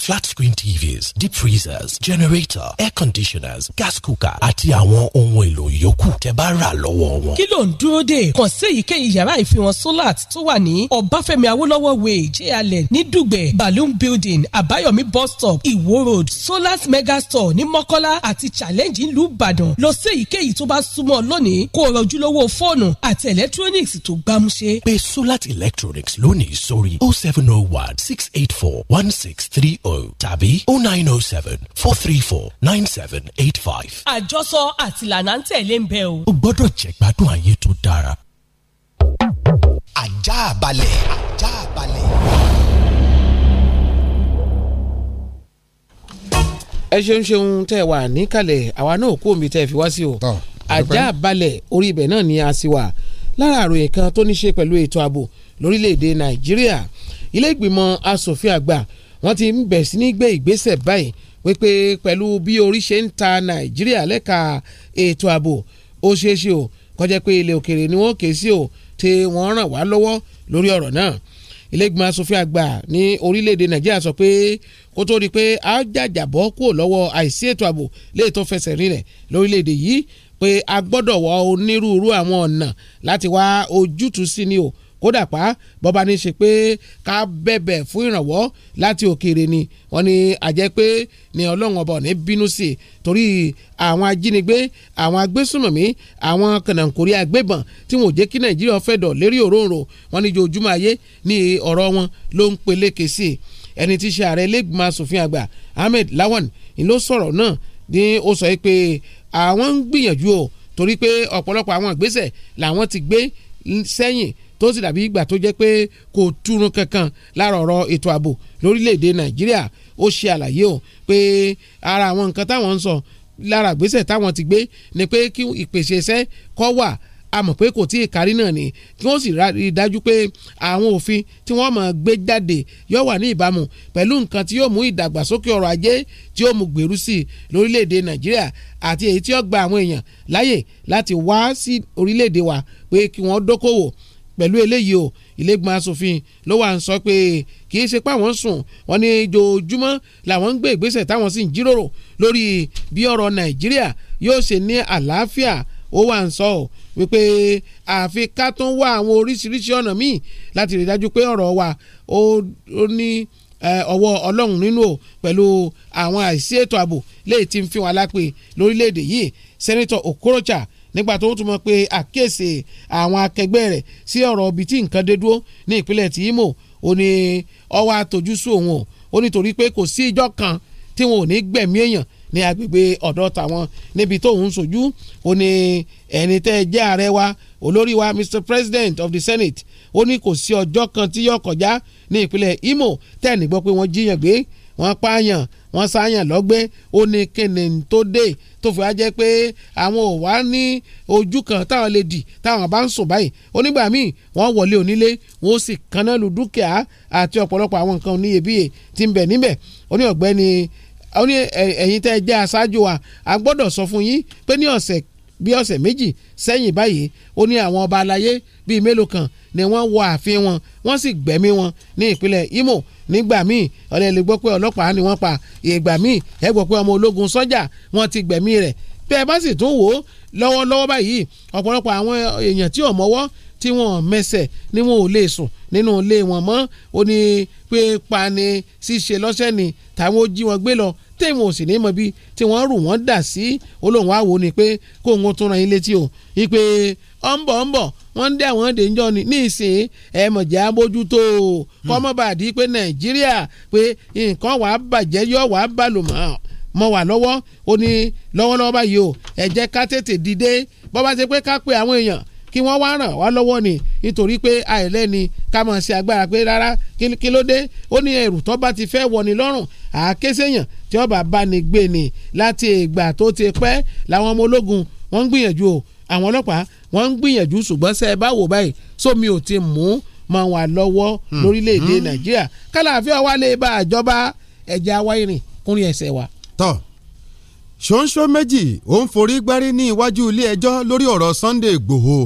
flat screen tvs deep freezers generator air conditioner conditioners gas cooker àti àwọn ohun èlò yòókù tẹ́ bá rà lọ́wọ́ wọn. kí ló ń dúró dè kàn sí èyíkéyìí yàrá ìfihàn solar tó wà ní ọbáfẹ́mi awólọ́wọ̀ way jayalẹ ní dùgbẹ̀ balloon building àbáyọ̀mí bus stop iwo road solat mega store ní mọ́kọ́lá àti challenge ìlú ìbàdàn lọ sí èyíkéyìí tó bá súnmọ́ lónìí kó o rọjú lówó fóònù àti electronics tó gbámúṣé. pé solat electronics lónìí sórí o oh seven o oh one six eight four one six three o oh tàbí o nine o seven four three four nine seven seven eight five. àjọsọ àtìlànà ń tẹ̀lé ń bẹ o. o gbọ́dọ̀ jẹ̀gbádùn ayé tó dára. ajá balẹ̀ ajá balẹ̀. ẹ ṣeun ṣeun tẹ wà níkàlẹ̀ àwa náà kú omi tẹ fi wá sí o ajá balẹ̀ orí ibẹ̀ náà ni a sì wà lára àròyìn kan tó ní ṣe pẹ̀lú ètò ààbò lórílẹ̀‐èdè nàìjíríà ilé ìgbìmọ̀ asòfin àgbà wọ́n ti ń bẹ̀ sí ní gbé ìgbésẹ̀ báyìí wípé pẹ̀lú bí orí ṣe ń ta nàìjíríà lẹ́ka ètò ààbò ó ṣeé ṣe o kọjá pé ilẹ̀ òkèèrè ni wọ́n ké sí o tí wọ́n ràn wá lọ́wọ́ lórí ọ̀rọ̀ náà ilé ìgbìmọ̀ asòfin àgbà ní orílẹ̀-èdè nàìjíríà sọ pé kó tó di pé a jàjàbọ́ kúrò lọ́wọ́ àìsí ètò ààbò léè tó fẹsẹ̀ rinlẹ̀ lórílẹ̀-èdè yìí pé a gbọ́dọ̀ wá onírúurú àwọn ọ̀nà láti wá ojútùú sí ni o kódà pa bọ́ba ní ṣe pé ká bẹ̀bẹ̀ fún ìrànwọ́ láti òkèèrè ni wọ́n ní àjẹ́ pé ní ọlọ́run ọba òní bínú sí i torí àwọn ajínigbé àwọn agbésùnmọ̀mí àwọn kànáńkórí agbébọn tí wọn ò jẹ́ kí nàìjíríà fẹ̀dọ̀ lérí òróǹro wọn ní jojúmọ́ ayé ní ọ̀rọ̀ wọn ló ń peléke sí i ẹni tí í ṣe ààrẹ ilégbìmọ̀ asòfin àgbà Ahmed Lawan ni ló sọ̀rọ̀ náà ní ó sọ pé àwọn ń gbìyànjú o torí pé ọ̀pọ̀lọpọ̀ àwọn ìgbésẹ̀ làwọn ti gbé sẹ́yìn tó sì dàbí ìgbà tó jẹ́ pé kò túrun kankan lára ọ̀rọ̀ ètò ààbò lórílẹ̀‐èdè nàìjíríà ó ṣe àlàyé o pé ara àwọn nǹkan táwọn ń sọ lára ìgbésẹ̀ táwọn ti gbé ni pé kí ìpèsè iṣẹ́ kó wà a mọ̀ pé kò tí ì kárí náà ni kí wọ́n sì rí dájú pé àwọn òfin tí wọ́n máa gbé jáde yóò wà ní ìbámu pẹ̀lú nǹkan tí yóò mú ìdàgbàsókè ọrọ̀ ajé tí yóò mú gbèrú sí i lórílẹ̀‐èdè nàìjíríà àti èyí tí yóò gba àwọn èèyàn láyè láti wá sí orílẹ̀‐èdè wa pé kí wọ́n dókòwò pẹ̀lú eléyìí o ìlẹ́gbọ̀n asòfin ló wà ń sọ pé kì í ṣe pé àwọn ń sùn wọn ní ojoojúmọ́ làwọn ń gbé ìgbésẹ̀ táwọn sì ń jíròrò lórí bí ọ̀rọ̀ nàìjíríà yóò ṣe ní àlàáfíà ó wà ń sọ ọ́ wípé àfi ká tún wá àwọn oríṣiríṣi ọ̀nà míì láti rí dájú pé ọ̀rọ̀ wa ó ní ọwọ́ ọlọ́run nínú o pẹ̀lú àwọn àìsí ètò ààbò léè tí ń fi wọn alápè lórílẹ̀‐èdè yìí sẹ́nitọ̀ Okorocha nígbà tó tún mọ̀ pé àkíyèsí àwọn akẹgbẹ́ rẹ̀ sí ọ̀rọ̀ ibi tí nǹkan dé dúró ní ìpínlẹ̀ tí Imo ó ní ọwọ́ àtòjú sí òun o ó nítorí pé kò sí ìjọ kan tí wọn ò ní gbẹ̀mí èèyàn ní agbègbè ọ̀dọ́ tàwọn níbi tó ń sojú ó ní ẹni tẹ́ ẹ jẹ́ ààrẹ wa olórí wa Mr. President of the Senate ó ní kò sí ọjọ́ kan tí yóò kọjá ní ìpínlẹ̀ Imo tẹ́ẹ̀nì gbọ́ pé wọ́n jíyàn gbé wọ́n pààyàn wọ́n sáyàn lọ́gbẹ́ ó ní kíni tó dé tó fi wá jẹ́ pé àwọn ò wá ní ojú kan táwọn lè dì táwọn bá ń sùn báyìí onígbà míì wọ́n wọlé onílé wọ́n sì kaná lu dúkìá àti ọ̀pọ̀lọpọ̀ àwọn nǹkan oníyebíye tí ń bẹ níbẹ̀ oní ọ̀gbẹ́ni oní ẹ̀yin tẹ́ jẹ́ aṣáájú wa a gbọ́dọ̀ sọ fún yín pé ní ọ̀sẹ̀ bí ọ̀sẹ̀ méjì sẹ́yìn báyìí ó ní àwọn ọba aláyé bíi mélòó kan ni wọ́n wọ ààfin wọn wọ́n sì gbẹ̀mí wọn ní ìpínlẹ̀ Imo nígbà míì ọ̀rẹ́ lè gbọ́ pé ọlọ́pàá ni wọ́n pa ìgbà míì ẹ gbọ́ pé ọmọ ológun sọ́jà wọ́n ti gbẹ̀mí rẹ̀ bẹ́ẹ̀ bá sì tún wò ó lọ́wọ́lọ́wọ́ báyìí ọ̀pọ̀lọpọ̀ àwọn èèyàn tí ò mọ́wọ́ tí wọ́n mẹsẹ̀ ni wọn ò lè sùn nínú ilé wọn mọ́ ó ní pé pani ṣíṣe lọ́sẹ̀ ni táwọn ó jí wọn gbé lọ téèwọ̀n ò sì ní mọ̀ bí tí wọ́n rù wọ́n dà sí olóhùn àwò ni pé kóhun tún ra ilé tí o ipe ọ̀nbọ̀ ọ̀nbọ̀ wọ́n ń dé àwọn èdè ńjọ ni ní ìsìn ẹ̀mọ̀jẹ̀ abójútó hmm. kọ́mọ́bàdí pé nàìjíríà pé nǹkan wàá bàjẹ́ yọ wàá bàlùmọ́ mọ wà lọ́wọ́ ó ní lọ́wọ́lọ́wọ́ báyìí o ẹ jẹ́ ká tètè dìde bọ́ bá ṣe pé ká pe àwọn èèyàn kí wọ́n wá ràn wá lọ́wọ́ ni nítorí pé àìlẹ́ni ká mọ̀ sí agbára pé rárá kí ló dé ó ní ẹrù tó bá ti fẹ́ wọ̀ni lọ́rùn àákéséyàn tí ọba bá ní gbé ni láti ìgbà tó ti pẹ́ làwọn ọmọ ológun wọ́n ń gbìyànjú o àwọn ọlọ́pàá wọ́n ń gbìyànjú ṣùgbọ́n ṣe é bá wò báyìí sómi ò ti mú mọ́ wọn lọ́wọ́ hmm. lórílẹ̀‐èdè hmm. nàìjíríà kálàáfíà wà lè bá àjọba ẹ̀jẹ̀ awáìrìn kúnrin ẹ̀sẹ̀ wa. tọ́ ṣóńṣó méjì ó ń forí gbárí ní iwájú ilé ẹjọ́ lórí ọ̀rọ̀ Sunday Igboho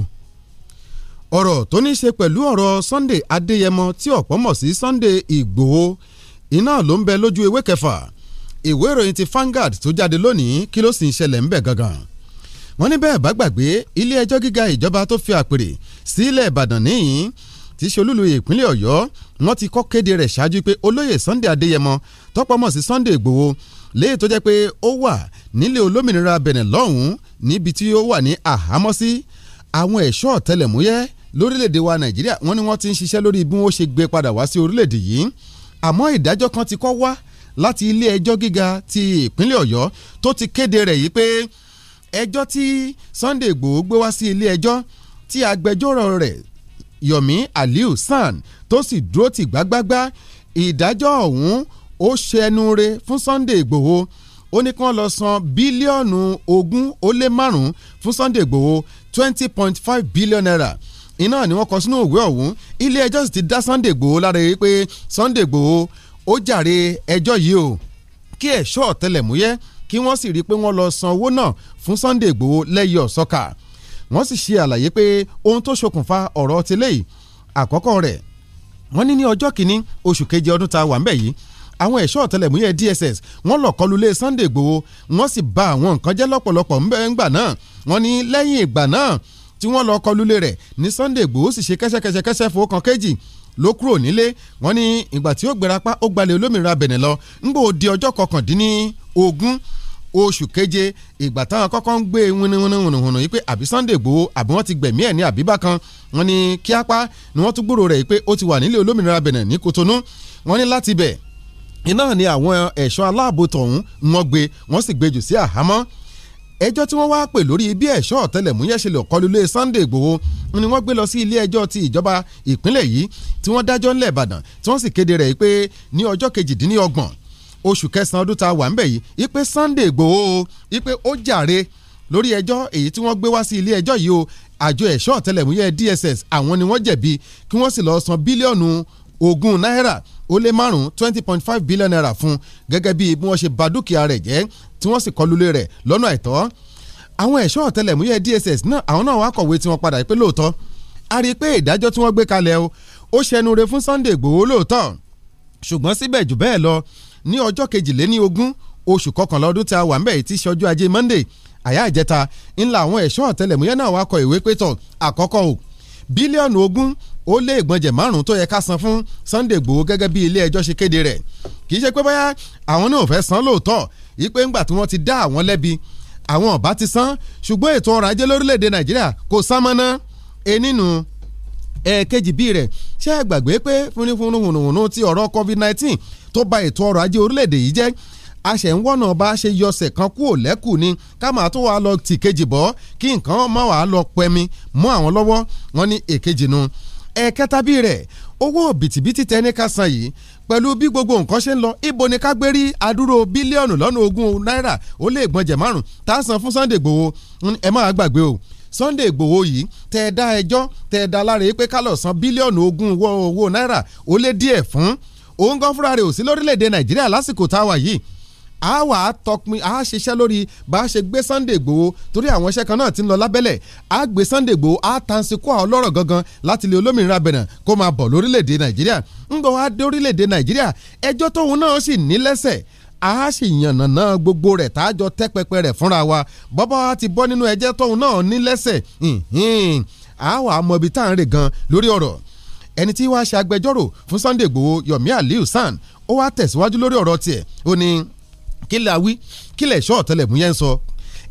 ọ̀rọ̀ tó ní í ṣe pẹ̀lú ọ̀rọ̀ Sunday Adéyẹmọ tí ọ̀pọ̀ mọ̀ sí Sunday Igboho iná ló ń bẹ lójú ewé kẹfà ìwé ìròyìn ti Vanguard tó jáde lónìí kí ló sì ń ṣẹlẹ̀ ńbẹ̀ gangan wọ́n ní bẹ́ẹ̀ bá gbàgbé ilé ẹjọ́ gíga ìjọba tó fi àpèrè sílẹ̀ ìbàdàn níyìn tí ṣolúlu ìpínlẹ̀ ọ̀yọ́ wọ́n ti kọ́ kéde rẹ̀ ṣáájú pé olóyè sunday adéyẹmọ tọpọmọ̀ sí sunday ìgbòho léyìí tó jẹ́ pé ó wà nílé olómìnira benin lọ́hùn-ún níbi tí ó wà ní àhámọ́ sí àwọn ẹ̀ṣọ́ ọ̀tẹlẹ̀múyẹ́ lórílẹ̀‐èdè wa nàìjíríà wọ́n ní wọ́n ti ń ṣiṣẹ́ lórí bí wọ́n ṣe gbé padà wá sí orílẹ̀‐èdè yìí àmọ́ ìdájọ́ kan ti kọ́ wá láti ilé ẹjọ́ gíga ti ìpínlẹ̀ ọ̀yọ́ tó ti kéde rẹ̀ yìí pé ẹjọ́ tí Sunday Igbòho gbé wá sí ilé ẹjọ́ tí agbẹjọ́rò rẹ̀ Yomi Aliu San tó sì dúró tì gbágbágbá ìdájọ́ ọ̀hún ó ṣẹnu re fún Sunday Igbòho ó ní kí wọ́n lọ san bílíọ̀nù ogún ó lé márùn-ún fún Sunday Igbòho twenty point five billion naira iná ni wọ́n kọ sínú òwe ọ̀hún ilé ẹjọ́ sì ti dá Sunday Igbòho láre pé Sunday Igbòho ó jàre ẹjọ́ yìí o kí ẹ̀ṣọ́ ọ̀tẹlẹ̀múyẹ́ kí wọ́n sì rí i pé wọ́n lọ san owó náà fún Sunday Igboho lẹ́yìn ọ̀sọ́kà wọ́n sì ṣe àlàyé pé ohun tó ṣokùnfà ọ̀rọ̀ ti léyìí àkọ́kọ́ rẹ̀ wọ́n ní ní ọjọ́ kìíní oṣù keje ọdún tá wà ń bẹ̀ yìí àwọn ẹ̀ṣọ́ ọ̀tẹlẹ̀múyẹ́ DSS wọ́n lọ kọlu ilé Sunday Igboho wọ́n sì bà àwọn nǹkan jẹ́ lọ́pọ̀lọpọ̀ ńgbà náà wọ́n ní lẹ́yìn ìgbà náà tí wọ́n lọ kọlu ló kúrò nílé wọ́n ní ìgbà tí ó gbérapá ó gbalẹ̀ olómìnira Benin lọ ńgbò di ọjọ́ kọkàndínní ogún oṣù keje ìgbà táwọn kọ́kọ́ ń gbé winiwiniwiniwini yìí pé àbí Sunday Igboho àbí wọ́n ti gbẹ̀mí ẹ̀ ní àbíbá kan wọ́n ní kíápá ni wọ́n tún gbúrò rẹ̀ pé ó ti wà nílé olómìnira Benin ní Kotonu wọ́n ní láti bẹ̀ iná ni àwọn ẹ̀ṣọ́ aláàbò tọ̀hún wọ́n gbé wọ́n sì gbé jù sí àhámọ́ ẹjọ́ tí wọ́n wá pè lórí bí ẹ̀ṣọ́ ọ̀tẹlẹ̀múyẹ́ ṣe lè kọlu lé Sunday Ìgbòho ni wọ́n gbé lọ sí ilé ẹjọ́ ti ìjọba ìpínlẹ̀ yìí tí wọ́n dájọ́ ńlẹ̀ Ìbàdàn tí wọ́n sì kéde rẹ̀ pé ní ọjọ́ kejìdínlọ́gbọ̀n oṣù kẹsàn-án ọdún tá a wà ń bẹ̀ yìí ipe Sunday Ìgbòho ipe ó jàre lórí ẹjọ́ èyí tí wọ́n gbé wá sí ilé ẹjọ́ yìí o àjọ ẹ̀ṣọ́ ọ̀tẹlẹ̀múyẹ́ DSS àwọn ni wọ́n jẹ̀bi kí wọ́n sì lọ́ọ́ san bílíọ̀nù ogún náírà ó lé márùn twenty point five billion naira fún gẹ́gẹ́ bí bí wọ́n ṣe ba dúkìá rẹ̀ jẹ́ tí wọ́n sì kọlulé rẹ̀ lọ́nà àìtọ́ àwọn ẹ̀ṣọ́ ọ̀tẹlẹ̀múyẹ́ DSS náà àwọn náà wá kọ̀wé tí wọ́n padà pé lóòótọ́ a rí i pé ìdájọ́ tí wọ́n gbé kalẹ̀ o ó ṣẹnure fún Sunday Ìgbòho lóòótọ́ ṣùgbọ́n síbẹ̀ jù bẹ́ẹ̀ lọ ní ọjọ́ kejìléní ogún oṣù kọkànlá ọdún tí a wà ńbẹ̀ tí í ṣe ọjọ́ ajé Monday àyà ìjẹta ńlá àwọn ẹ̀ṣọ́ ọ̀tẹlẹ̀múyẹ́ náà wá kọ ìwé pétọ̀ àkọ́kọ́ o bílíọ̀nù ogún ó lé ìgbọ̀njẹ̀ márùn-ún tó yẹ ká san fún Sunday Igboho gẹ́gẹ́ bí ilé ẹjọ́ ṣe kéde rẹ̀ kì í ṣe pé bóyá àwọn náà fẹ́ san lóòótọ́ ìpè ńgbà tí wọ́n ti dá àwọn lẹ́bi àwọn ọ̀bá ti san ṣùgbọ́n ètò ọrọ̀ ajé lórílẹ̀‐èdè Nàìjíríà kò sán mọ́ná enínú ẹ̀ẹ́kejì bíi rẹ̀ ṣé ẹ gbàgbé pé fúnifúnrúhùnùhùnù ti ọ̀rọ̀ COVID-19 tó ba ètò ọrọ̀ ajé orílẹ̀‐èdè yìí jẹ́ a ṣẹ̀ ń wọ́nà bá eketabire bíi rẹ̀ owó bìtìbìtì tẹ́ni ká san yìí pẹ̀lú bí gbogbo nǹkan ṣe ń lọ ibo ni ká gbé rí àdúró bílíọ̀nù lọ́nà ogún náírà ó márùn tá san fún Sunday ẹ gbàgbé o Sunday Igboho yìí te ẹ dá ẹjọ́ da ẹ dá lára yìí pé ká lọ san bílíọ̀nù ogún owó náírà ó lé díẹ̀ fún òun gan fúnra rẹ̀ ò sí lórílẹ̀‐èdè a wà á tọpin a ṣiṣẹ́ lórí bá a ṣe gbé Sunday Igboho torí àwọn iṣẹ́ kan náà ti ń lọ lábẹ́lẹ̀ a gbé Sunday Igboho a tansikọ́ ọlọ́rọ̀ gangan láti lè olómìnira bẹ̀rẹ̀ kó máa bọ̀ lórílẹ̀‐èdè Nàìjíríà ń bọ̀ wá dé orílẹ̀‐èdè Nàìjíríà ẹjọ́ tóun náà sì ní lẹ́sẹ̀ a sì yànnàná gbogbo rẹ̀ tá a jọ tẹ́ pẹpẹ rẹ̀ fúnra wa bọ́bá wa ti bọ́ nínú ẹjẹ́ tóun náà ní lẹ́sẹ̀ kí la wí kí lẹ̀ ṣọ́ ọ̀tẹlẹ̀múyẹ́ ń sọ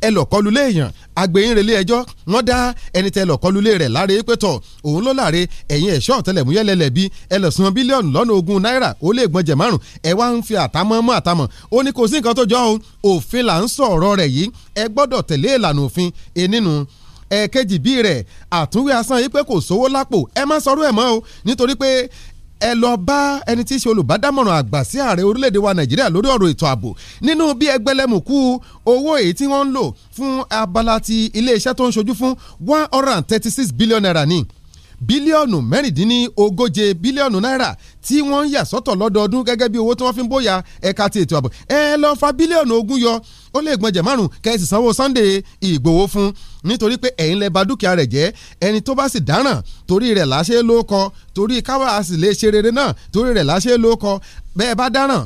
ẹ lọ kọlu léèyàn agbẹ̀yìnrelé ẹjọ́ wọ́n dá ẹni tẹ lọ kọlu lé rẹ̀ láre pé tọ̀ òun ló láre ẹ̀yin ẹ̀ṣọ́ ọ̀tẹlẹ̀múyẹ́ lẹ́lẹ̀bí ẹ lọ san bílíọ̀nù lọ́nà ogún náírà ó lé gbọ́njẹ̀ márùn ẹ wá ń fi àtàmọ́ mọ́ àtàmọ́ ó ní kò sí nǹkan tó jọ o òfin là ń sọ̀rọ̀ rẹ̀ yìí ẹ gbọ́dọ̀ tẹ̀lé ìlànà òfin ẹnìnú ẹ̀ẹ́kejì bíi rẹ̀ àtúnwí asán yìí pé kò sówó lápò ẹ má sọ̀rọ̀ ẹ̀ mọ́ o nítorí pé ẹ lọ bá ẹni tí í ṣe olùbádámọ̀ràn àgbà sí ààrẹ orílẹ̀-èdè wa nàìjíríà lórí ọ̀rọ̀ ètò ààbò nínú bí ẹgbẹ́lẹ́mùkú owó èyí tí wọ́n ń lò fún abala ti iléeṣẹ́ tó ń ṣojú fún one hundred and thirty six billion naira ní bílíọ̀nù mẹ́rìndínlógóje bílíọ̀nù náírà tí wọ́n ń yà sọ́tọ̀ lọ́dọọdún gẹ́gẹ́ bí owó tí wọ́n fi ń bóyá ẹ̀ka ti ètò ààbò ẹ lọ fa bílíọ̀nù ogún yọ ó lè gbọ́njẹ̀ márùn kẹ́sì sanwó Sunday Ìgbòho fún nítorí pé ẹ̀yin lẹ bà dúkìá rẹ̀ jẹ́ ẹni tó bá sì dáràn torí rẹ̀ láṣẹ ló kọ torí káwá sì lè ṣe rere náà torí rẹ̀ láṣẹ ló kọ bẹ́ẹ̀ bá dáràn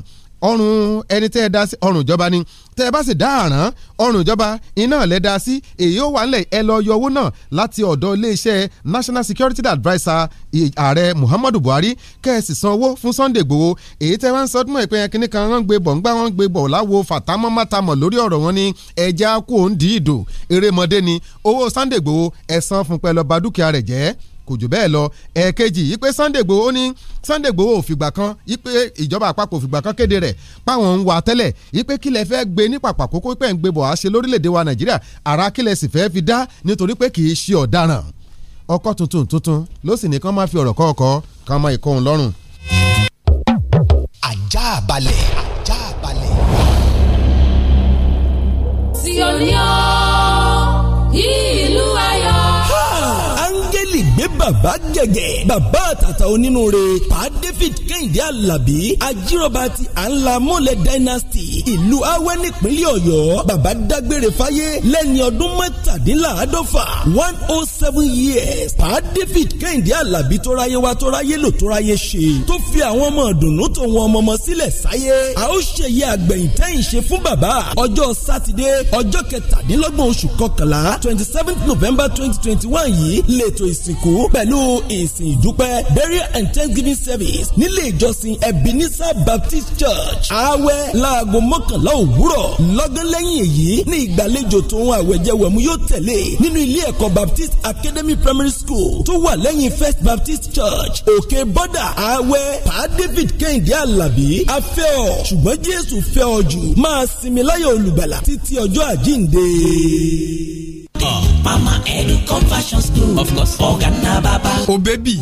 ọrùn ẹni tẹ́ ẹ dá sí ọrùn ìjọba ni tẹ́ ẹ bá sì dá àrán ọrùn ìjọba iná lẹ dá sí èyí ó wà nílẹ̀ ẹ lọ yọ owó náà láti ọ̀dọ̀ iléeṣẹ́ National Security Adviser ààrẹ Muhammadu Buhari kẹ́ ẹ sì san owó fún Sunday Igboho èyí tẹ́ wá ń sọdún ìpín yẹn kínní kan wọ́n gbé bọ̀ ńgbà wọ́n gbé bọ̀ láwo fàtámọ́ mátamọ̀ lórí ọ̀rọ̀ wọn ni ẹja kò ń dì í dò erémọdé ni owó Sunday Igboho ẹ̀san fún pẹ̀lú ọba dúkìá rẹ̀ jẹ́ kò jù bẹ́ẹ̀ lọ ẹ̀ẹ̀kejì yìí pé Sunday Igboho ní Sunday Igboho ò kan yìí pé ìjọba àpapọ̀ ò kan kéde rẹ̀ páwọn ń wa tẹ́lẹ̀ yìí pé kílẹ̀ fẹ́ gbé ní pàpà kókó pẹ́ ń gbé bọ̀ á ṣe lórílẹ̀‐èdè wa Nàìjíríà ara kílẹ̀ sì fẹ́ fi dá nítorí pé kì í ṣe ọ̀daràn ọkọ̀ tuntun tuntun ló sì ní kán máa fi ọ̀rọ̀ kọ́ ọkọ̀ kán máa ìkóhun lọ́rùn. ìlú ayọ̀. áńgẹ́lì gbé bàbá gẹ̀gẹ̀ bàbá àtàtà onínúure pa David Kẹ́hìndé Àlàbí ajíròba ti à dynasty ìlú awẹ́ nípínlẹ̀ Ọ̀yọ́ bàbá dágbére fáyé lẹ́ni ọdún mẹ́tàdínláàádọ́fà one oh seven years pa David Kẹ́hìndé Àlàbí tó ráyé wá tó ráyé ṣe tó fi àwọn ọmọ ìdùnnú tó wọn ọmọ ọmọ sílẹ̀ sáyé a ó ṣèyí àgbẹ̀yìntẹ́yìn ṣe fún bàbá ọjọ́ sátidé ọjọ́ kẹtàdínlọ́gbọ̀n oṣù kọkànlá twenty seventh November twenty twenty one yìí lẹ́tọ̀ ìsìnkú pẹ̀lú ìsìn ìdúpẹ́ burial and thanksgiving service nílé ìjọsìn Ebenezer Baptist Church ààwẹ̀ láago mọ́kànlá òwúrọ̀ lọ́gán lẹ́yìn èyí ní ìgbàlejò tó ń àwẹ̀jẹwẹ̀mú yóò tẹ̀lé nínú ilé ẹ̀kọ́ Baptist Academy Primary School tó wà lẹ́yìn First Baptist Church òkè bọ́dà ààwẹ̀ pa David Kẹ́hìndé Àlàbí afẹ́ ọ̀ ṣùgbọ́n Jésù fẹ́ ọ jù máa sinmi láyọ̀ olùgbàlà títí ọjọ́ àjíǹde. Ah. Mama Edu Confession School. Of course. Ọ̀gá bàbá. o bẹ́bí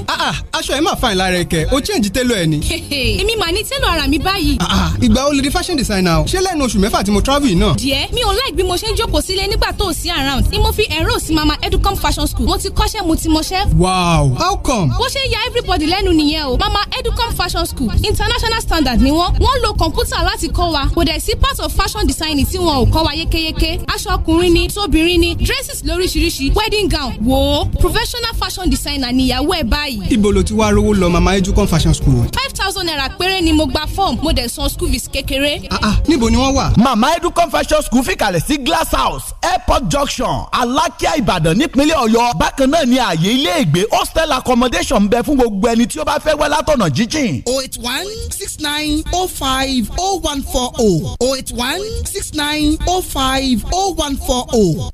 aṣọ ẹ̀ máa fa ìlara ẹ̀kẹ́ o change télò ẹ̀ ni. [laughs] èmi mà ní télò ara mi báyìí. Ah, ah, ìgbà o lè di fashion designer o ṣé lẹ́nu oṣù mẹ́fà tí mo travel yìí náà. díẹ̀ mi ò like bí mo ṣe ń jókòó sílé nígbà tó o sí around ni mo fi enroll sí mama educom fashion school mo ti kọ́ṣẹ́ mo ti mọṣẹ́. wow how come. bó ṣe ya everybody lẹ́nu nìyẹn o mama educom fashion school international standard ni wọ́n wọ́n lo kọ̀ǹpútà láti kọ́ wa kò dẹ̀ sí part of fashion design, tí wọn ò kọ́ wa yékéyéké aṣọ ọkùnrin ni tóbìnrin ni dresses lóríṣiríṣi wedding gown wò professional fashion design designer níyàwó ẹ̀ báyìí. ibo ló ti wá rówó lọ mama educon fashion school. five thousand naira péré ni mo gba form mo dẹ̀ san school fees kékeré. ah ah níbo ni wọ́n wà. mama educon fashion school fìkàlẹ̀ sí glass house airport junction alákíá ìbàdàn nípínlẹ̀ ọ̀yọ́ bákan náà ni ààyè ilé ìgbé hostel accommodation ń bẹ fún gbogbo ẹni tí ó bá fẹ́ wẹ́ látọ̀nà jíjìn. oh eight one six nine oh five oh one four oh oh eight one six nine oh five oh one four oh.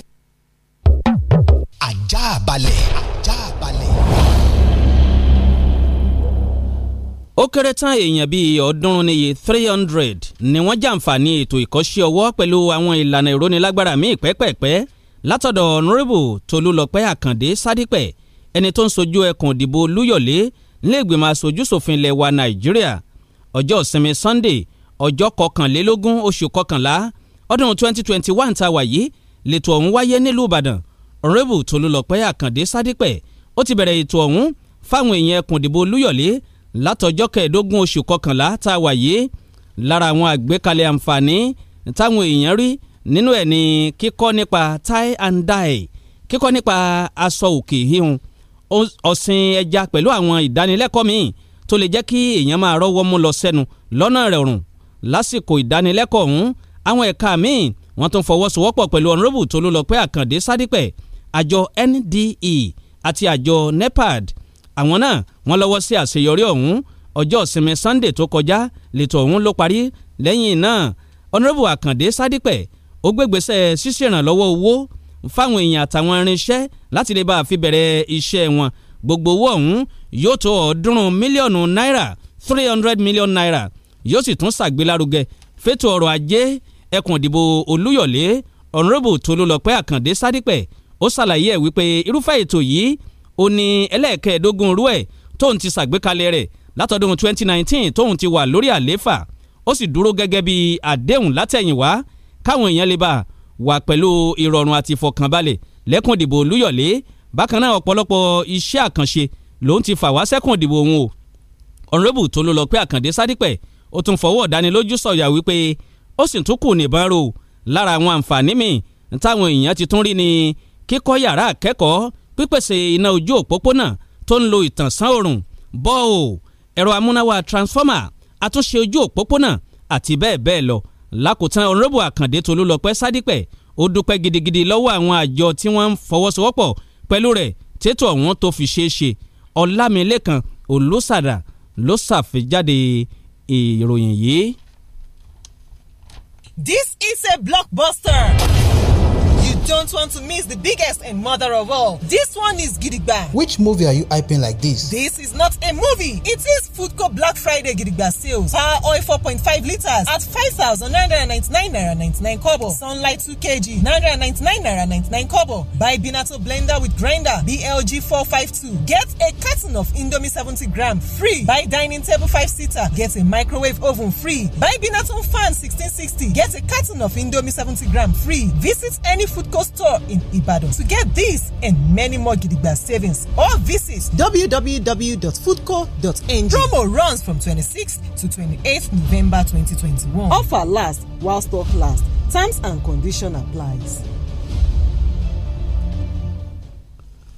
ajá balẹ̀ ajá. ó kéré tán èèyàn bíi ọ̀ọ́dúnrún níye three hundred ni wọ́n jàǹfààní ètò ìkọ́ṣẹ́ ọwọ́ pẹ̀lú àwọn ìlànà ìrónilágbára míì pẹ́pẹ́pẹ́ látọ̀dọ̀ ọ̀nùrẹ́bù tolúlọpẹ́ àkàndé sádípẹ̀ ẹni tó ń sojú ẹkùn ìdìbò lúyọ̀lé nílẹ̀gbìmọ̀ asojúṣòfin ilẹ̀ wa nàìjíríà ọjọ́ ìsinmi sunday ọjọ́ kọkànlélógún oṣù kọkànlá ọdún 2021 tá wà yìí lètò ọ̀hún wáyé nílùú ìbàdàn ọ̀nùrẹ́bù tolúlọpẹ́ àkàndé sádípẹ̀ ó ti bẹ̀rẹ̀ ètò ọ̀hún fáwọn látọjọ́ kẹẹ̀ẹ́dógún oṣù kọkànlá tá a wà yìí lára àwọn àgbékalẹ̀ àǹfààní táwọn èèyàn rí nínú ẹ̀ ní kíkọ́ nípa tie and die, kíkọ́ nípa aṣọ òkè híhun ọ̀sìn ẹja pẹ̀lú àwọn ìdánilẹ́kọ̀ọ́ míì tó lè jẹ́ kí èèyàn máa rọ́wọ́ mú lọ sẹ́nu lọ́nà rẹ̀rùn lásìkò ìdánilẹ́kọ̀ọ́ ọ̀hún àwọn ẹ̀ka míì wọ́n tún fọwọ́sowọ́pọ̀ pẹ̀lú ọ̀nrọ́bù tó ló lọ pé àkàndé sádìpẹ̀ àjọ NDE àti àjọ NEPAD àwọn náà wọ́n lọ́wọ́ sí àṣeyọrí ọ̀hún ọjọ́ ìsinmi Sunday tó kọjá lẹ́tọ̀ ọ̀hún ló parí lẹ́yìn náà ọ̀nàrẹ́bù àkàndé sádìpẹ̀ ó gbégbèsè ṣíṣèrànlọ́wọ́ owó fáwọn èèyàn àtàwọn irinṣẹ́ láti lè bá a fi bẹ̀rẹ̀ iṣẹ́ wọn gbogbo owó ọ̀hún yóò tó ọ̀ọ́dúnrún mílíọ̀nù náírà three hundred million naira yóò sì tún ṣàgbélárugẹ fétò ọrọ̀ ajé ẹkùn ìdìbò olúyọ̀lé ọ̀nàrẹ́bù tolúlọpẹ́ àkàndé sádìpẹ̀ ó ṣàlàyé ẹ̀ wípé irúfẹ́ ètò yìí ó ní ẹlẹ́ẹ̀kẹ́ẹ̀dógún rú ẹ̀ tóun ti ṣàgbékalẹ̀ rẹ̀ látọdún 2019 tóun ti wà lórí àlééfà ó sì dúró gẹ́gẹ́ bí àdéhùn látẹ̀yìnwá káwọn èèyàn lè bá wà pẹ̀lú ìrọ̀rùn àti ìfọkànbalẹ̀ lẹ́kùn ìdìbò olúyọ̀lé bákan náà ọ̀pọ̀lọpọ̀ iṣẹ́ àkànṣe lòun ti fà wá sẹ́kùn ìdìbò òun o ọ̀nrẹ́bù tó ló lọ pé àkàndé sádìpẹ̀ ó tún fọwọ́ ìdánilójú sọ̀yà wípé ó sì tún kù nìbọn ro lára àwọn àǹfààní míì táwọn èèyàn ti tún rí ni kíkọ́ yàrá akẹ́kọ̀ọ́ pípèsè iná ojú òpópónà tó ń lo ìtànsán òrùn bọ́ọ̀ ẹ̀rọ amúnáwá transformer àtúnṣe ojú òpópónà àti bẹ́ẹ̀ bẹ́ẹ̀ lọ lákòótán ọ̀nrẹ́bù àkàndé tolúlọpẹ́ sádípẹ̀ ó dúpẹ́ gidigidi lọ́wọ́ àwọn àjọ tí wọ́n ń fọwọ́sowọ́pọ̀ pẹ̀lú rẹ̀ tètò ọ̀hún tó fi ṣeé ṣe ọlámilékan olùsàdà ló ṣàfijáde ìròyìn yìí. This is a blockbuster you don't want to miss the biggest and mother of all. This one is Gidigba. Which movie are you hyping like this? This is not a movie. It is Foodco Black Friday Gidigba sales. Power oil 4.5 liters at 5,999 naira 99 kobo. Sunlight 2 kg 999 naira 99 kobo. Buy Binato blender with grinder BLG 452. Get a carton of Indomie 70 gram free. Buy dining table 5 seater. Get a microwave oven free. Buy Binato fan 1660. Get a carton of Indomie 70 gram free. Visit any food Foodco store in Ibadan. To get this and many more Gidigba savings or visit www.foodco.ng. Promo runs from 26th to 28th November 2021. Offer lasts while stock lasts. Terms and condition applies.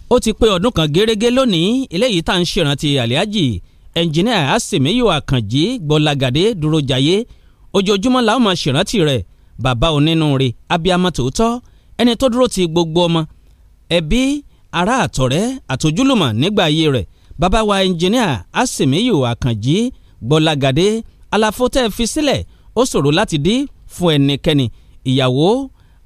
ó ti pé ọdún kan gẹ́rẹ́gẹ́ lónìí eléyìí tá à ń ṣèrántí Alhaji ẹnjìníà Asemiyu Àkànjí Gbọ́lágadé Dúrójayé ojoojúmọ́ la ó máa ṣèrántí rẹ̀ bàbá onínúure abiyamọ tòótọ́ ẹni tó dúró ti gbogbo ọmọ ẹbí ará àtọ̀rẹ́ àtòjúlùmọ̀ nígbà ayé rẹ̀ bàbá wa ẹnjìníà Asimiyu Àkànjí Gbọ́lágadé àlàfo tẹ́ ẹ fi sílẹ̀ ó ṣòro láti dí fún ẹnikẹ́ni ìyàwó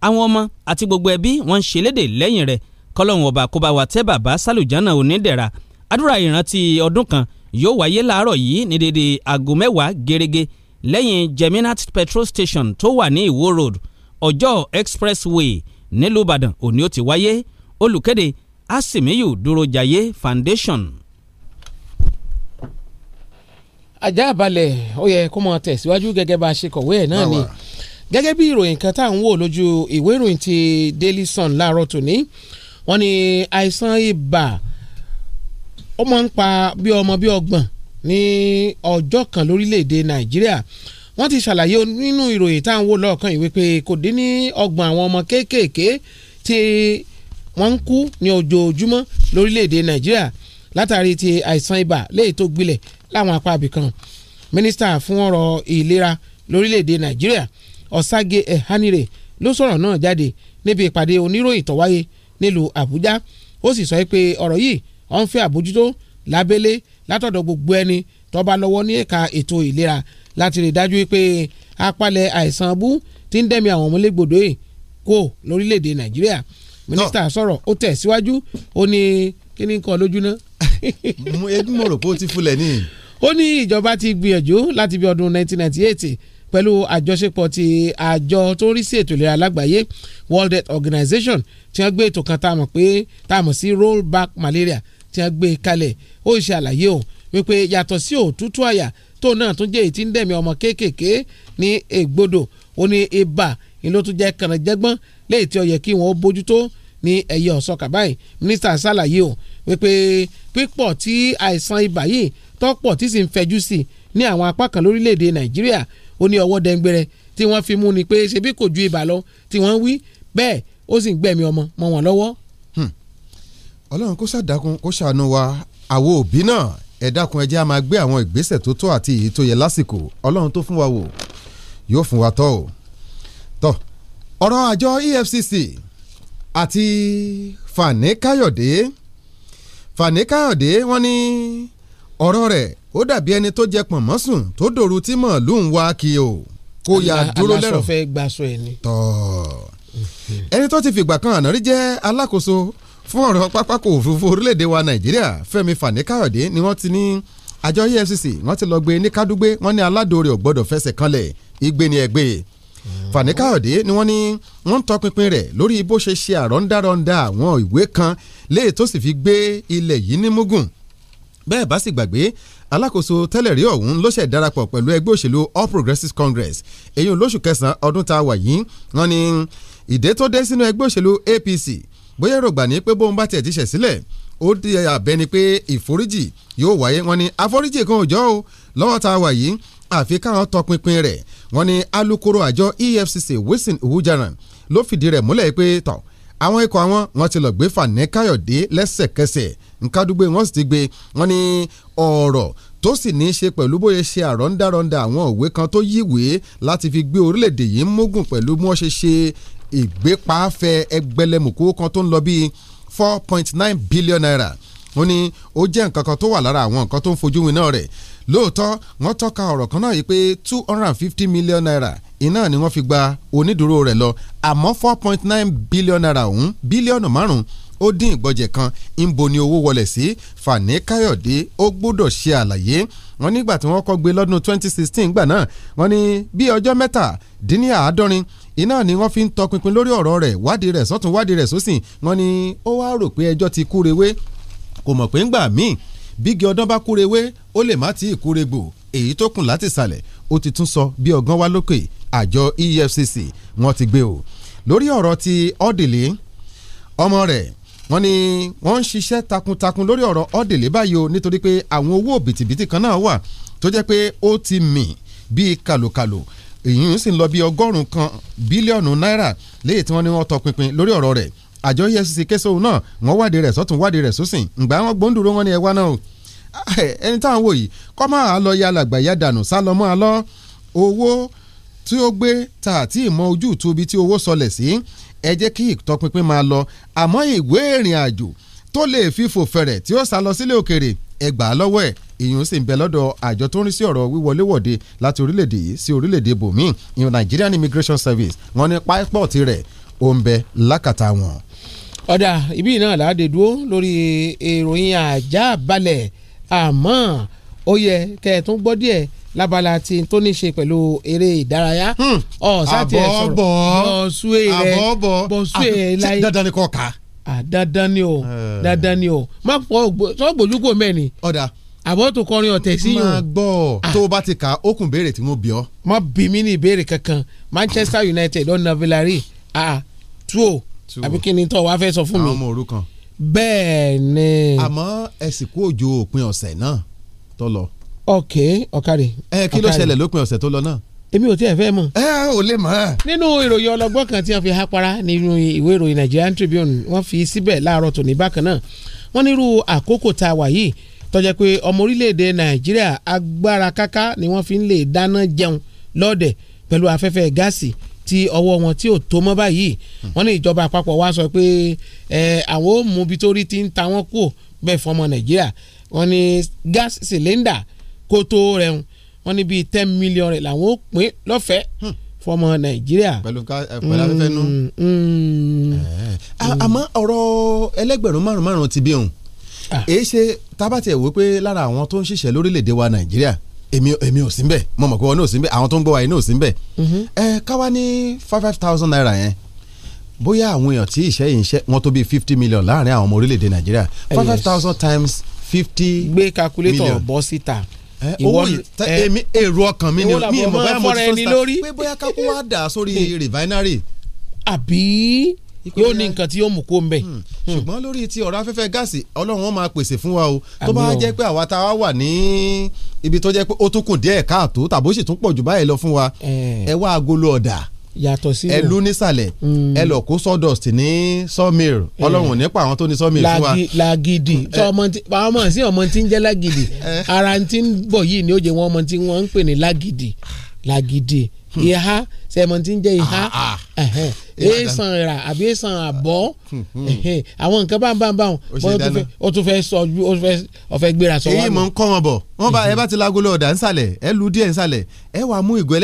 àwọn ọmọ àti gbogbo ẹbí wọn ń ṣẹlẹ́dẹ̀ lẹ́yìn rẹ̀ kọ́lọ́hún ọba kó bá wa tẹ́ bàbá sálùjánà onídẹ̀ra àdúrà ìrántí ọdún kan yóò wáyé láàárọ̀ yìí ní dédé aago mẹ́wàá gẹ́rẹ́gẹ́ lẹ́yìn Geminat petrol station tó wà ní Ìwó road ọjọ́ expressway nílùú ìbàdàn òní ó ti wáyé olùkéde asimiyu dúrójayé foundation. ajá balẹ̀ ó yẹ kó mọ tẹ̀síwájú gẹ́gẹ́ bá a ṣe kọ̀wé ẹ̀ náà ni gẹ́gẹ́ bí ìròyìn kan tá à ń wò lójú ìwé ìròyìn ti Daily Sun láàárọ̀ tòní wọ́n ní àìsàn ibà ó máa ń pa bí ọmọ bí ọgbọ̀n ní ọjọ́ kan lórílẹ̀‐èdè Nàìjíríà wọ́n ti ṣàlàyé nínú ìròyìn tá à ń wò lọ́ọ̀kan yìí wípé kò dín ní ọgbọ̀n àwọn ọmọ kéékèèké tí wọ́n ń kú ní ojoojúmọ́ lórílẹ̀‐èdè nàìjíríà látàrí ti àìsàn ibà léyìí tó gbilẹ̀ láwọn apá ibìkan mínísítà fún ọ̀rọ̀ ìlera lórílẹ̀‐èdè nàìjíríà ọ̀ságe ẹ̀hánire ló sọ̀rọ̀ náà jáde níbi ìpàdé oníròyìn tó wáyé nílùú àbújá ó sì sọ pé ọ̀rọ̀ yìí ó ń fẹ́ àbójútó lábẹ́lé látọ̀dọ̀ gbogbo ẹni tó lọ́wọ́ ní ẹ̀ka ètò ìlera láti rí dájú pé apalẹ̀ àìsàn bú ti ń dẹ́mi àwọn ọmọlégbòdo yìí kó lórílẹ̀‐èdè nàìjíríà mínísítà sọ̀rọ̀ ó tẹ̀ síwájú ó ní kí ni nǹkan lójú ná. ebi mo rò pé ó ti fulẹ̀ ní. ó ní ìjọba ti gbìyànjú láti bí ọdún 1998 pẹ̀lú àjọṣepọ̀ ti àjọ tó ń rí sí ètò ìlera lágbàáyé World Health Organization tí wọ́n gbé ètò kan tá a mọ̀ pé tá a mọ̀ sí roll back malaria tí wọ́n gbé kalẹ̀ ó ṣe àlàyé o wípé yàtọ̀ sí òtútù àyà tó náà tún jẹ́ èyí tí ń dẹ̀mí ọmọ kéékèèké ní ègbodò ó ní ibà ló tún jẹ́ kànáńjẹ́gbọ́n léyìí tí ó yẹ kí wọ́n bójútó ní ẹ̀yẹ ọ̀sọ́kà báyìí mínísítà ṣàlàyé o wípé pípọ̀ tí àìsàn ibà yìí tọ́pọ̀ tí sì ń fẹjú sí ní àwọn apá kan lórílẹ̀‐èdè nàìjíríà ó ní ọwọ́ dẹ́ngbẹ̀rẹ̀ tí wọ́n fi mú ni pé ṣebí kò ju ibà lọ tí wọ́n wí bẹ́ẹ̀ ó sì ń gbẹ̀mí ọmọ mọ́ wọn lọ́wọ́. Hmm. ọlọ́run kó ṣàdákun kó ṣàánú wa àwo òbí náà ẹ dákun ẹ jẹ́ a máa gbé àwọn ìgbésẹ̀ tó tọ́ àti èyí tó yẹ lásìkò ọlọ́run tó fún wa wò yóò fún wa tọ́ o tọ́ ọ̀rọ̀ àjọ EFCC àti Fani Káyọ̀dé Fani Káyọ̀dé wọ́n ní ọ̀rọ̀ rẹ̀ ó dàbí ẹni tó jẹ pọ̀nmọ́ sùn tó dòru tí mọ̀ ló ń wá kí o kó ya dúró lẹ́rọ̀ tọ́ ẹni tó ti fìgbà kan àná rí jẹ́ alákòóso fún ọ̀rọ̀ pápákọ̀ òfurufú orílẹ̀-èdè wa nàìjíríà fẹ́mi fani-káyọ̀dé ni wọ́n ti ní àjọ efcc wọ́n ti lọ gbé ní kádúgbé wọ́n ní aládòrè ò fẹsẹ̀ kanlẹ̀ igbe ni ẹgbẹ́ fani-káyọ̀dé ni wọ́n ní wọ́n ń tọpinpin rẹ̀ lórí bó ṣe ṣe àrọ́ndárọ́ndá àwọn ìwé kan léè tó sì fi gbé ilẹ̀ yìí ní mugun bẹ́ẹ̀ bá sì gbàgbé alákòóso tẹ́lẹ̀ rí ọ̀hún ló ṣẹ̀ darapọ̀ pẹ̀lú ẹgbẹ́ òṣèlú All Progressives Congress èyí lóṣù kẹsàn-án ọdún tá a wà yìí wọ́n ní ìdè tó dé sínú ẹgbẹ́ òṣèlú APC bóyá èròǹgbà ní pé bóun bá tiẹ̀ ti ṣẹ̀ sílẹ̀ ó di àbẹ́ni pé ìforíjì yóò wáyé wọn ni àforíjì kan ò jọ o lọ́wọ́ tá a wà yìí àfi káwọn tọpinpin rẹ̀ wọn ni alukoro àjọ EFCC Wilson Iwujaran ló fìdí rẹ̀ múlẹ̀ pé tọ̀ àwọn ikọ̀ àwọn wọn ti lọ gbé Fani Káyọ̀dé lẹ́sẹ̀kẹsẹ̀ nkádúgbé wọn sì ti gbé wọn ni ọ̀rọ̀ tó sì ní í ṣe pẹ̀lú bóyá ṣe àrọ́ndárọ́ndá àwọn òwe kan tó yíwèé láti fi gbé orílẹ̀-èdè yìí mógùn pẹ̀lú bí wọ́n ṣe ṣe ìgbépaafẹ́ ẹgbẹ̀lẹ́mùkú kan tó ń lọ bíi four point nine billion naira ó ní ó jẹ́ nǹkan kan tó wà lára àwọn nǹkan tó ń fojú winá rẹ̀ lóòótọ́ wọ́n tọ́ka ọ̀rọ̀ kan náà yìí pé two hundred and fifty million naira iná ni wọ́n fi gba onídùúró rẹ̀ lọ àmọ́ four point nine billion naira ọ̀hún bílíọ̀nù márùn-ún ó dín ìgbọ́jẹ̀ kan ńbo ni owó wọlé sí Fani Káyọ̀dé ó gbọ́dọ̀ ṣe àlàyé wọn nígbà tí wọ́n kọ́ gbé lọ́dún 2016 gbà náà wọ́n ní bí ọjọ́ mẹ́tàdínníàádọ́rin iná ni wọ́n fi ń tọpinpin lórí ọ̀rọ̀ rẹ̀ wádìí rẹ̀ sọ́tún wádìí rẹ̀ sósìn wọ́n ní ó wá rò pé ẹjọ́ ti kúrewé kò mọ̀ pé ń gbà míì bígi ọdán bá kúrewé ó lè má ti ìkúregbò èyí tó kùn láti sàlẹ̀ ó ti tún sọ bí ọgán wá lókè àjọ EFCC wọ́n ti gbé o lórí ọ̀rọ̀ ti ọ́dìlì ọmọ rẹ̀ wọ́n ní wọ́n ń ṣiṣẹ́ takuntakun lórí ọ̀rọ̀ ọ́dìlì báyìí o nítorí pé àwọn owó bìtìbìtì kan náà wà tó jẹ́ pé ó ti mì bíi kàlòkàlò èyí ń sì lọ bí ọgọ́rùn-ún kan bílíọ̀nù náírà léyìí tí wọ́n ní wọ́n tọpinpin lórí ọ̀rọ̀ rẹ̀ àjọ EFCC kése òun náà wọ́n wádìí rẹ̀ sọ́tún wádìí rẹ̀ sósìn ǹgbà wọn gbóǹdúró wọn ni ẹ wá náà o ah, ẹni táwọn wò yìí kọ́ máa lọ ya làgbà ya dànù sá lọ mọ́ a lọ owó tí ó gbé ta àti ìmọ̀ ojú ìtubi tí owó sọlẹ̀ sí ẹ jẹ́ kí ìtọpinpin máa lọ àmọ́ ìwé ìrìn àjò tó lè fi fò fẹ̀rẹ̀ tí ó sá lọ sílé òkèrè ẹ gbà á lọ́wọ́ ẹ̀ ìyún sì ń bẹ lọ́dọ̀ àjọ tó ń rí sí ọ̀rọ̀ wíwọléwọ̀de láti orílẹ̀-èdè yìí sí orílẹ̀-èdè bòmí ìyún Nigerian Immigration Service wọ́n ní páípọ̀tì rẹ̀ ó ń bẹ lákàtà wọn. ọ̀dà ibí náà láàdè dúró lórí ìròyìn àjá balẹ̀ àmọ́ ó yẹ kẹ́ ẹ̀ tún gbọ́ díẹ̀ lábala tí tó ní ṣe pẹ̀lú eré ìdárayá hmm. ọ̀sá tiẹ̀ sọ̀rọ̀ bọ̀ọ̀sùn rẹ̀ bọ̀ọ̀sùn rẹ̀ ah, láyé dandan ni kò ká dandan ni o eh. dandan ni o má fọ sọ gbójúgbò mẹ́ni. ọ̀dà àbọ̀ tó kọrin ọ̀tẹ̀ sí yòó. máa gbọ́ ah. tó o bá ti kà ó béèrè tí mo bí ọ. má bí mi ní ìbéèrè kankan Manchester United ọ̀nà Villarreal a ah, ah, tuo àbí kí ni tó wàá fẹ́ sọ fún mi. àwọn ọmọ òru kan. bẹ́ẹ̀ ni. àmọ́ ẹ̀sìnkú òjò òpin ọ̀sẹ̀ náà tó lọ. ok ọ̀kadì. ẹ kí ló ṣẹlẹ̀ lópin ọ̀sẹ̀ tó lọ náà. èmi ò tiẹ̀ fẹ́ mọ̀. ẹ ò lè mọ̀. nínú ìròyìn ọlọgbọ́n kan tí wọ́n fi há para nínú ìwé ìròyìn Nigerian Tribune wọ́n fi síbẹ̀ láàárọ̀ tòní bákan náà wọ́n nírú àkókò tá a wà yìí tó jẹ́ pé ọmọ orílẹ̀-èdè nàìjíríà agbára káká ni wọ́n fi ń lè dáná jẹun lọ́ọ̀dẹ̀ pẹ̀lú afẹ́fẹ́ gáàsì tí ọwọ́ wọn tí ò tó mọ́ báyìí hmm. wọ́n ní ìjọba àpapọ̀ wá sọ pé àwọn ò mú bí torí ti ń ta wọ́n kù bẹ́ẹ̀ fọmọ nàìjíríà wọ́n ní gáàsì sìlẹ́ndà kó tó rẹun wọ́n ní bíi ten million rẹ̀ làwọn ò pín lọ́fẹ̀ẹ́ hmm. fọmọ nàìjíríà. pẹ̀lú ká pẹ̀lú afẹ́fẹ́ nù. Hmm, àmọ́ ọ̀rọ̀ ẹlẹ́gbẹ̀rún márùn márùn ti bí òun Ah. èyí ṣe tábàtì ẹ̀ wò pé lára àwọn tó ń ṣiṣẹ́ lórílẹ̀‐èdè wa nàìjíríà èmi èmi ò sí mbẹ̀ mo mọ̀ pé wọn náà ò sí mbẹ̀ àwọn tó ń gbọ́ wa yìí náà ò sí mbẹ̀ mhm. ẹ káwa ní five five thousand naira yẹn bóyá àwọn èèyàn tí ìṣe yìí ń ṣe wọn tó bíi fifty million láàrin àwọn ọmọ orílẹ̀‐èdè nàìjíríà five five thousand times fifty million gbé calculator bọ́ síta owó èmi èrò ọkàn mi ni mi ìmọ̀ báyà mo ti tó síta pé bóyá kákó wá dà sórí [laughs] refinery. àbí yóò ní nǹkan tí yóò mú kó ń bẹ̀. Hmm. Hmm. ṣùgbọ́n lórí ti ọ̀rọ̀ afẹ́fẹ́ gáàsì ọlọ́run wọn máa pèsè fún wa o tó bá jẹ́ pé àwa tá a wà ní ibi tó jẹ́ pé ó tún kù díẹ̀ káàtó tàbó sì tún pọ̀ jù báyìí lọ fún wa eh. ẹ wá agolo ọ̀dà yàtọ̀ sí nísàlẹ̀ hmm. ẹ lọ kó sawdust ní sawmill eh. ọlọ́run nípa àwọn tó ní sawmill fún wa. lagidi àwọn eh. ọmọ sí ọmọ tí ń jẹ́ lagidi ara tí ń bọ̀ yìí ni ó jẹ́ wọn ọmọ tí wọ́n ń pè ní lagidi lagidi Hmm. ìhá sẹ̀mọ̀tì ń jẹ́ ìhá èèsàn ah, ah. rà àbí èèsàn àbọ̀ hmm, hmm. àwọn nǹkan báńbáńbá wọn ó tún fẹ́ sọ ju ó fẹ́ ọ̀fẹ́ gbéra sọ wá. èyí mọ̀ ń kọ́ wọn bọ̀ wọ́n bá ẹ bá ti lágolo ọ̀dà ńsàlẹ̀ ẹ lu díẹ̀ ńsàlẹ̀ ẹ wàá mú ìgò